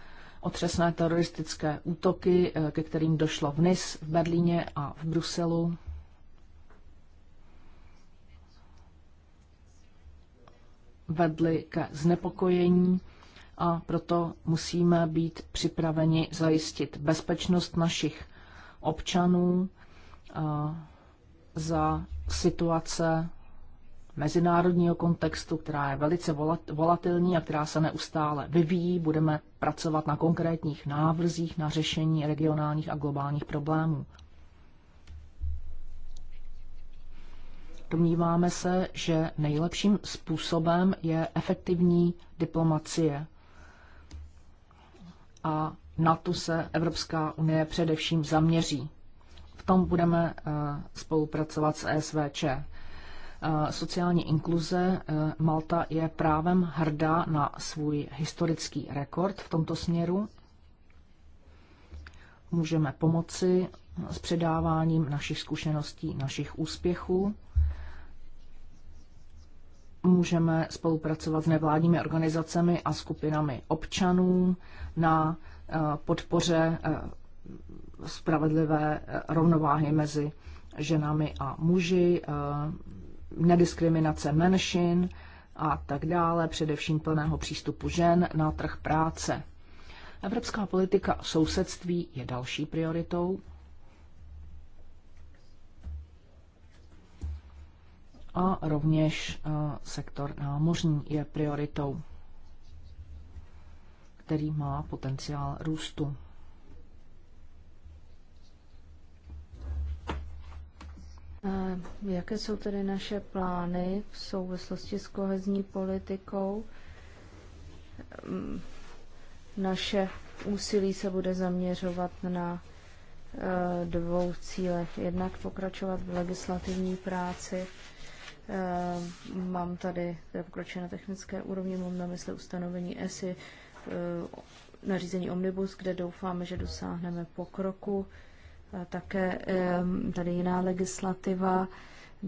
otřesné teroristické útoky, eh, ke kterým došlo v Nis, v Berlíně a v Bruselu, vedly ke znepokojení a proto musíme být připraveni zajistit bezpečnost našich občanů za situace mezinárodního kontextu, která je velice volatilní a která se neustále vyvíjí. Budeme pracovat na konkrétních návrzích na řešení regionálních a globálních problémů. Domníváme se, že nejlepším způsobem je efektivní diplomacie. A na tu se Evropská unie především zaměří. V tom budeme eh, spolupracovat s ESVČ. Eh, sociální inkluze eh, Malta je právem hrdá na svůj historický rekord v tomto směru. Můžeme pomoci s předáváním našich zkušeností, našich úspěchů můžeme spolupracovat s nevládními organizacemi a skupinami občanů na eh, podpoře eh, spravedlivé eh, rovnováhy mezi ženami a muži, nediskriminace menšin a tak dále, především plného přístupu žen na trh práce. Evropská politika sousedství je další prioritou a rovněž eh, sektor námořní je prioritou, který má potenciál růstu. A jaké jsou tedy naše plány v souvislosti s kohezní politikou? Mm, naše úsilí se bude zaměřovat na eh, dvou cílech. Jednak pokračovat v legislativní práci Eh, mám tady pokročené na technické úrovni, mám na mysli ustanovení ESI, eh, nařízení Omnibus, kde doufáme, že dosáhneme pokroku. Také eh, tady jiná legislativa,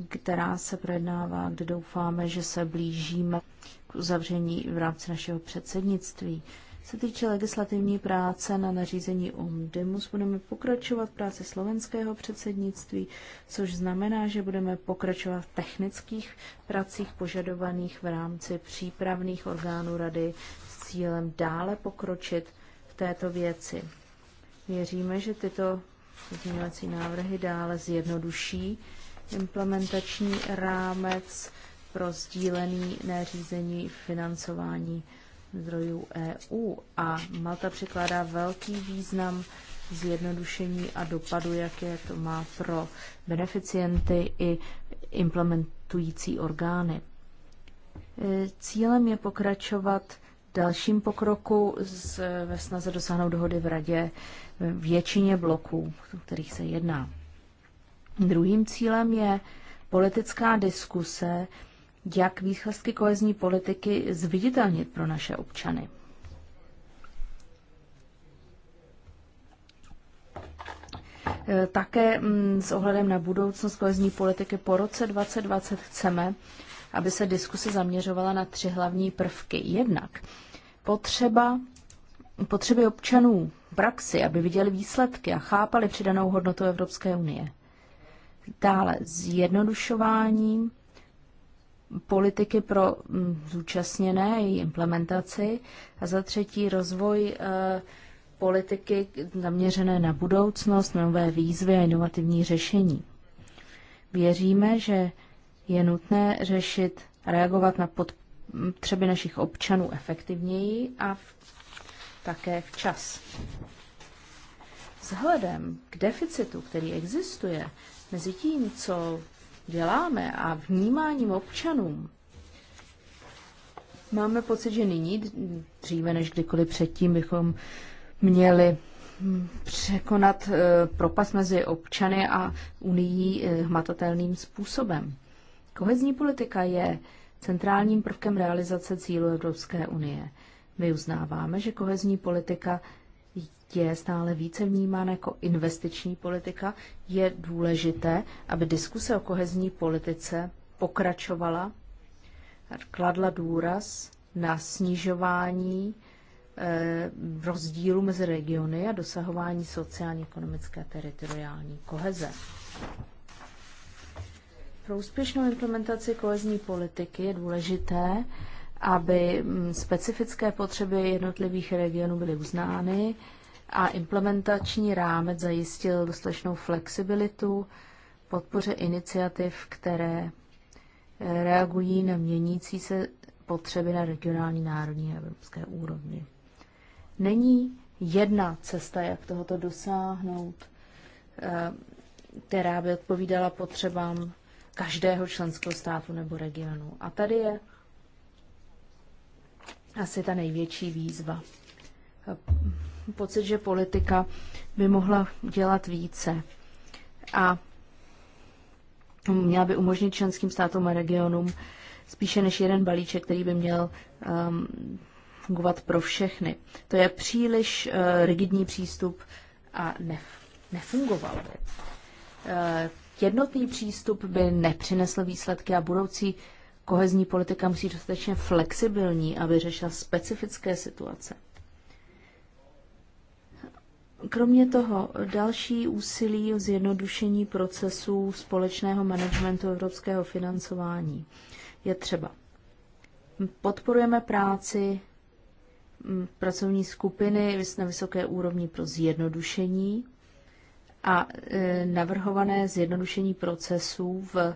která se projednává, kde doufáme, že se blížíme k uzavření v rámci našeho předsednictví se týče legislativní práce na nařízení UNDIMUS, budeme pokračovat práci slovenského předsednictví, což znamená, že budeme pokračovat v technických pracích požadovaných v rámci přípravných orgánů Rady s cílem dále pokročit v této věci. Věříme, že tyto pozměňovací návrhy dále zjednoduší implementační rámec pro sdílený nařízení financování zdrojů EU a Malta překládá velký význam zjednodušení a dopadu, jaké to má pro beneficienty i implementující orgány. E, cílem je pokračovat dalším pokroku z, ve snaze dosáhnout dohody v radě většině bloků, o kterých se jedná. Druhým cílem je politická diskuse jak výsledky kohezní politiky zviditelnit pro naše občany. E, také mm, s ohledem na budoucnost kohezní politiky po roce 2020 chceme, aby se diskuse zaměřovala na tři hlavní prvky. Jednak potřeba potřeby občanů praxi, aby viděli výsledky a chápali přidanou hodnotu Evropské unie. Dále zjednodušování politiky pro mm, zúčastněné, její implementaci a za třetí rozvoj eh, politiky zaměřené na budoucnost, nové výzvy a inovativní řešení. Věříme, že je nutné řešit, reagovat na potřeby našich občanů efektivněji a v, také včas. Vzhledem k deficitu, který existuje mezi tím, co děláme a vnímáním občanům, máme pocit, že nyní, dříve než kdykoliv předtím, bychom měli hm, překonat e, propast mezi občany a unii e, hmatatelným způsobem. Kohezní politika je centrálním prvkem realizace cílu Evropské unie. My uznáváme, že kohezní politika je stále více vnímán jako investiční politika, je důležité, aby diskuse o kohezní politice pokračovala, kladla důraz na snižování eh, rozdílu mezi regiony a dosahování sociálně, ekonomické teritoriální koheze. Pro úspěšnou implementaci kohezní politiky je důležité, aby mm, specifické potřeby jednotlivých regionů byly uznány a implementační rámec zajistil dostatečnou flexibilitu podpoře iniciativ, které eh, reagují na měnící se potřeby na regionální, národní a evropské úrovni. Není jedna cesta, jak tohoto dosáhnout, eh, která by odpovídala potřebám každého členského státu nebo regionu. A tady je asi ta největší výzva. Pocit, že politika by mohla dělat více a měla by umožnit členským státům a regionům spíše než jeden balíček, který by měl um, fungovat pro všechny. To je příliš uh, rigidní přístup a nef- nefungoval by. Uh, jednotný přístup by nepřinesl výsledky a budoucí kohezní politika musí dostatečně flexibilní, aby řešila specifické situace. Kromě toho další úsilí o zjednodušení procesů společného managementu evropského financování je třeba. Podporujeme práci mm, pracovní skupiny na vysoké úrovni pro zjednodušení a e, navrhované zjednodušení procesů v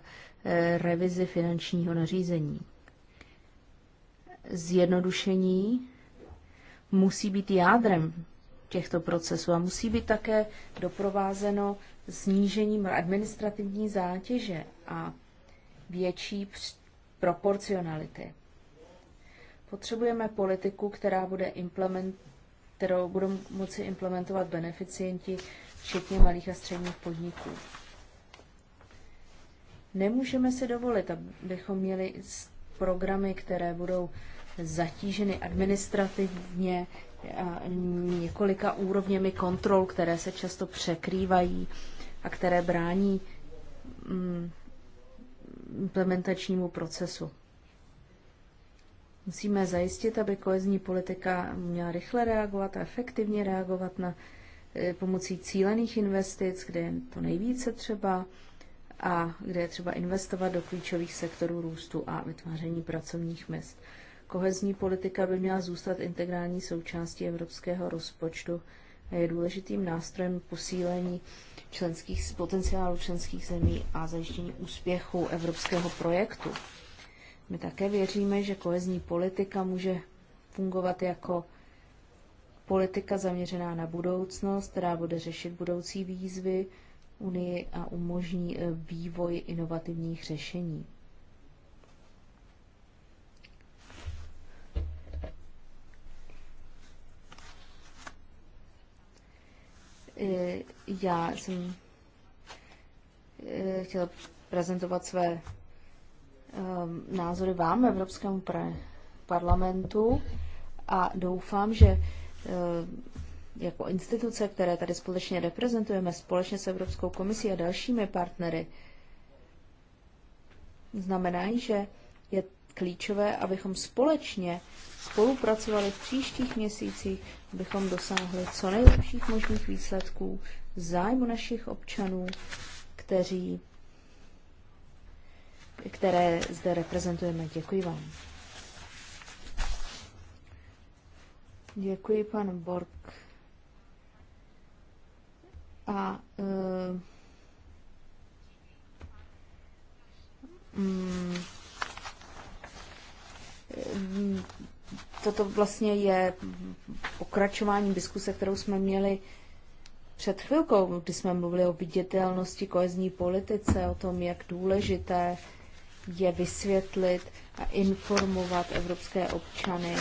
revizi finančního nařízení. Zjednodušení musí být jádrem těchto procesů a musí být také doprovázeno snížením administrativní zátěže a větší proporcionality. Potřebujeme politiku, která bude implement, kterou budou moci implementovat beneficienti, včetně malých a středních podniků. Nemůžeme si dovolit, abychom měli programy, které budou zatíženy administrativně a několika úrovněmi kontrol, které se často překrývají a které brání mm, implementačnímu procesu. Musíme zajistit, aby kohezní politika měla rychle reagovat a efektivně reagovat na eh, pomocí cílených investic, kde je to nejvíce třeba, a kde je třeba investovat do klíčových sektorů růstu a vytváření pracovních mest. Kohezní politika by měla zůstat integrální součástí evropského rozpočtu a je důležitým nástrojem posílení členských, potenciálu členských zemí a zajištění úspěchu evropského projektu. My také věříme, že kohezní politika může fungovat jako politika zaměřená na budoucnost, která bude řešit budoucí výzvy, unii a umožní eh, vývoj inovativních řešení. Eh, já jsem eh, chtěla prezentovat své ehm, názory vám, Evropskému parlamentu, a doufám, že jako instituce, které tady společně reprezentujeme, společně s Evropskou komisí a dalšími partnery, znamená, že je klíčové, abychom společně spolupracovali v příštích měsících, abychom dosáhli co nejlepších možných výsledků v zájmu našich občanů, kteří, které zde reprezentujeme. Děkuji vám. Děkuji, pan Borg. A e, mm, e, toto vlastně je pokračování diskuse, kterou jsme měli před chvilkou, kdy jsme mluvili o vidětelnosti kohezní politice, o tom, jak důležité je vysvětlit a informovat evropské občany.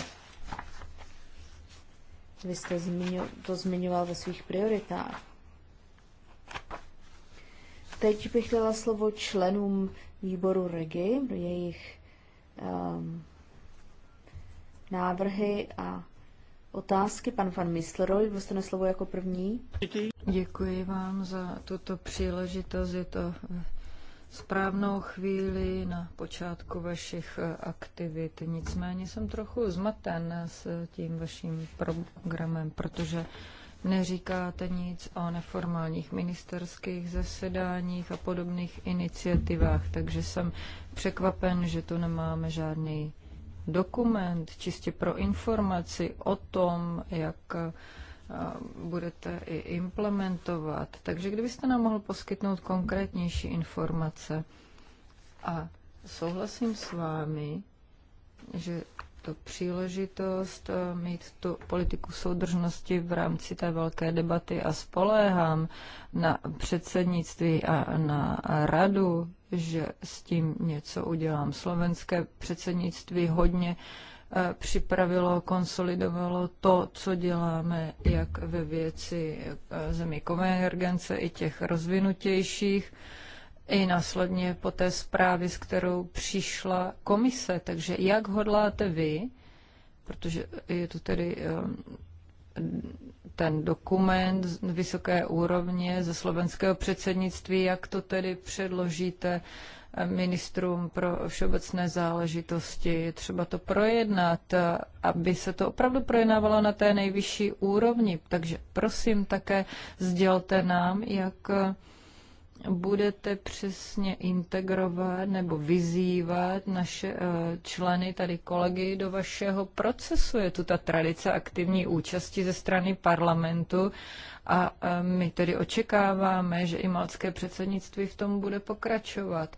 Vy jste to zmiňoval ve svých prioritách. Teď bych dala slovo členům výboru REGI, jejich um, návrhy a otázky. Pan Van Misleroy, dostane slovo jako první. Děkuji vám za tuto příležitost. Je to eh, správnou chvíli na počátku vašich eh, aktivit. Nicméně jsem trochu zmaten s eh, tím vaším programem, protože uh, Neříkáte nic o neformálních ministerských zasedáních a podobných iniciativách, takže jsem překvapen, že tu nemáme žádný dokument čistě pro informaci o tom, jak eh, budete i implementovat. Takže kdybyste nám mohl poskytnout konkrétnější informace. A souhlasím s vámi, že tu příležitost eh, mít tu politiku soudržnosti v rámci té velké debaty a spoléhám na předsednictví a na radu, že s tím něco udělám. Slovenské předsednictví hodně eh, připravilo, konsolidovalo to, co děláme jak ve věci eh, zemí konvergence i těch rozvinutějších i následně po té zprávě, s kterou přišla komise. Takže jak hodláte vy, protože je to tedy ehm, ten dokument z vysoké úrovně ze slovenského předsednictví, jak to tedy předložíte eh, ministrům pro všeobecné záležitosti. Je třeba to projednat, eh, aby se to opravdu projednávalo na té nejvyšší úrovni. Takže prosím také sdělte nám, jak eh, budete přesně integrovat nebo vyzývat naše eh, členy, tady kolegy, do vašeho procesu. Je tu ta tradice aktivní účasti ze strany parlamentu a eh, my tedy očekáváme, že i malcké předsednictví v tom bude pokračovat.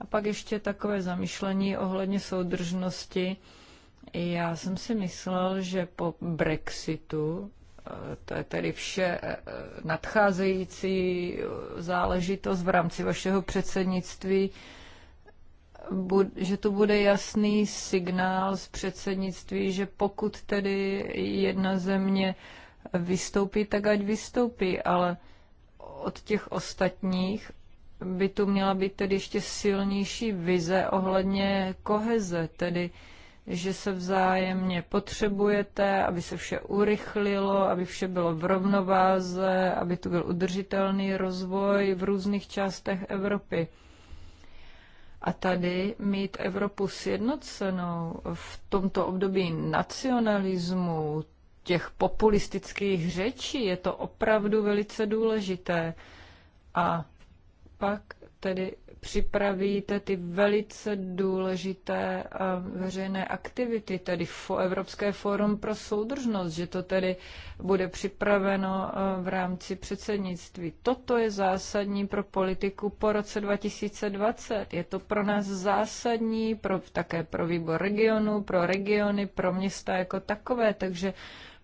A pak ještě takové zamyšlení ohledně soudržnosti. Já jsem si myslel, že po Brexitu to je tedy vše eh, nadcházející záležitost v rámci vašeho předsednictví, že tu bude jasný signál z předsednictví, že pokud tedy jedna země vystoupí, tak ať vystoupí, ale od těch ostatních by tu měla být tedy ještě silnější vize ohledně koheze, tedy že se vzájemně potřebujete, aby se vše urychlilo, aby vše bylo v rovnováze, aby tu byl udržitelný rozvoj v různých částech Evropy. A tady mít Evropu sjednocenou v tomto období nacionalismu, těch populistických řečí, je to opravdu velice důležité. A pak tedy připravíte ty velice důležité eh, veřejné aktivity, tedy Evropské fórum pro soudržnost, že to tedy bude připraveno eh, v rámci předsednictví. Toto je zásadní pro politiku po roce 2020. Je to pro nás zásadní, pro, také pro výbor regionu, pro regiony, pro města jako takové, takže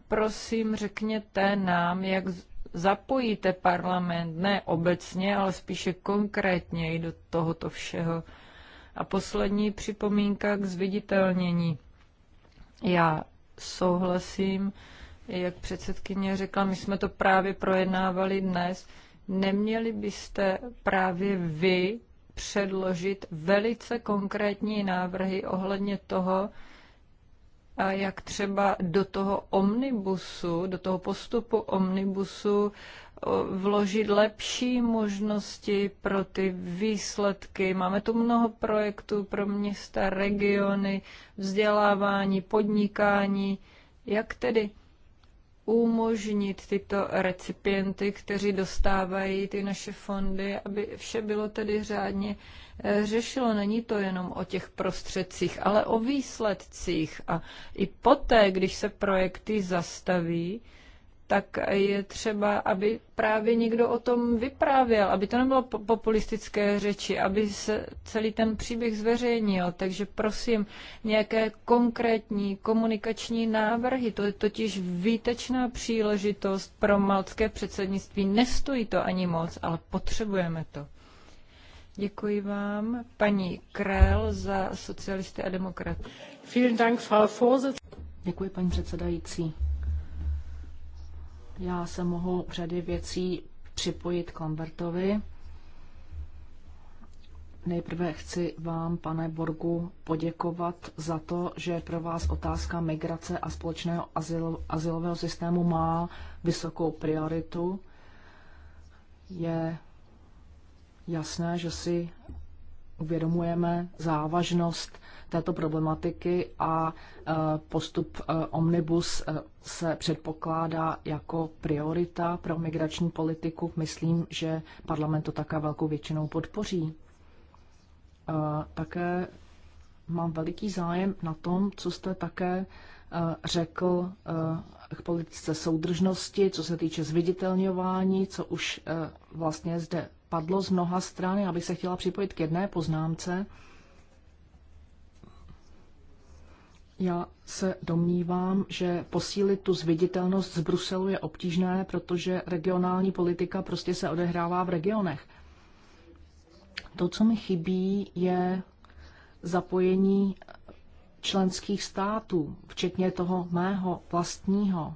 prosím, řekněte nám, jak zapojíte parlament, ne obecně, ale spíše konkrétně i do tohoto všeho. A poslední připomínka k zviditelnění. Já souhlasím, jak předsedkyně řekla, my jsme to právě projednávali dnes. Neměli byste právě vy předložit velice konkrétní návrhy ohledně toho, a jak třeba do toho omnibusu, do toho postupu omnibusu vložit lepší možnosti pro ty výsledky. Máme tu mnoho projektů pro města, regiony, vzdělávání, podnikání. Jak tedy umožnit tyto recipienty, kteří dostávají ty naše fondy, aby vše bylo tedy řádně eh, řešilo. Není to jenom o těch prostředcích, ale o výsledcích. A i poté, když se projekty zastaví, tak je třeba, aby právě někdo o tom vyprávěl, aby to nebylo populistické řeči, aby se celý ten příběh zveřejnil. Takže prosím, nějaké konkrétní komunikační návrhy, to je totiž výtečná příležitost pro malcké předsednictví. Nestojí to ani moc, ale potřebujeme to. Děkuji vám, paní Krel za socialisty a demokraty. Děkuji, paní předsedající. Já se mohu řady věcí připojit k Lambertovi. Nejprve chci vám, pane Borgu, poděkovat za to, že pro vás otázka migrace a společného azyl, azylového systému má vysokou prioritu. Je jasné, že si uvědomujeme závažnost této problematiky a e, postup e, omnibus e, se předpokládá jako priorita pro migrační politiku. Myslím, že parlament to také velkou většinou podpoří. Také mám veliký zájem na tom, co jste také řekl k politice soudržnosti, co se týče zviditelňování, co už vlastně zde padlo z mnoha stran. Já bych se chtěla připojit k jedné poznámce, Já se domnívám, že posílit tu zviditelnost z Bruselu je obtížné, protože regionální politika prostě se odehrává v regionech. To, co mi chybí, je zapojení členských států, včetně toho mého vlastního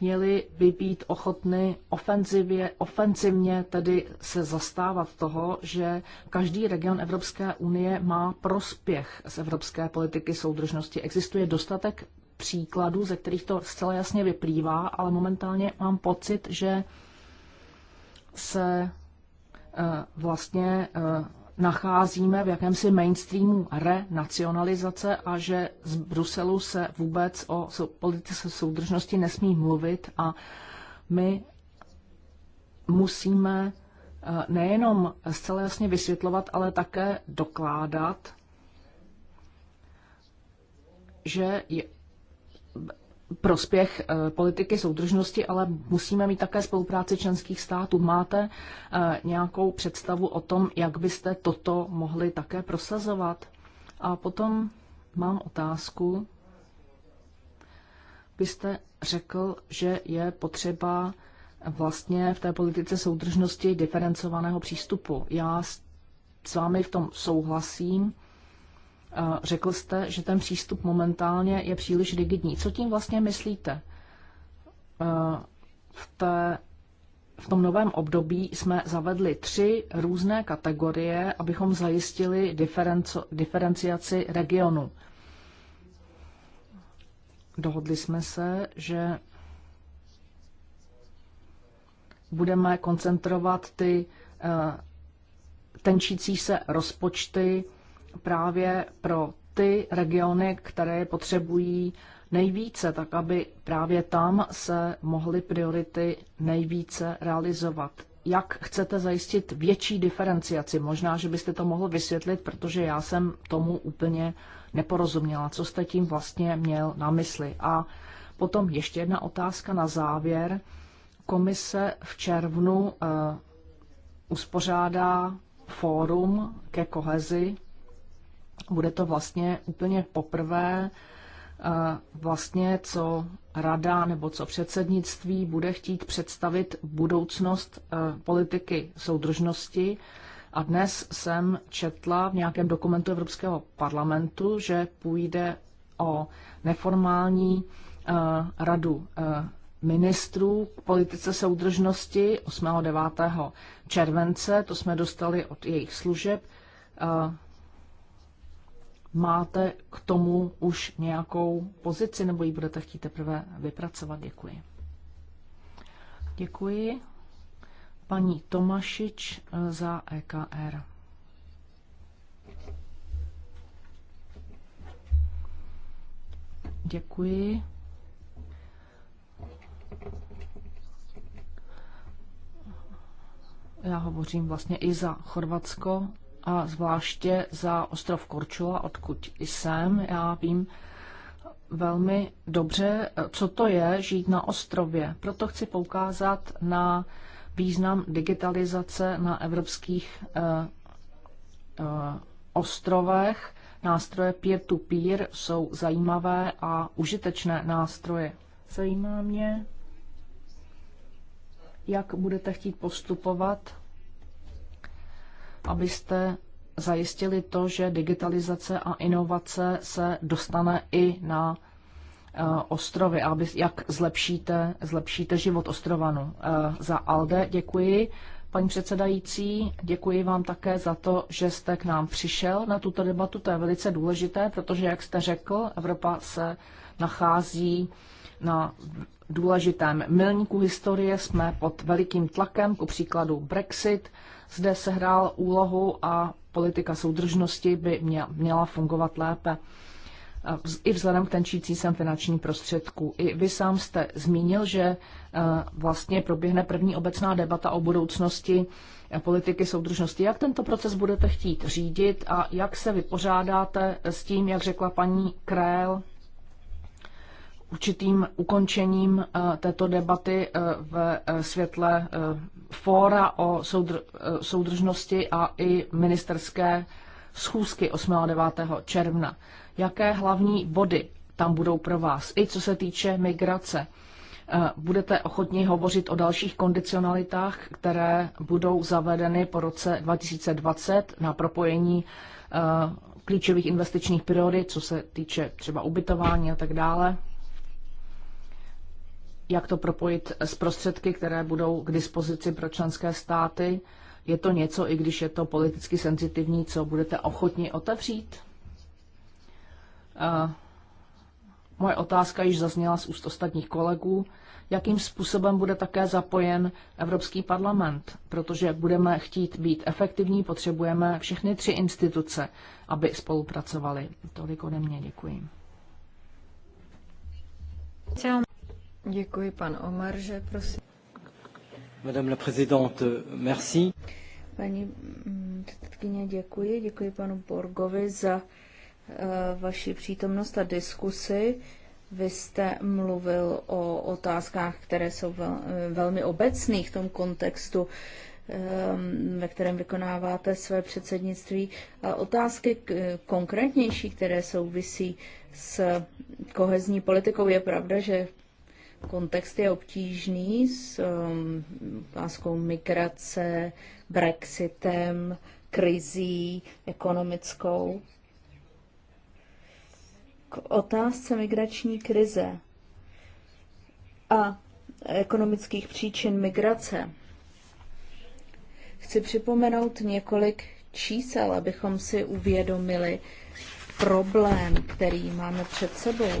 měli by být ochotny ofenzivě, ofenzivně tedy se zastávat toho, že každý region Evropské unie má prospěch z evropské politiky soudržnosti. Existuje dostatek příkladů, ze kterých to zcela jasně vyplývá, ale momentálně mám pocit, že se eh, vlastně eh, nacházíme v jakémsi mainstreamu renacionalizace a že z Bruselu se vůbec o politice soudržnosti nesmí mluvit a my musíme eh, nejenom zcela jasně vysvětlovat, ale také dokládat, že prospěch eh, politiky soudržnosti, ale musíme mít také spolupráci členských států. Máte eh, nějakou představu o tom, jak byste toto mohli také prosazovat? A potom mám otázku. Byste řekl, že je potřeba vlastně v té politice soudržnosti diferencovaného přístupu. Já s vámi v tom souhlasím Řekl jste, že ten přístup momentálně je příliš rigidní. Co tím vlastně myslíte? E, v, té, v tom novém období jsme zavedli tři různé kategorie, abychom zajistili diferenco, diferenciaci regionu. Dohodli jsme se, že budeme koncentrovat ty e, tenčící se rozpočty právě pro ty regiony, které potřebují nejvíce, tak aby právě tam se mohly priority nejvíce realizovat. Jak chcete zajistit větší diferenciaci? Možná, že byste to mohl vysvětlit, protože já jsem tomu úplně neporozuměla. Co jste tím vlastně měl na mysli? A potom ještě jedna otázka na závěr. Komise v červnu uh, uspořádá fórum ke kohezi bude to vlastně úplně poprvé, eh, vlastně co rada nebo co předsednictví bude chtít představit budoucnost eh, politiky soudržnosti. A dnes jsem četla v nějakém dokumentu Evropského parlamentu, že půjde o neformální eh, radu ministrů k politice soudržnosti 8. a 9. července. To jsme dostali od jejich služeb. Máte k tomu už nějakou pozici, nebo ji budete chtít teprve vypracovat? Děkuji. Děkuji. Paní Tomašič za EKR. Děkuji. Já hovořím vlastně i za Chorvatsko a zvláště za ostrov Korčula, odkud jsem. Já vím velmi dobře, co to je žít na ostrově. Proto chci poukázat na význam digitalizace na evropských eh, eh, ostrovech. Nástroje peer-to-peer -peer jsou zajímavé a užitečné nástroje. Zajímá mě, jak budete chtít postupovat abyste zajistili to, že digitalizace a inovace se dostane i na eh, ostrovy, aby, jak zlepšíte, zlepšíte život ostrovanů. Eh, za ALDE děkuji. Paní předsedající, děkuji vám také za to, že jste k nám přišel na tuto debatu. To je velice důležité, protože, jak jste řekl, Evropa se nachází na důležitém milníku historie jsme pod velikým tlakem, ku příkladu Brexit. Zde sehrál úlohu a politika soudržnosti by měla fungovat lépe i vzhledem k tenčící sem finanční prostředků. I vy sám jste zmínil, že eh, vlastně proběhne první obecná debata o budoucnosti eh, politiky soudržnosti. Jak tento proces budete chtít řídit a jak se vypořádáte s tím, jak řekla paní Krél, určitým ukončením eh, této debaty eh, ve eh, světle fóra o soudr- soudržnosti a i ministerské schůzky 8. a 9. června. Jaké hlavní body tam budou pro vás, i co se týče migrace? Budete ochotni hovořit o dalších kondicionalitách, které budou zavedeny po roce 2020 na propojení klíčových investičních priorit, co se týče třeba ubytování a tak dále? jak to propojit s prostředky, které budou k dispozici pro členské státy. Je to něco, i když je to politicky senzitivní, co budete ochotni otevřít? Eh, moje otázka již zazněla z úst ostatních kolegů. Jakým způsobem bude také zapojen Evropský parlament? Protože budeme chtít být efektivní, potřebujeme všechny tři instituce, aby spolupracovali. Tolik ode mě, děkuji. Děkuji, pan že prosím. Madame la présidente, merci. Paní mm, předsedkyně, děkuji. Děkuji panu Borgovi za uh, vaši přítomnost a diskusi. Vy jste mluvil o otázkách, které jsou vel, eh, velmi obecné v tom kontextu, um, ve kterém vykonáváte své předsednictví. A otázky k, konkrétnější, které souvisí s kohezní politikou, je pravda, že Kontext je obtížný s um, láskou migrace, Brexitem, krizí ekonomickou. K otázce migrační krize a ekonomických příčin migrace chci připomenout několik čísel, abychom si uvědomili problém, který máme před sebou.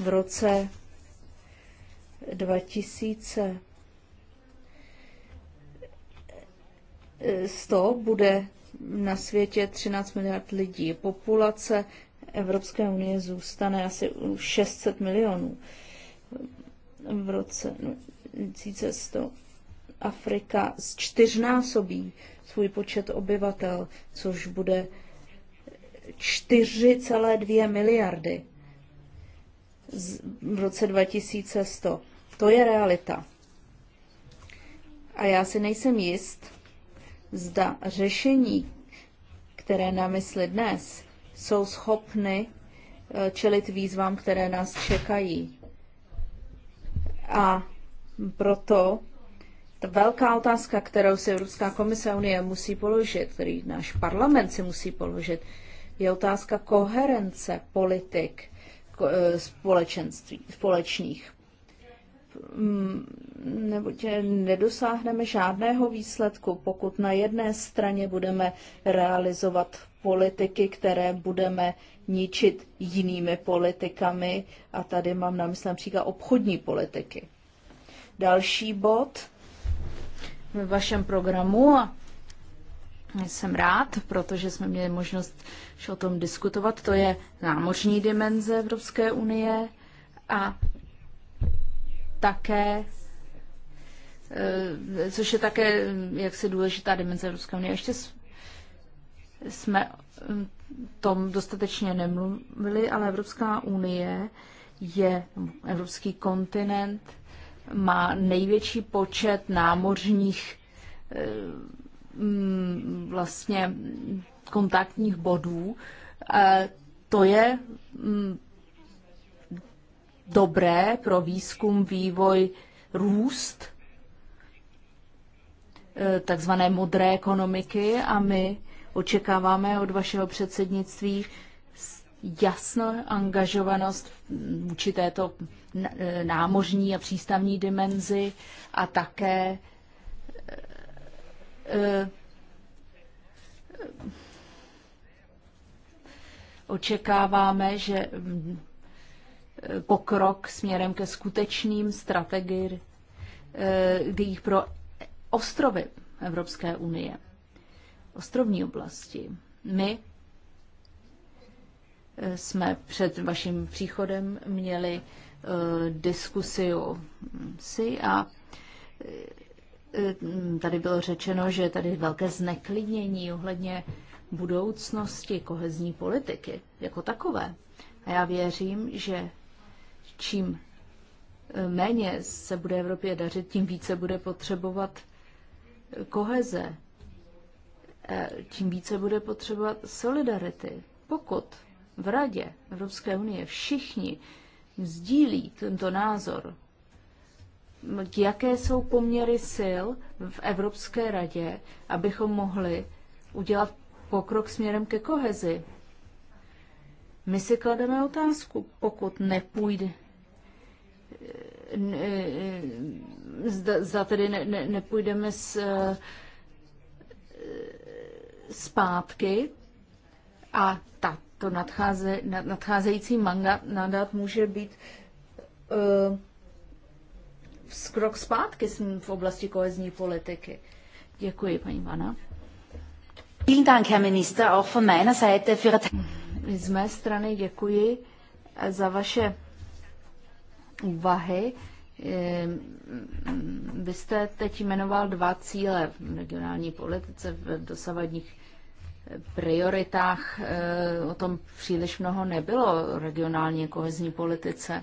V roce 2000 100 bude na světě 13 miliard lidí. Populace Evropské unie zůstane asi 600 milionů v roce 2100. Afrika z čtyřnásobí svůj počet obyvatel, což bude 4,2 miliardy v roce 2100. To je realita. A já si nejsem jist, zda řešení, které na mysli dnes, jsou schopny eh, čelit výzvám, které nás čekají. A proto ta velká otázka, kterou si Evropská komise Unie musí položit, který náš parlament si musí položit, je otázka koherence politik eh, společenství, společných. Mm, tě nedosáhneme žádného výsledku, pokud na jedné straně budeme realizovat politiky, které budeme ničit jinými politikami. A tady mám na mysli například obchodní politiky. Další bod ve vašem programu a jsem rád, protože jsme měli možnost o tom diskutovat. To je námořní dimenze Evropské unie a také eh, což je také mm, jaksi důležitá dimenze Evropské unie. Ještě jsme mm, tom dostatečně nemluvili, ale Evropská unie je evropský kontinent, má největší počet námořních eh, mm, vlastně kontaktních bodů. Eh, to je dobré pro výzkum, vývoj, růst eh, takzvané modré ekonomiky a my očekáváme od vašeho předsednictví jasnou angažovanost vůči této eh, námořní a přístavní dimenzi a také eh, očekáváme, že pokrok směrem ke skutečným strategii eh, pro ostrovy Evropské unie, ostrovní oblasti. My eh, jsme před vaším příchodem měli eh, diskusi o si a tady bylo řečeno, že tady velké zneklidnění ohledně budoucnosti kohezní politiky jako takové. A já věřím, že čím eh, méně se bude Evropě dařit, tím více bude potřebovat eh, koheze, eh, tím více bude potřebovat solidarity. Pokud v Radě Evropské unie všichni sdílí tento názor, jaké jsou poměry sil v Evropské radě, abychom mohli udělat pokrok směrem ke kohezi. My si klademe otázku, pokud nepůjde, E, zda, zda tedy ne, ne, nepůjdeme s, zpátky e, a ta, to nadcháze, nadcházející mandát, mandát může být uh, krok zpátky v oblasti kohezní politiky. Děkuji, paní Vana. Vielen Dank, Herr Minister, auch von meiner Seite für... Z mé strany děkuji za vaše úvahy. Eh, Vy jste teď jmenoval dva cíle v regionální politice, v dosavadních eh, prioritách eh, o tom příliš mnoho nebylo regionální kohezní politice.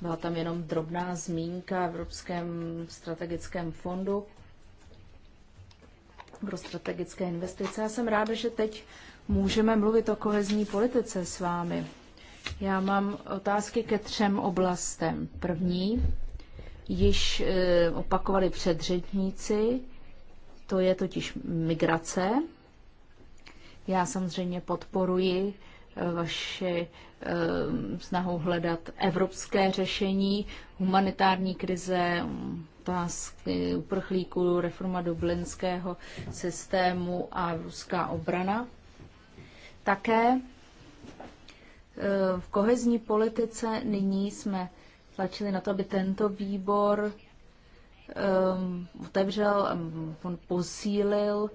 Byla tam jenom drobná zmínka v Evropském strategickém fondu pro strategické investice. Já jsem ráda, že teď můžeme mluvit o kohezní politice s vámi. Já mám otázky ke třem oblastem. První, již eh, opakovali předřečníci, to je totiž migrace. Já samozřejmě podporuji eh, vaši eh, snahu hledat evropské řešení humanitární krize, otázky uprchlíků, reforma dublinského systému a ruská obrana. Také v kohezní politice nyní jsme tlačili na to, aby tento výbor um, otevřel, um, posílil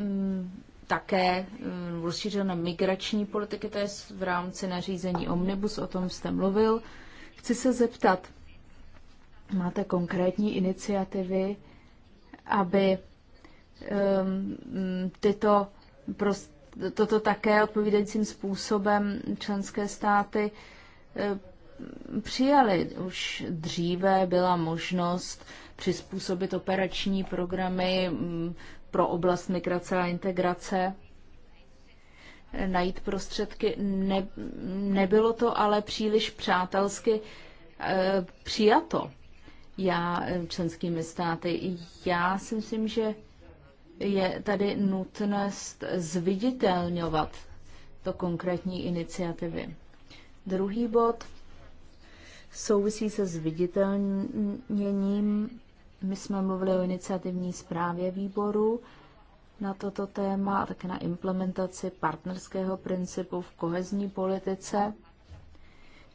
um, také um, rozšířil na migrační politiky, to je v rámci nařízení Omnibus, o tom jste mluvil. Chci se zeptat, máte konkrétní iniciativy, aby um, tyto prost, toto také odpovídajícím způsobem členské státy eh, přijali. Už dříve byla možnost přizpůsobit operační programy mm, pro oblast migrace a integrace, najít prostředky. Ne, nebylo to ale příliš přátelsky eh, přijato já eh, členskými státy. Já si myslím, že je tady nutnost zviditelňovat to konkrétní iniciativy. Druhý bod souvisí se zviditelněním. My jsme mluvili o iniciativní zprávě výboru na toto téma a také na implementaci partnerského principu v kohezní politice.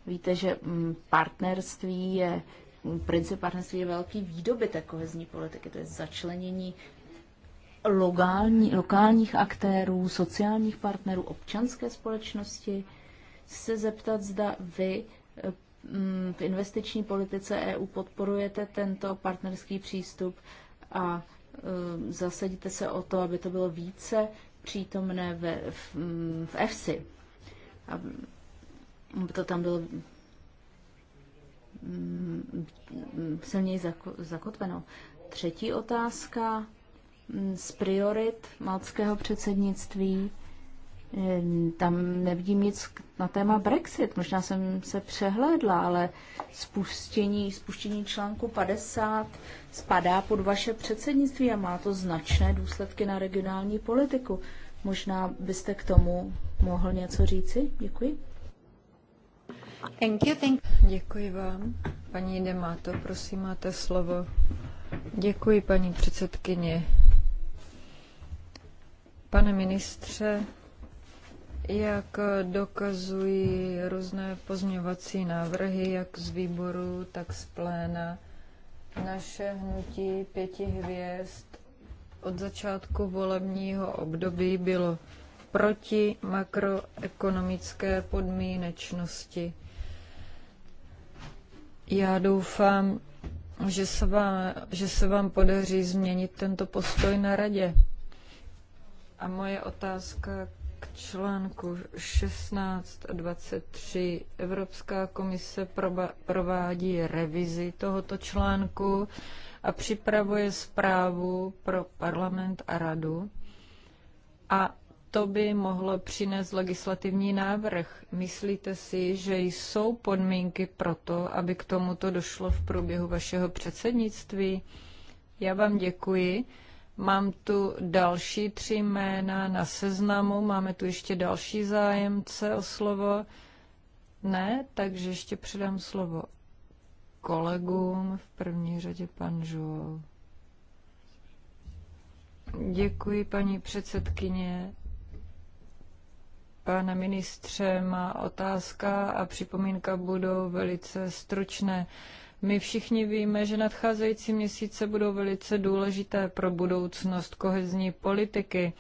Víte, že mm, partnerství je mm, princip partnerství je velký výdobytek kohezní politiky, to je začlenění lokální, lokálních aktérů, sociálních partnerů, občanské společnosti, se zeptat, zda vy eh, mm, v investiční politice EU podporujete tento partnerský přístup a eh, zasadíte se o to, aby to bylo více přítomné ve, v, mm, v EFSI. Mm, aby to tam bylo silněji zakotveno. Třetí otázka Mm, z priorit maltského předsednictví. Mm, tam nevidím nic na téma Brexit. Možná jsem se přehlédla, ale spuštění, spuštění článku 50 spadá pod vaše předsednictví a má to značné důsledky na regionální politiku. Možná byste k tomu mohl něco říci? Děkuji. Thank you, thank you. Děkuji vám. Paní Demáto, prosím, máte slovo. Děkuji, paní předsedkyně. Pane ministře, jak dokazují různé pozměňovací návrhy, jak z výboru, tak z pléna, naše hnutí pěti hvězd od začátku volebního období bylo proti makroekonomické podmínečnosti. Já doufám, že se vám, že se vám podaří změnit tento postoj na radě. A moje otázka k článku 1623. Evropská komise provádí revizi tohoto článku a připravuje zprávu pro parlament a radu. A to by mohlo přinést legislativní návrh. Myslíte si, že jsou podmínky pro to, aby k tomuto došlo v průběhu vašeho předsednictví? Já vám děkuji. Mám tu další tři jména na seznamu, máme tu ještě další zájemce o slovo. Ne, takže ještě předám slovo kolegům, v první řadě pan Žul. Děkuji, paní předsedkyně. Pane ministře, má otázka a připomínka budou velice stručné. My všichni víme, že nadcházející měsíce budou velice důležité pro budoucnost kohezní politiky.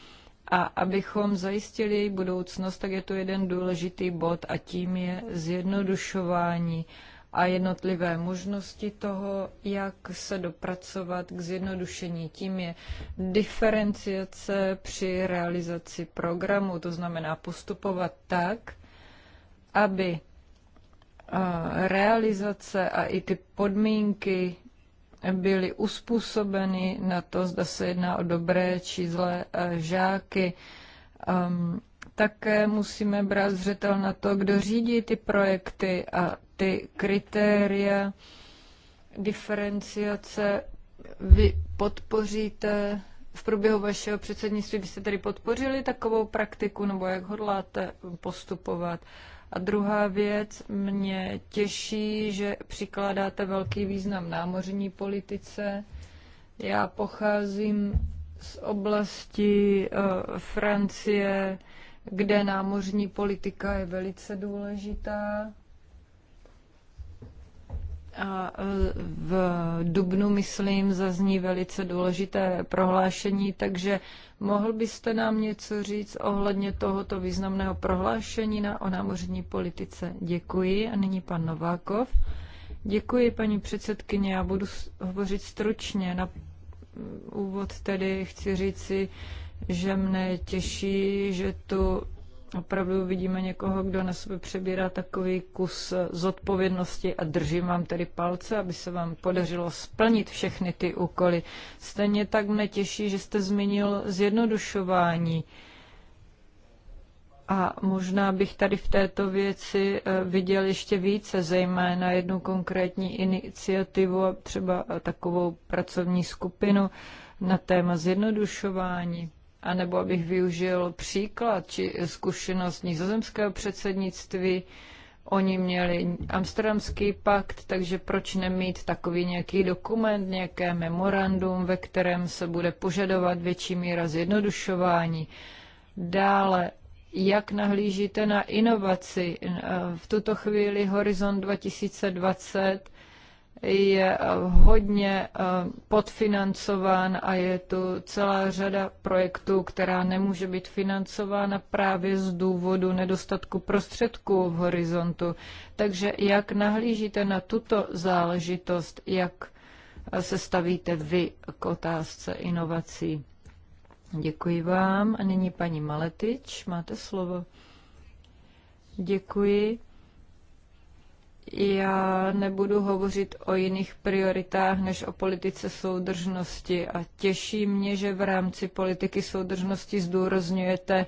A abychom zajistili její budoucnost, tak je to jeden důležitý bod a tím je zjednodušování a jednotlivé možnosti toho, jak se dopracovat k zjednodušení. Tím je diferenciace při realizaci programu, to znamená postupovat tak, aby realizace a i ty podmínky byly uspůsobeny na to, zda se jedná o dobré či zlé e, žáky. Ehm, také musíme brát zřetel na to, kdo řídí ty projekty a ty kritéria diferenciace vy podpoříte v průběhu vašeho předsednictví, byste tedy podpořili takovou praktiku, nebo jak hodláte postupovat? A druhá věc, mě těší, že přikládáte velký význam námořní politice. Já pocházím z oblasti uh, Francie, kde námořní politika je velice důležitá. E, v Dubnu, myslím, zazní velice důležité prohlášení, takže mohl byste nám něco říct ohledně tohoto významného prohlášení na, o námořní politice? Děkuji. A nyní pan Novákov. Děkuji, paní předsedkyně. Já budu hovořit stručně. Na úvod tedy chci říci, že mne těší, že tu opravdu vidíme někoho, kdo na sebe přebírá takový kus zodpovědnosti a držím vám tedy palce, aby se vám podařilo splnit všechny ty úkoly. Stejně tak mne těší, že jste zmínil zjednodušování. A možná bych tady v této věci eh, viděl ještě více, zejména jednu konkrétní iniciativu a třeba takovou pracovní skupinu na téma zjednodušování anebo abych využil příklad či zkušenost nizozemského předsednictví, Oni měli Amsterdamský pakt, takže proč nemít takový nějaký dokument, nějaké memorandum, ve kterém se bude požadovat větší míra zjednodušování. Dále, jak nahlížíte na inovaci? V tuto chvíli Horizon 2020 je eh, hodně eh, podfinancován a je tu celá řada projektů, která nemůže být financována právě z důvodu nedostatku prostředků v horizontu. Takže jak nahlížíte na tuto záležitost, jak eh, se stavíte vy k otázce inovací? Děkuji vám. A nyní paní Maletič, máte slovo. Děkuji. Já nebudu hovořit o jiných prioritách než o politice soudržnosti a těší mě, že v rámci politiky soudržnosti zdůrazňujete,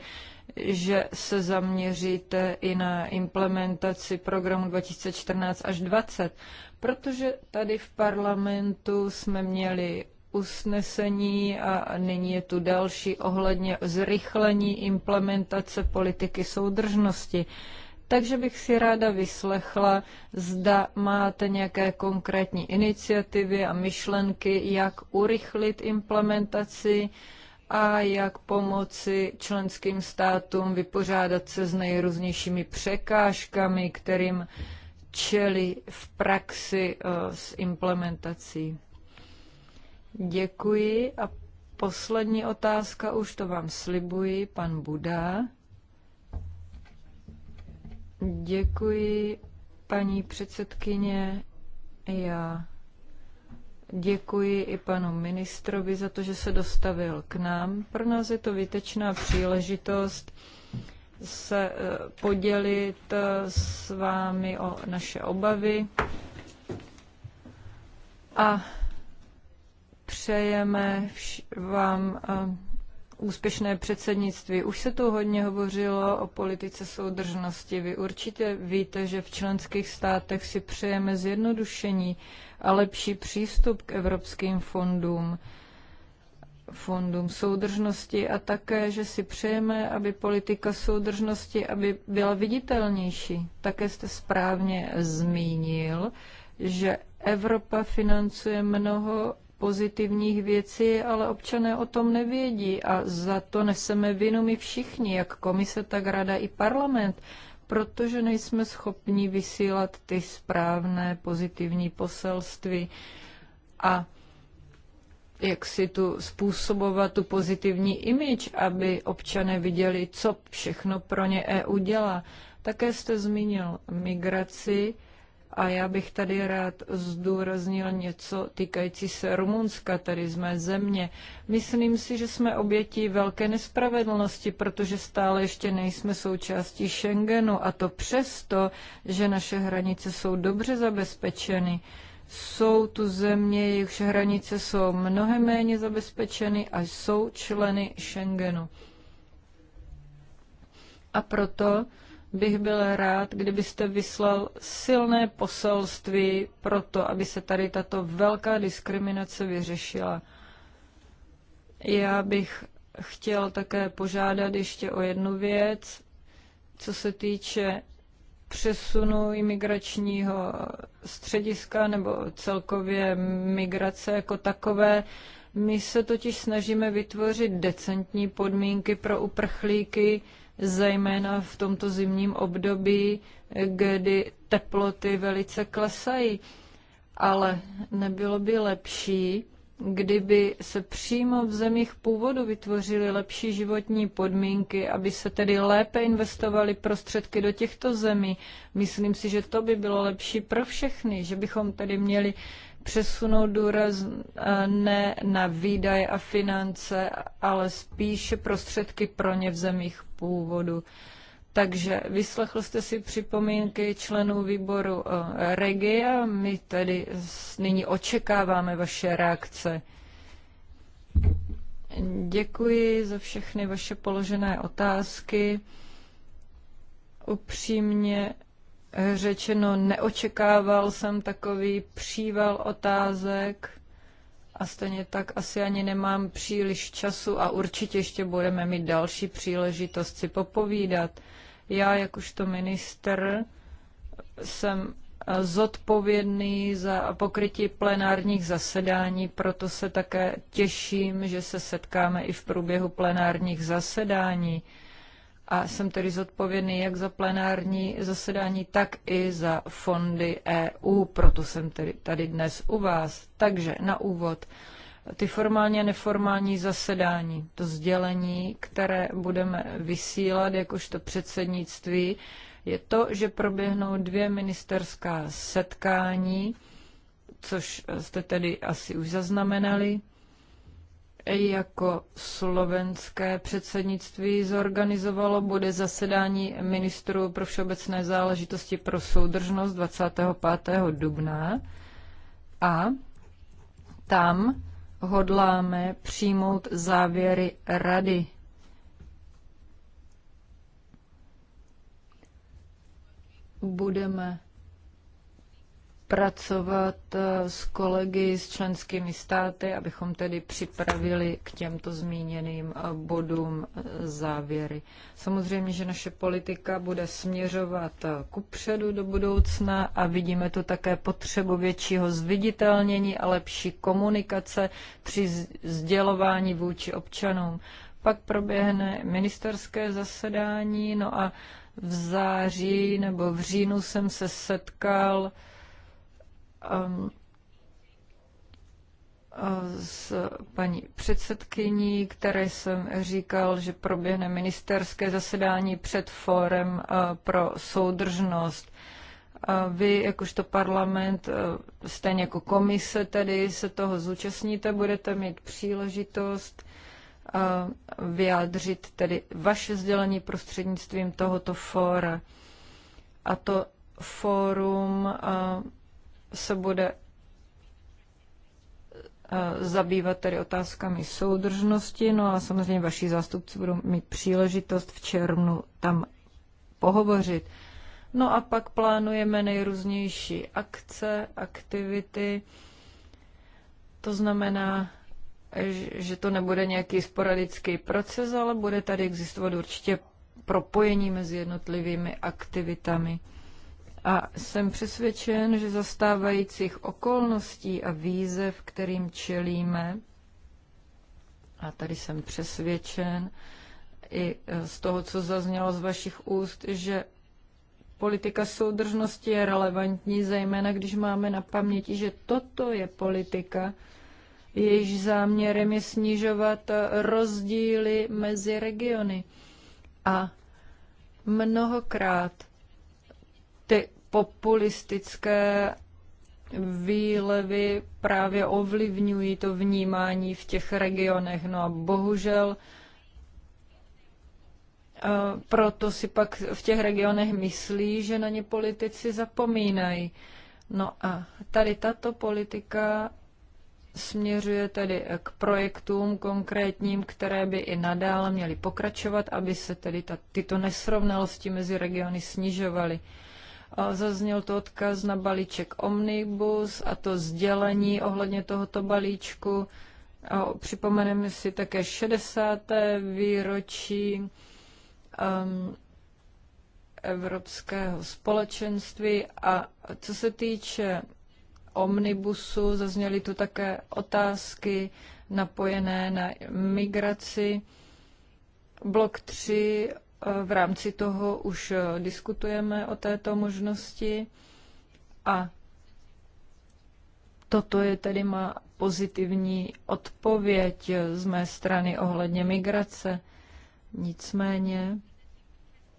že se zaměříte i na implementaci programu 2014 až 2020, protože tady v parlamentu jsme měli usnesení a nyní je tu další ohledně zrychlení implementace politiky soudržnosti. Takže bych si ráda vyslechla, zda máte nějaké konkrétní iniciativy a myšlenky, jak urychlit implementaci a jak pomoci členským státům vypořádat se s nejrůznějšími překážkami, kterým čeli v praxi eh, s implementací. Děkuji a poslední otázka, už to vám slibuji, pan Buda. Děkuji, paní předsedkyně. Já děkuji i panu ministrovi za to, že se dostavil k nám. Pro nás je to výtečná příležitost se eh, podělit eh, s vámi o naše obavy a přejeme vám eh, úspěšné předsednictví. Už se tu hodně hovořilo o politice soudržnosti. Vy určitě víte, že v členských státech si přejeme zjednodušení a lepší přístup k evropským fondům fondům soudržnosti a také, že si přejeme, aby politika soudržnosti aby byla viditelnější. Také jste správně zmínil, že Evropa financuje mnoho pozitivních věcí, ale občané o tom nevědí a za to neseme vinu my všichni, jak komise, tak rada i parlament, protože nejsme schopni vysílat ty správné pozitivní poselství a jak si tu způsobovat tu pozitivní imič, aby občané viděli, co všechno pro ně EU dělá. Také jste zmínil migraci a já bych tady rád zdůraznil něco týkající se Rumunska, tedy z mé země. Myslím si, že jsme oběti velké nespravedlnosti, protože stále ještě nejsme součástí Schengenu a to přesto, že naše hranice jsou dobře zabezpečeny. Jsou tu země, jejichž hranice jsou mnohem méně zabezpečeny a jsou členy Schengenu. A proto bych byl rád, kdybyste vyslal silné poselství pro to, aby se tady tato velká diskriminace vyřešila. Já bych chtěl také požádat ještě o jednu věc, co se týče přesunu imigračního střediska nebo celkově migrace jako takové. My se totiž snažíme vytvořit decentní podmínky pro uprchlíky, zejména v tomto zimním období, kdy teploty velice klesají. Ale nebylo by lepší, kdyby se přímo v zemích původu vytvořily lepší životní podmínky, aby se tedy lépe investovaly prostředky do těchto zemí. Myslím si, že to by bylo lepší pro všechny, že bychom tedy měli přesunout důraz eh, ne na výdaje a finance, ale spíše prostředky pro ně v zemích původu. Takže vyslechl jste si připomínky členů výboru eh, Regia. a my tedy nyní očekáváme vaše reakce. Děkuji za všechny vaše položené otázky. Upřímně řečeno, neočekával jsem takový příval otázek a stejně tak asi ani nemám příliš času a určitě ještě budeme mít další příležitost si popovídat. Já jakožto minister jsem zodpovědný za pokrytí plenárních zasedání, proto se také těším, že se setkáme i v průběhu plenárních zasedání a jsem tedy zodpovědný jak za plenární zasedání, tak i za fondy EU, proto jsem tedy tady dnes u vás. Takže na úvod ty formální a neformální zasedání, to sdělení, které budeme vysílat jakožto předsednictví, je to, že proběhnou dvě ministerská setkání, což jste tedy asi už zaznamenali jako slovenské předsednictví zorganizovalo, bude zasedání ministru pro všeobecné záležitosti pro soudržnost 25. dubna a tam hodláme přijmout závěry rady. Budeme pracovat eh, s kolegy, s členskými státy, abychom tedy připravili k těmto zmíněným eh, bodům eh, závěry. Samozřejmě, že naše politika bude směřovat kupředu do budoucna a vidíme tu také potřebu většího zviditelnění a lepší komunikace při sdělování vůči občanům. Pak proběhne ministerské zasedání, no a v září nebo v říjnu jsem se setkal um, s paní předsedkyní, které jsem říkal, že proběhne ministerské zasedání před fórem eh, pro soudržnost. Eh, vy, jakožto parlament, eh, stejně jako komise tedy, se toho zúčastníte, budete mít příležitost vyjádřit tedy vaše sdělení prostřednictvím tohoto fóra. A to fórum se bude eh, zabývat tedy otázkami soudržnosti, no a samozřejmě vaši zástupci budou mít příležitost v červnu tam pohovořit. No a pak plánujeme nejrůznější akce, aktivity. To znamená, že to nebude nějaký sporadický proces, ale bude tady existovat určitě propojení mezi jednotlivými aktivitami. A jsem přesvědčen, že zastávajících okolností a výzev, kterým čelíme, a tady jsem přesvědčen i e, z toho, co zaznělo z vašich úst, že politika soudržnosti je relevantní, zejména když máme na paměti, že toto je politika, jejíž záměrem je snižovat e, rozdíly mezi regiony. A mnohokrát ty populistické výlevy právě ovlivňují to vnímání v těch regionech. No a bohužel eh, proto si pak v těch regionech myslí, že na ně politici zapomínají. No a tady tato politika směřuje tedy k projektům konkrétním, které by i nadále měly pokračovat, aby se tedy ta, tyto nesrovnalosti mezi regiony snižovaly. Zazněl to odkaz na balíček Omnibus a to sdělení ohledně tohoto balíčku. připomeneme si také 60. výročí um, Evropského společenství. A co se týče omnibusu, zazněly tu také otázky napojené na migraci. Blok 3 v rámci toho už eh, diskutujeme o této možnosti a toto je tedy má pozitivní odpověď eh, z mé strany ohledně migrace. Nicméně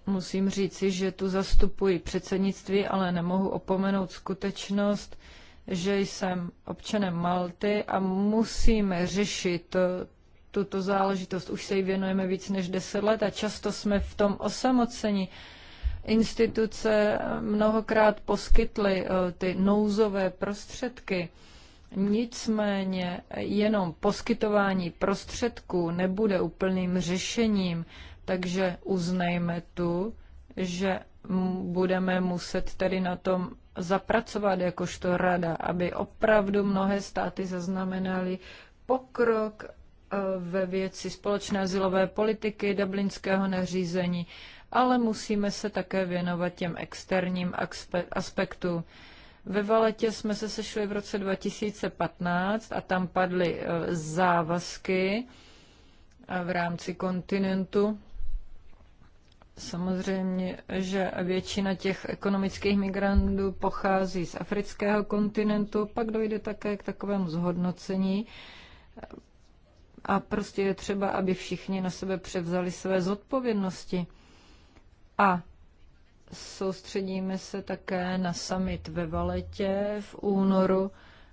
musím říci, že tu zastupuji předsednictví, ale nemohu opomenout skutečnost, že jsem občanem Malty a musíme řešit eh, tuto záležitost. Už se jí věnujeme víc než 10 let a často jsme v tom osamoceni. Instituce mnohokrát poskytly eh, ty nouzové prostředky. Nicméně jenom poskytování prostředků nebude úplným řešením, takže uznejme tu, že budeme muset tedy na tom zapracovat jakožto rada, aby opravdu mnohé státy zaznamenaly pokrok ve věci společné azylové politiky, dublinského nařízení, ale musíme se také věnovat těm externím aspektům. Ve Valetě jsme se sešli v roce 2015 a tam padly e, závazky v rámci kontinentu. Samozřejmě, že většina těch ekonomických migrantů pochází z afrického kontinentu, pak dojde také k takovému zhodnocení a prostě je třeba, aby všichni na sebe převzali své zodpovědnosti. A soustředíme se také na summit ve Valetě v únoru.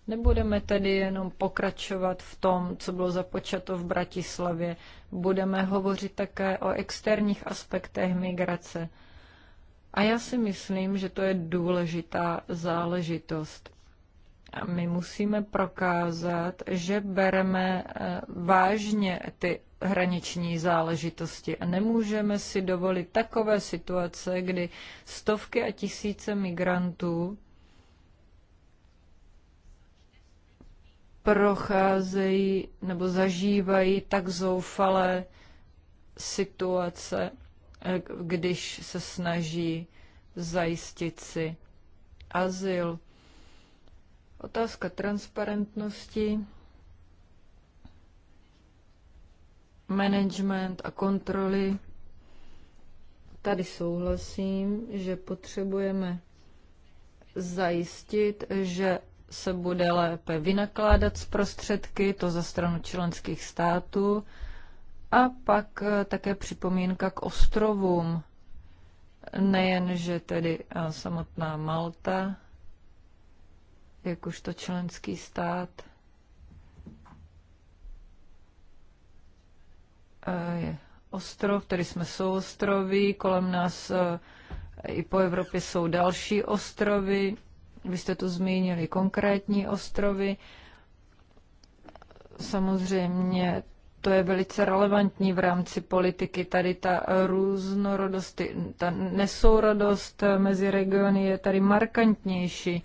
Nebudeme tedy jenom pokračovat v tom, co bylo započato v Bratislavě. Budeme hovořit také o externích aspektech migrace. A já si myslím, že to je důležitá záležitost. A my musíme prokázat, že bereme eh, vážně ty hraniční záležitosti a nemůžeme si dovolit takové situace, kdy stovky a tisíce migrantů procházejí nebo zažívají tak zoufalé situace, eh, když se snaží zajistit si azyl. Otázka transparentnosti, management a kontroly. Tady souhlasím, že potřebujeme zajistit, že se bude lépe vynakládat z prostředky, to za stranu členských států. A pak eh, také připomínka k ostrovům. Nejen, že tedy eh, samotná Malta jakožto členský stát eh, je ostrov, tady jsme souostroví, kolem nás eh, i po Evropě jsou další ostrovy, vy jste tu zmínili konkrétní ostrovy. Samozřejmě to je velice relevantní v rámci politiky. Tady ta různorodost, ta nesourodost mezi regiony je tady markantnější. Uh,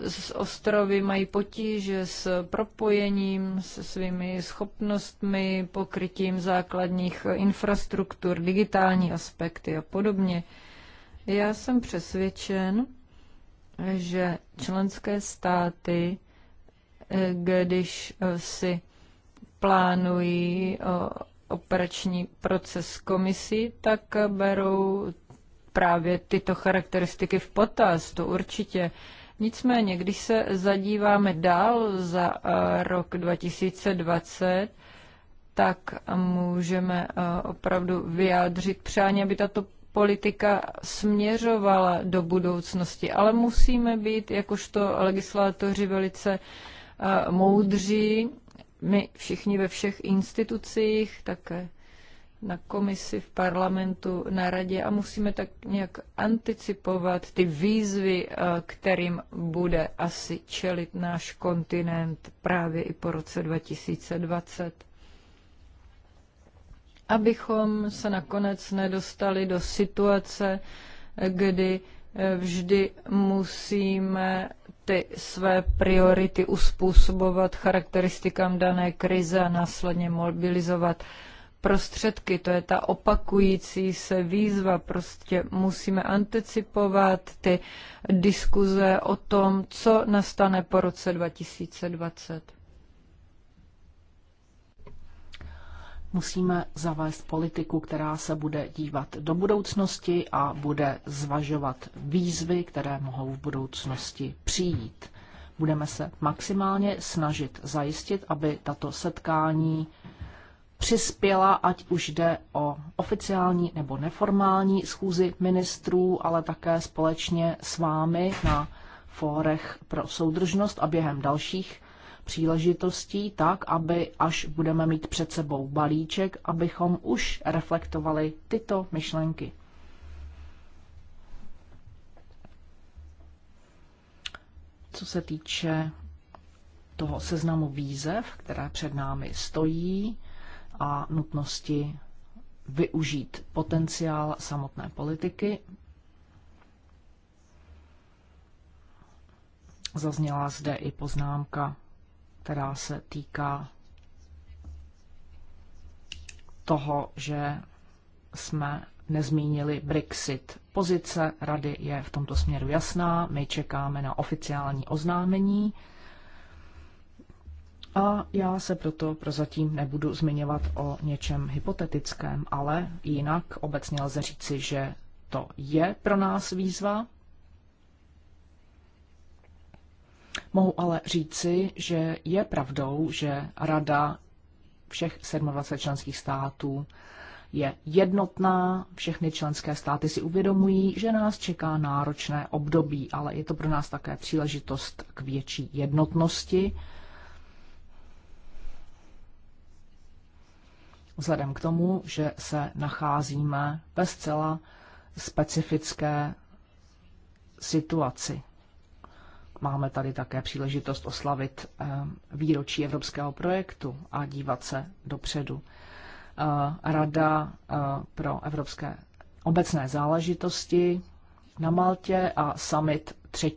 z ostrovy mají potíže s propojením, se svými schopnostmi, pokrytím základních infrastruktur, digitální aspekty a podobně. Já jsem přesvědčen, že členské státy, eh, když eh, si plánují eh, operační proces komisí, tak berou právě tyto charakteristiky v potaz. To určitě Nicméně, když se zadíváme dál za eh, rok 2020, tak můžeme eh, opravdu vyjádřit přání, aby tato politika směřovala do budoucnosti. Ale musíme být, jakožto legislátoři, velice eh, moudří, my všichni ve všech institucích, také na komisi, v parlamentu, na radě a musíme tak nějak anticipovat ty výzvy, eh, kterým bude asi čelit náš kontinent právě i po roce 2020. Abychom se nakonec nedostali do situace, kdy eh, vždy musíme ty své priority uspůsobovat charakteristikám dané krize a následně mobilizovat uh, prostředky. To je ta opakující se výzva. Prostě musíme anticipovat ty diskuze o tom, co nastane po roce 2020. Musíme zavést politiku, která se bude dívat do budoucnosti a bude zvažovat výzvy, které mohou v budoucnosti přijít. Budeme se maximálně snažit zajistit, aby tato setkání přispěla, ať už jde o oficiální nebo neformální schůzi ministrů, ale také společně s vámi na fórech pro soudržnost a během dalších příležitostí, tak aby až budeme mít před sebou balíček, abychom už reflektovali tyto myšlenky. Co se týče toho seznamu výzev, které před námi stojí, a nutnosti využít potenciál samotné politiky. Zazněla zde i poznámka, která se týká toho, že jsme nezmínili Brexit. Pozice rady je v tomto směru jasná. My čekáme na oficiální oznámení a já se proto prozatím nebudu zmiňovat o něčem hypotetickém, ale jinak obecně lze říci, že to je pro nás výzva. Mohu ale říci, že je pravdou, že Rada všech 27 členských států je jednotná, všechny členské státy si uvědomují, že nás čeká náročné období, ale je to pro nás také příležitost k větší jednotnosti vzhledem k tomu, že se nacházíme ve zcela specifické situaci. Máme tady také příležitost oslavit eh, výročí evropského projektu a dívat se dopředu. Eh, Rada eh, pro evropské obecné záležitosti na Maltě a summit 3.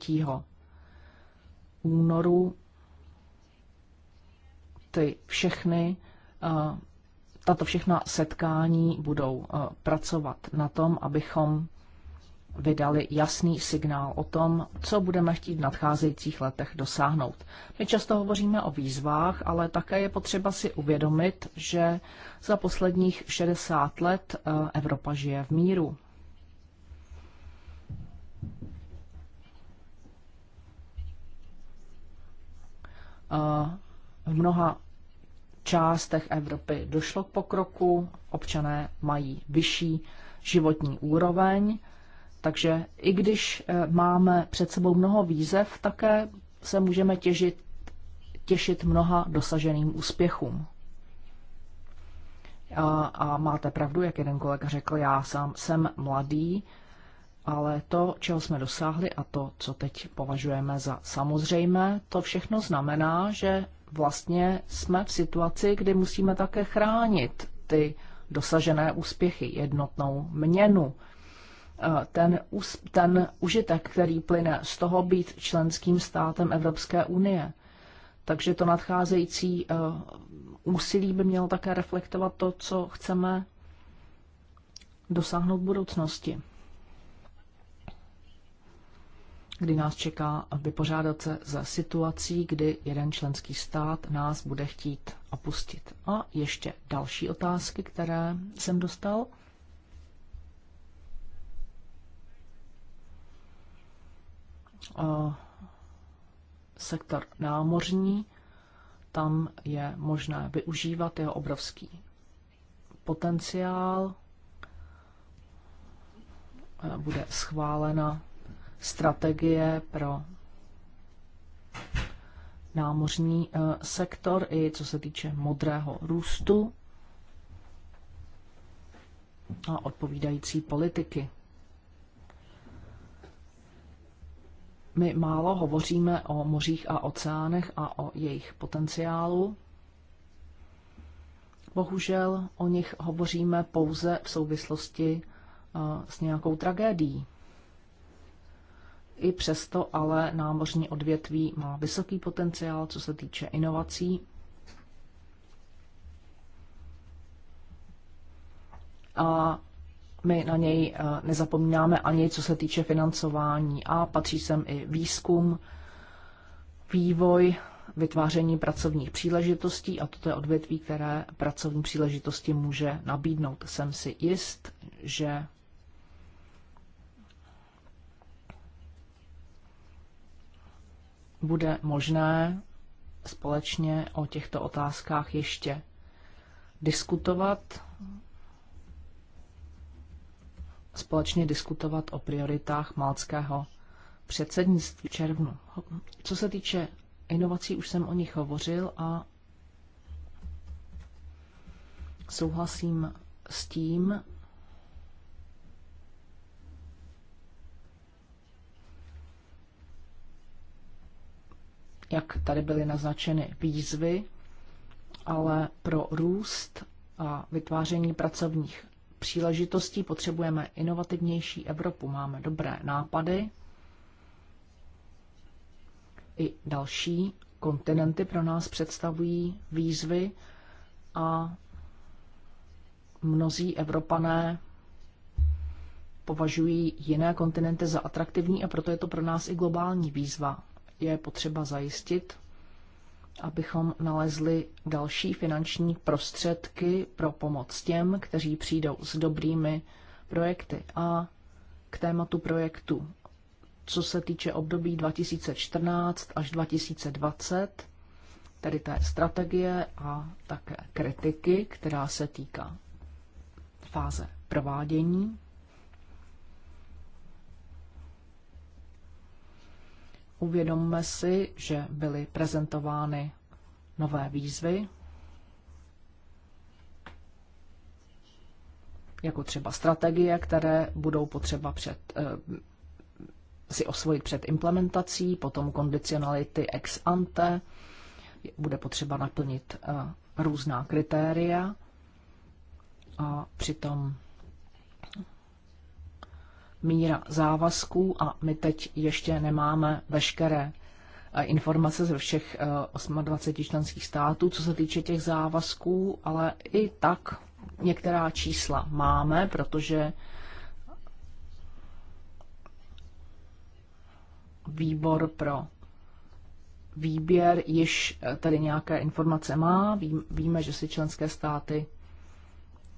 únoru ty všechny tato všechna setkání budou eh, pracovat na tom, abychom vydali jasný signál o tom, co budeme chtít v nadcházejících letech dosáhnout. My často hovoříme o výzvách, ale také je potřeba si uvědomit, že za posledních 60 let eh, Evropa žije v míru. Eh, v mnoha částech Evropy došlo k pokroku, občané mají vyšší životní úroveň, takže i když eh, máme před sebou mnoho výzev, také se můžeme těžit, těšit mnoha dosaženým úspěchům. A, a máte pravdu, jak jeden kolega řekl, já sám jsem mladý, ale to, čeho jsme dosáhli a to, co teď považujeme za samozřejmé, to všechno znamená, že vlastně jsme v situaci, kdy musíme také chránit ty dosažené úspěchy, jednotnou měnu. Eh, ten, ten užitek, který plyne z toho být členským státem Evropské unie. Takže to nadcházející eh, úsilí by mělo také reflektovat to, co chceme dosáhnout v budoucnosti. kdy nás čeká vypořádat se za situací, kdy jeden členský stát nás bude chtít opustit. A ještě další otázky, které jsem dostal. O sektor námořní, tam je možné využívat jeho obrovský potenciál. Bude schválena strategie pro námořní eh, sektor i co se týče modrého růstu a odpovídající politiky. My málo hovoříme o mořích a oceánech a o jejich potenciálu. Bohužel o nich hovoříme pouze v souvislosti eh, s nějakou tragédií. I přesto ale námořní odvětví má vysoký potenciál, co se týče inovací. A my na něj eh, nezapomínáme ani co se týče financování a patří sem i výzkum, vývoj, vytváření pracovních příležitostí a toto je odvětví, které pracovní příležitosti může nabídnout. Jsem si jist, že bude možné společně o těchto otázkách ještě diskutovat, společně diskutovat o prioritách malckého předsednictví v červnu. Co se týče inovací, už jsem o nich hovořil a souhlasím s tím, jak tady byly naznačeny výzvy, ale pro růst a vytváření pracovních příležitostí potřebujeme inovativnější Evropu. Máme dobré nápady i další kontinenty pro nás představují výzvy a mnozí Evropané považují jiné kontinenty za atraktivní a proto je to pro nás i globální výzva je potřeba zajistit, abychom nalezli další finanční prostředky pro pomoc těm, kteří přijdou s dobrými projekty. A k tématu projektu, co se týče období 2014 až 2020, tedy té strategie a také kritiky, která se týká fáze provádění Uvědomme si, že byly prezentovány nové výzvy, jako třeba strategie, které budou potřeba před, eh, si osvojit před implementací, potom kondicionality ex ante, bude potřeba naplnit eh, různá kritéria a přitom míra závazků a my teď ještě nemáme veškeré eh, informace ze všech 28 eh, členských států, co se týče těch závazků, ale i tak některá čísla máme, protože výbor pro výběr již eh, tady nějaké informace má. Víme, že si členské státy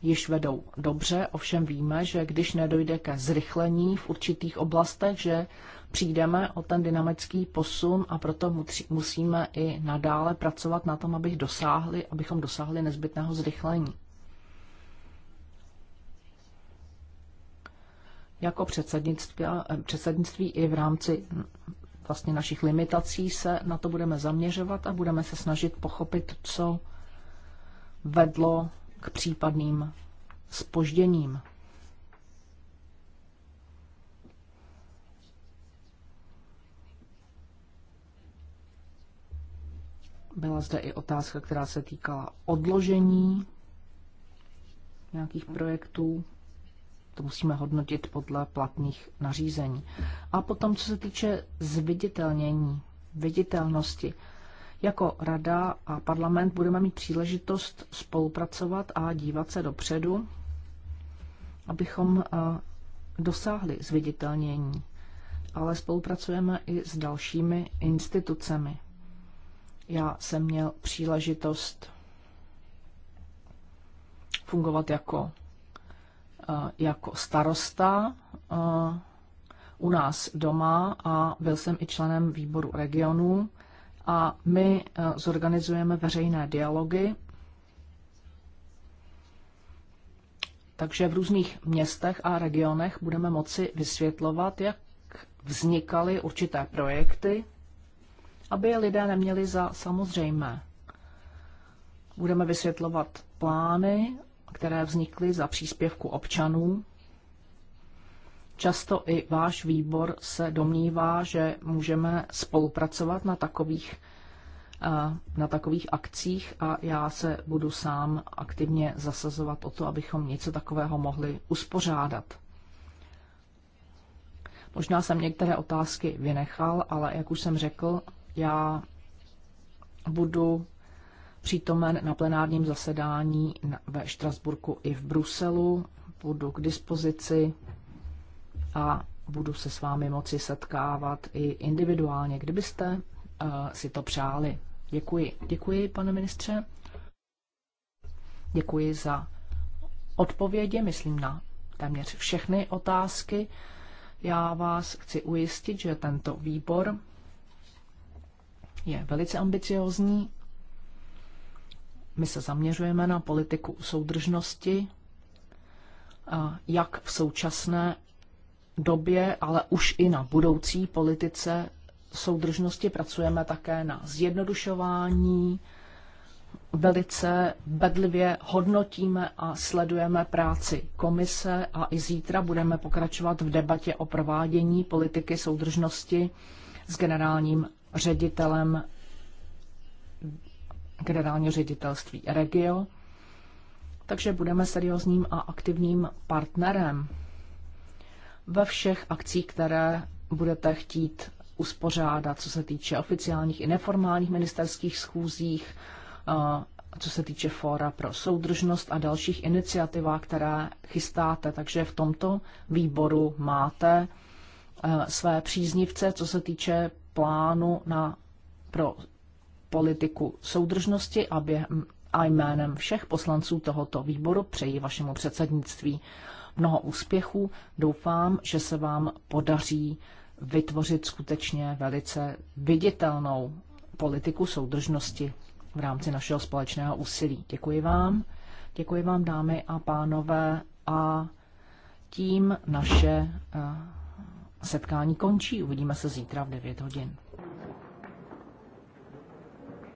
již vedou dobře, ovšem víme, že když nedojde ke zrychlení v určitých oblastech, že přijdeme o ten dynamický posun a proto musíme i nadále pracovat na tom, abych dosáhli, abychom dosáhli nezbytného zrychlení. Jako předsednictví, předsednictví i v rámci vlastně našich limitací se na to budeme zaměřovat a budeme se snažit pochopit, co vedlo k případným spožděním. Byla zde i otázka, která se týkala odložení nějakých projektů. To musíme hodnotit podle platných nařízení. A potom, co se týče zviditelnění, viditelnosti, jako rada a parlament budeme mít příležitost spolupracovat a dívat se dopředu, abychom eh, dosáhli zviditelnění. Ale spolupracujeme i s dalšími institucemi. Já jsem měl příležitost fungovat jako, eh, jako starosta eh, u nás doma a byl jsem i členem výboru regionu a my eh, zorganizujeme veřejné dialogy. Takže v různých městech a regionech budeme moci vysvětlovat, jak vznikaly určité projekty, aby je lidé neměli za samozřejmé. Budeme vysvětlovat plány, které vznikly za příspěvku občanů Často i váš výbor se domnívá, že můžeme spolupracovat na takových, eh, na takových akcích a já se budu sám aktivně zasazovat o to, abychom něco takového mohli uspořádat. Možná jsem některé otázky vynechal, ale jak už jsem řekl, já budu přítomen na plenárním zasedání ve Štrasburku i v Bruselu. Budu k dispozici a budu se s vámi moci setkávat i individuálně, kdybyste eh, si to přáli. Děkuji. Děkuji, pane ministře. Děkuji za odpovědi, myslím na téměř všechny otázky. Já vás chci ujistit, že tento výbor je velice ambiciozní. My se zaměřujeme na politiku soudržnosti, eh, jak v současné době, ale už i na budoucí politice soudržnosti pracujeme také na zjednodušování. Velice bedlivě hodnotíme a sledujeme práci komise a i zítra budeme pokračovat v debatě o provádění politiky soudržnosti s generálním ředitelem generálního ředitelství Regio. Takže budeme seriózním a aktivním partnerem ve všech akcích, které budete chtít uspořádat, co se týče oficiálních i neformálních ministerských schůzích, co se týče fóra pro soudržnost a dalších iniciativ, které chystáte. Takže v tomto výboru máte své příznivce, co se týče plánu na, pro politiku soudržnosti a, během, a jménem všech poslanců tohoto výboru přeji vašemu předsednictví mnoho úspěchů. Doufám, že se vám podaří vytvořit skutečně velice viditelnou politiku soudržnosti v rámci našeho společného úsilí. Děkuji vám. Děkuji vám, dámy a pánové, a tím naše eh, setkání končí. Uvidíme se zítra v 9 hodin.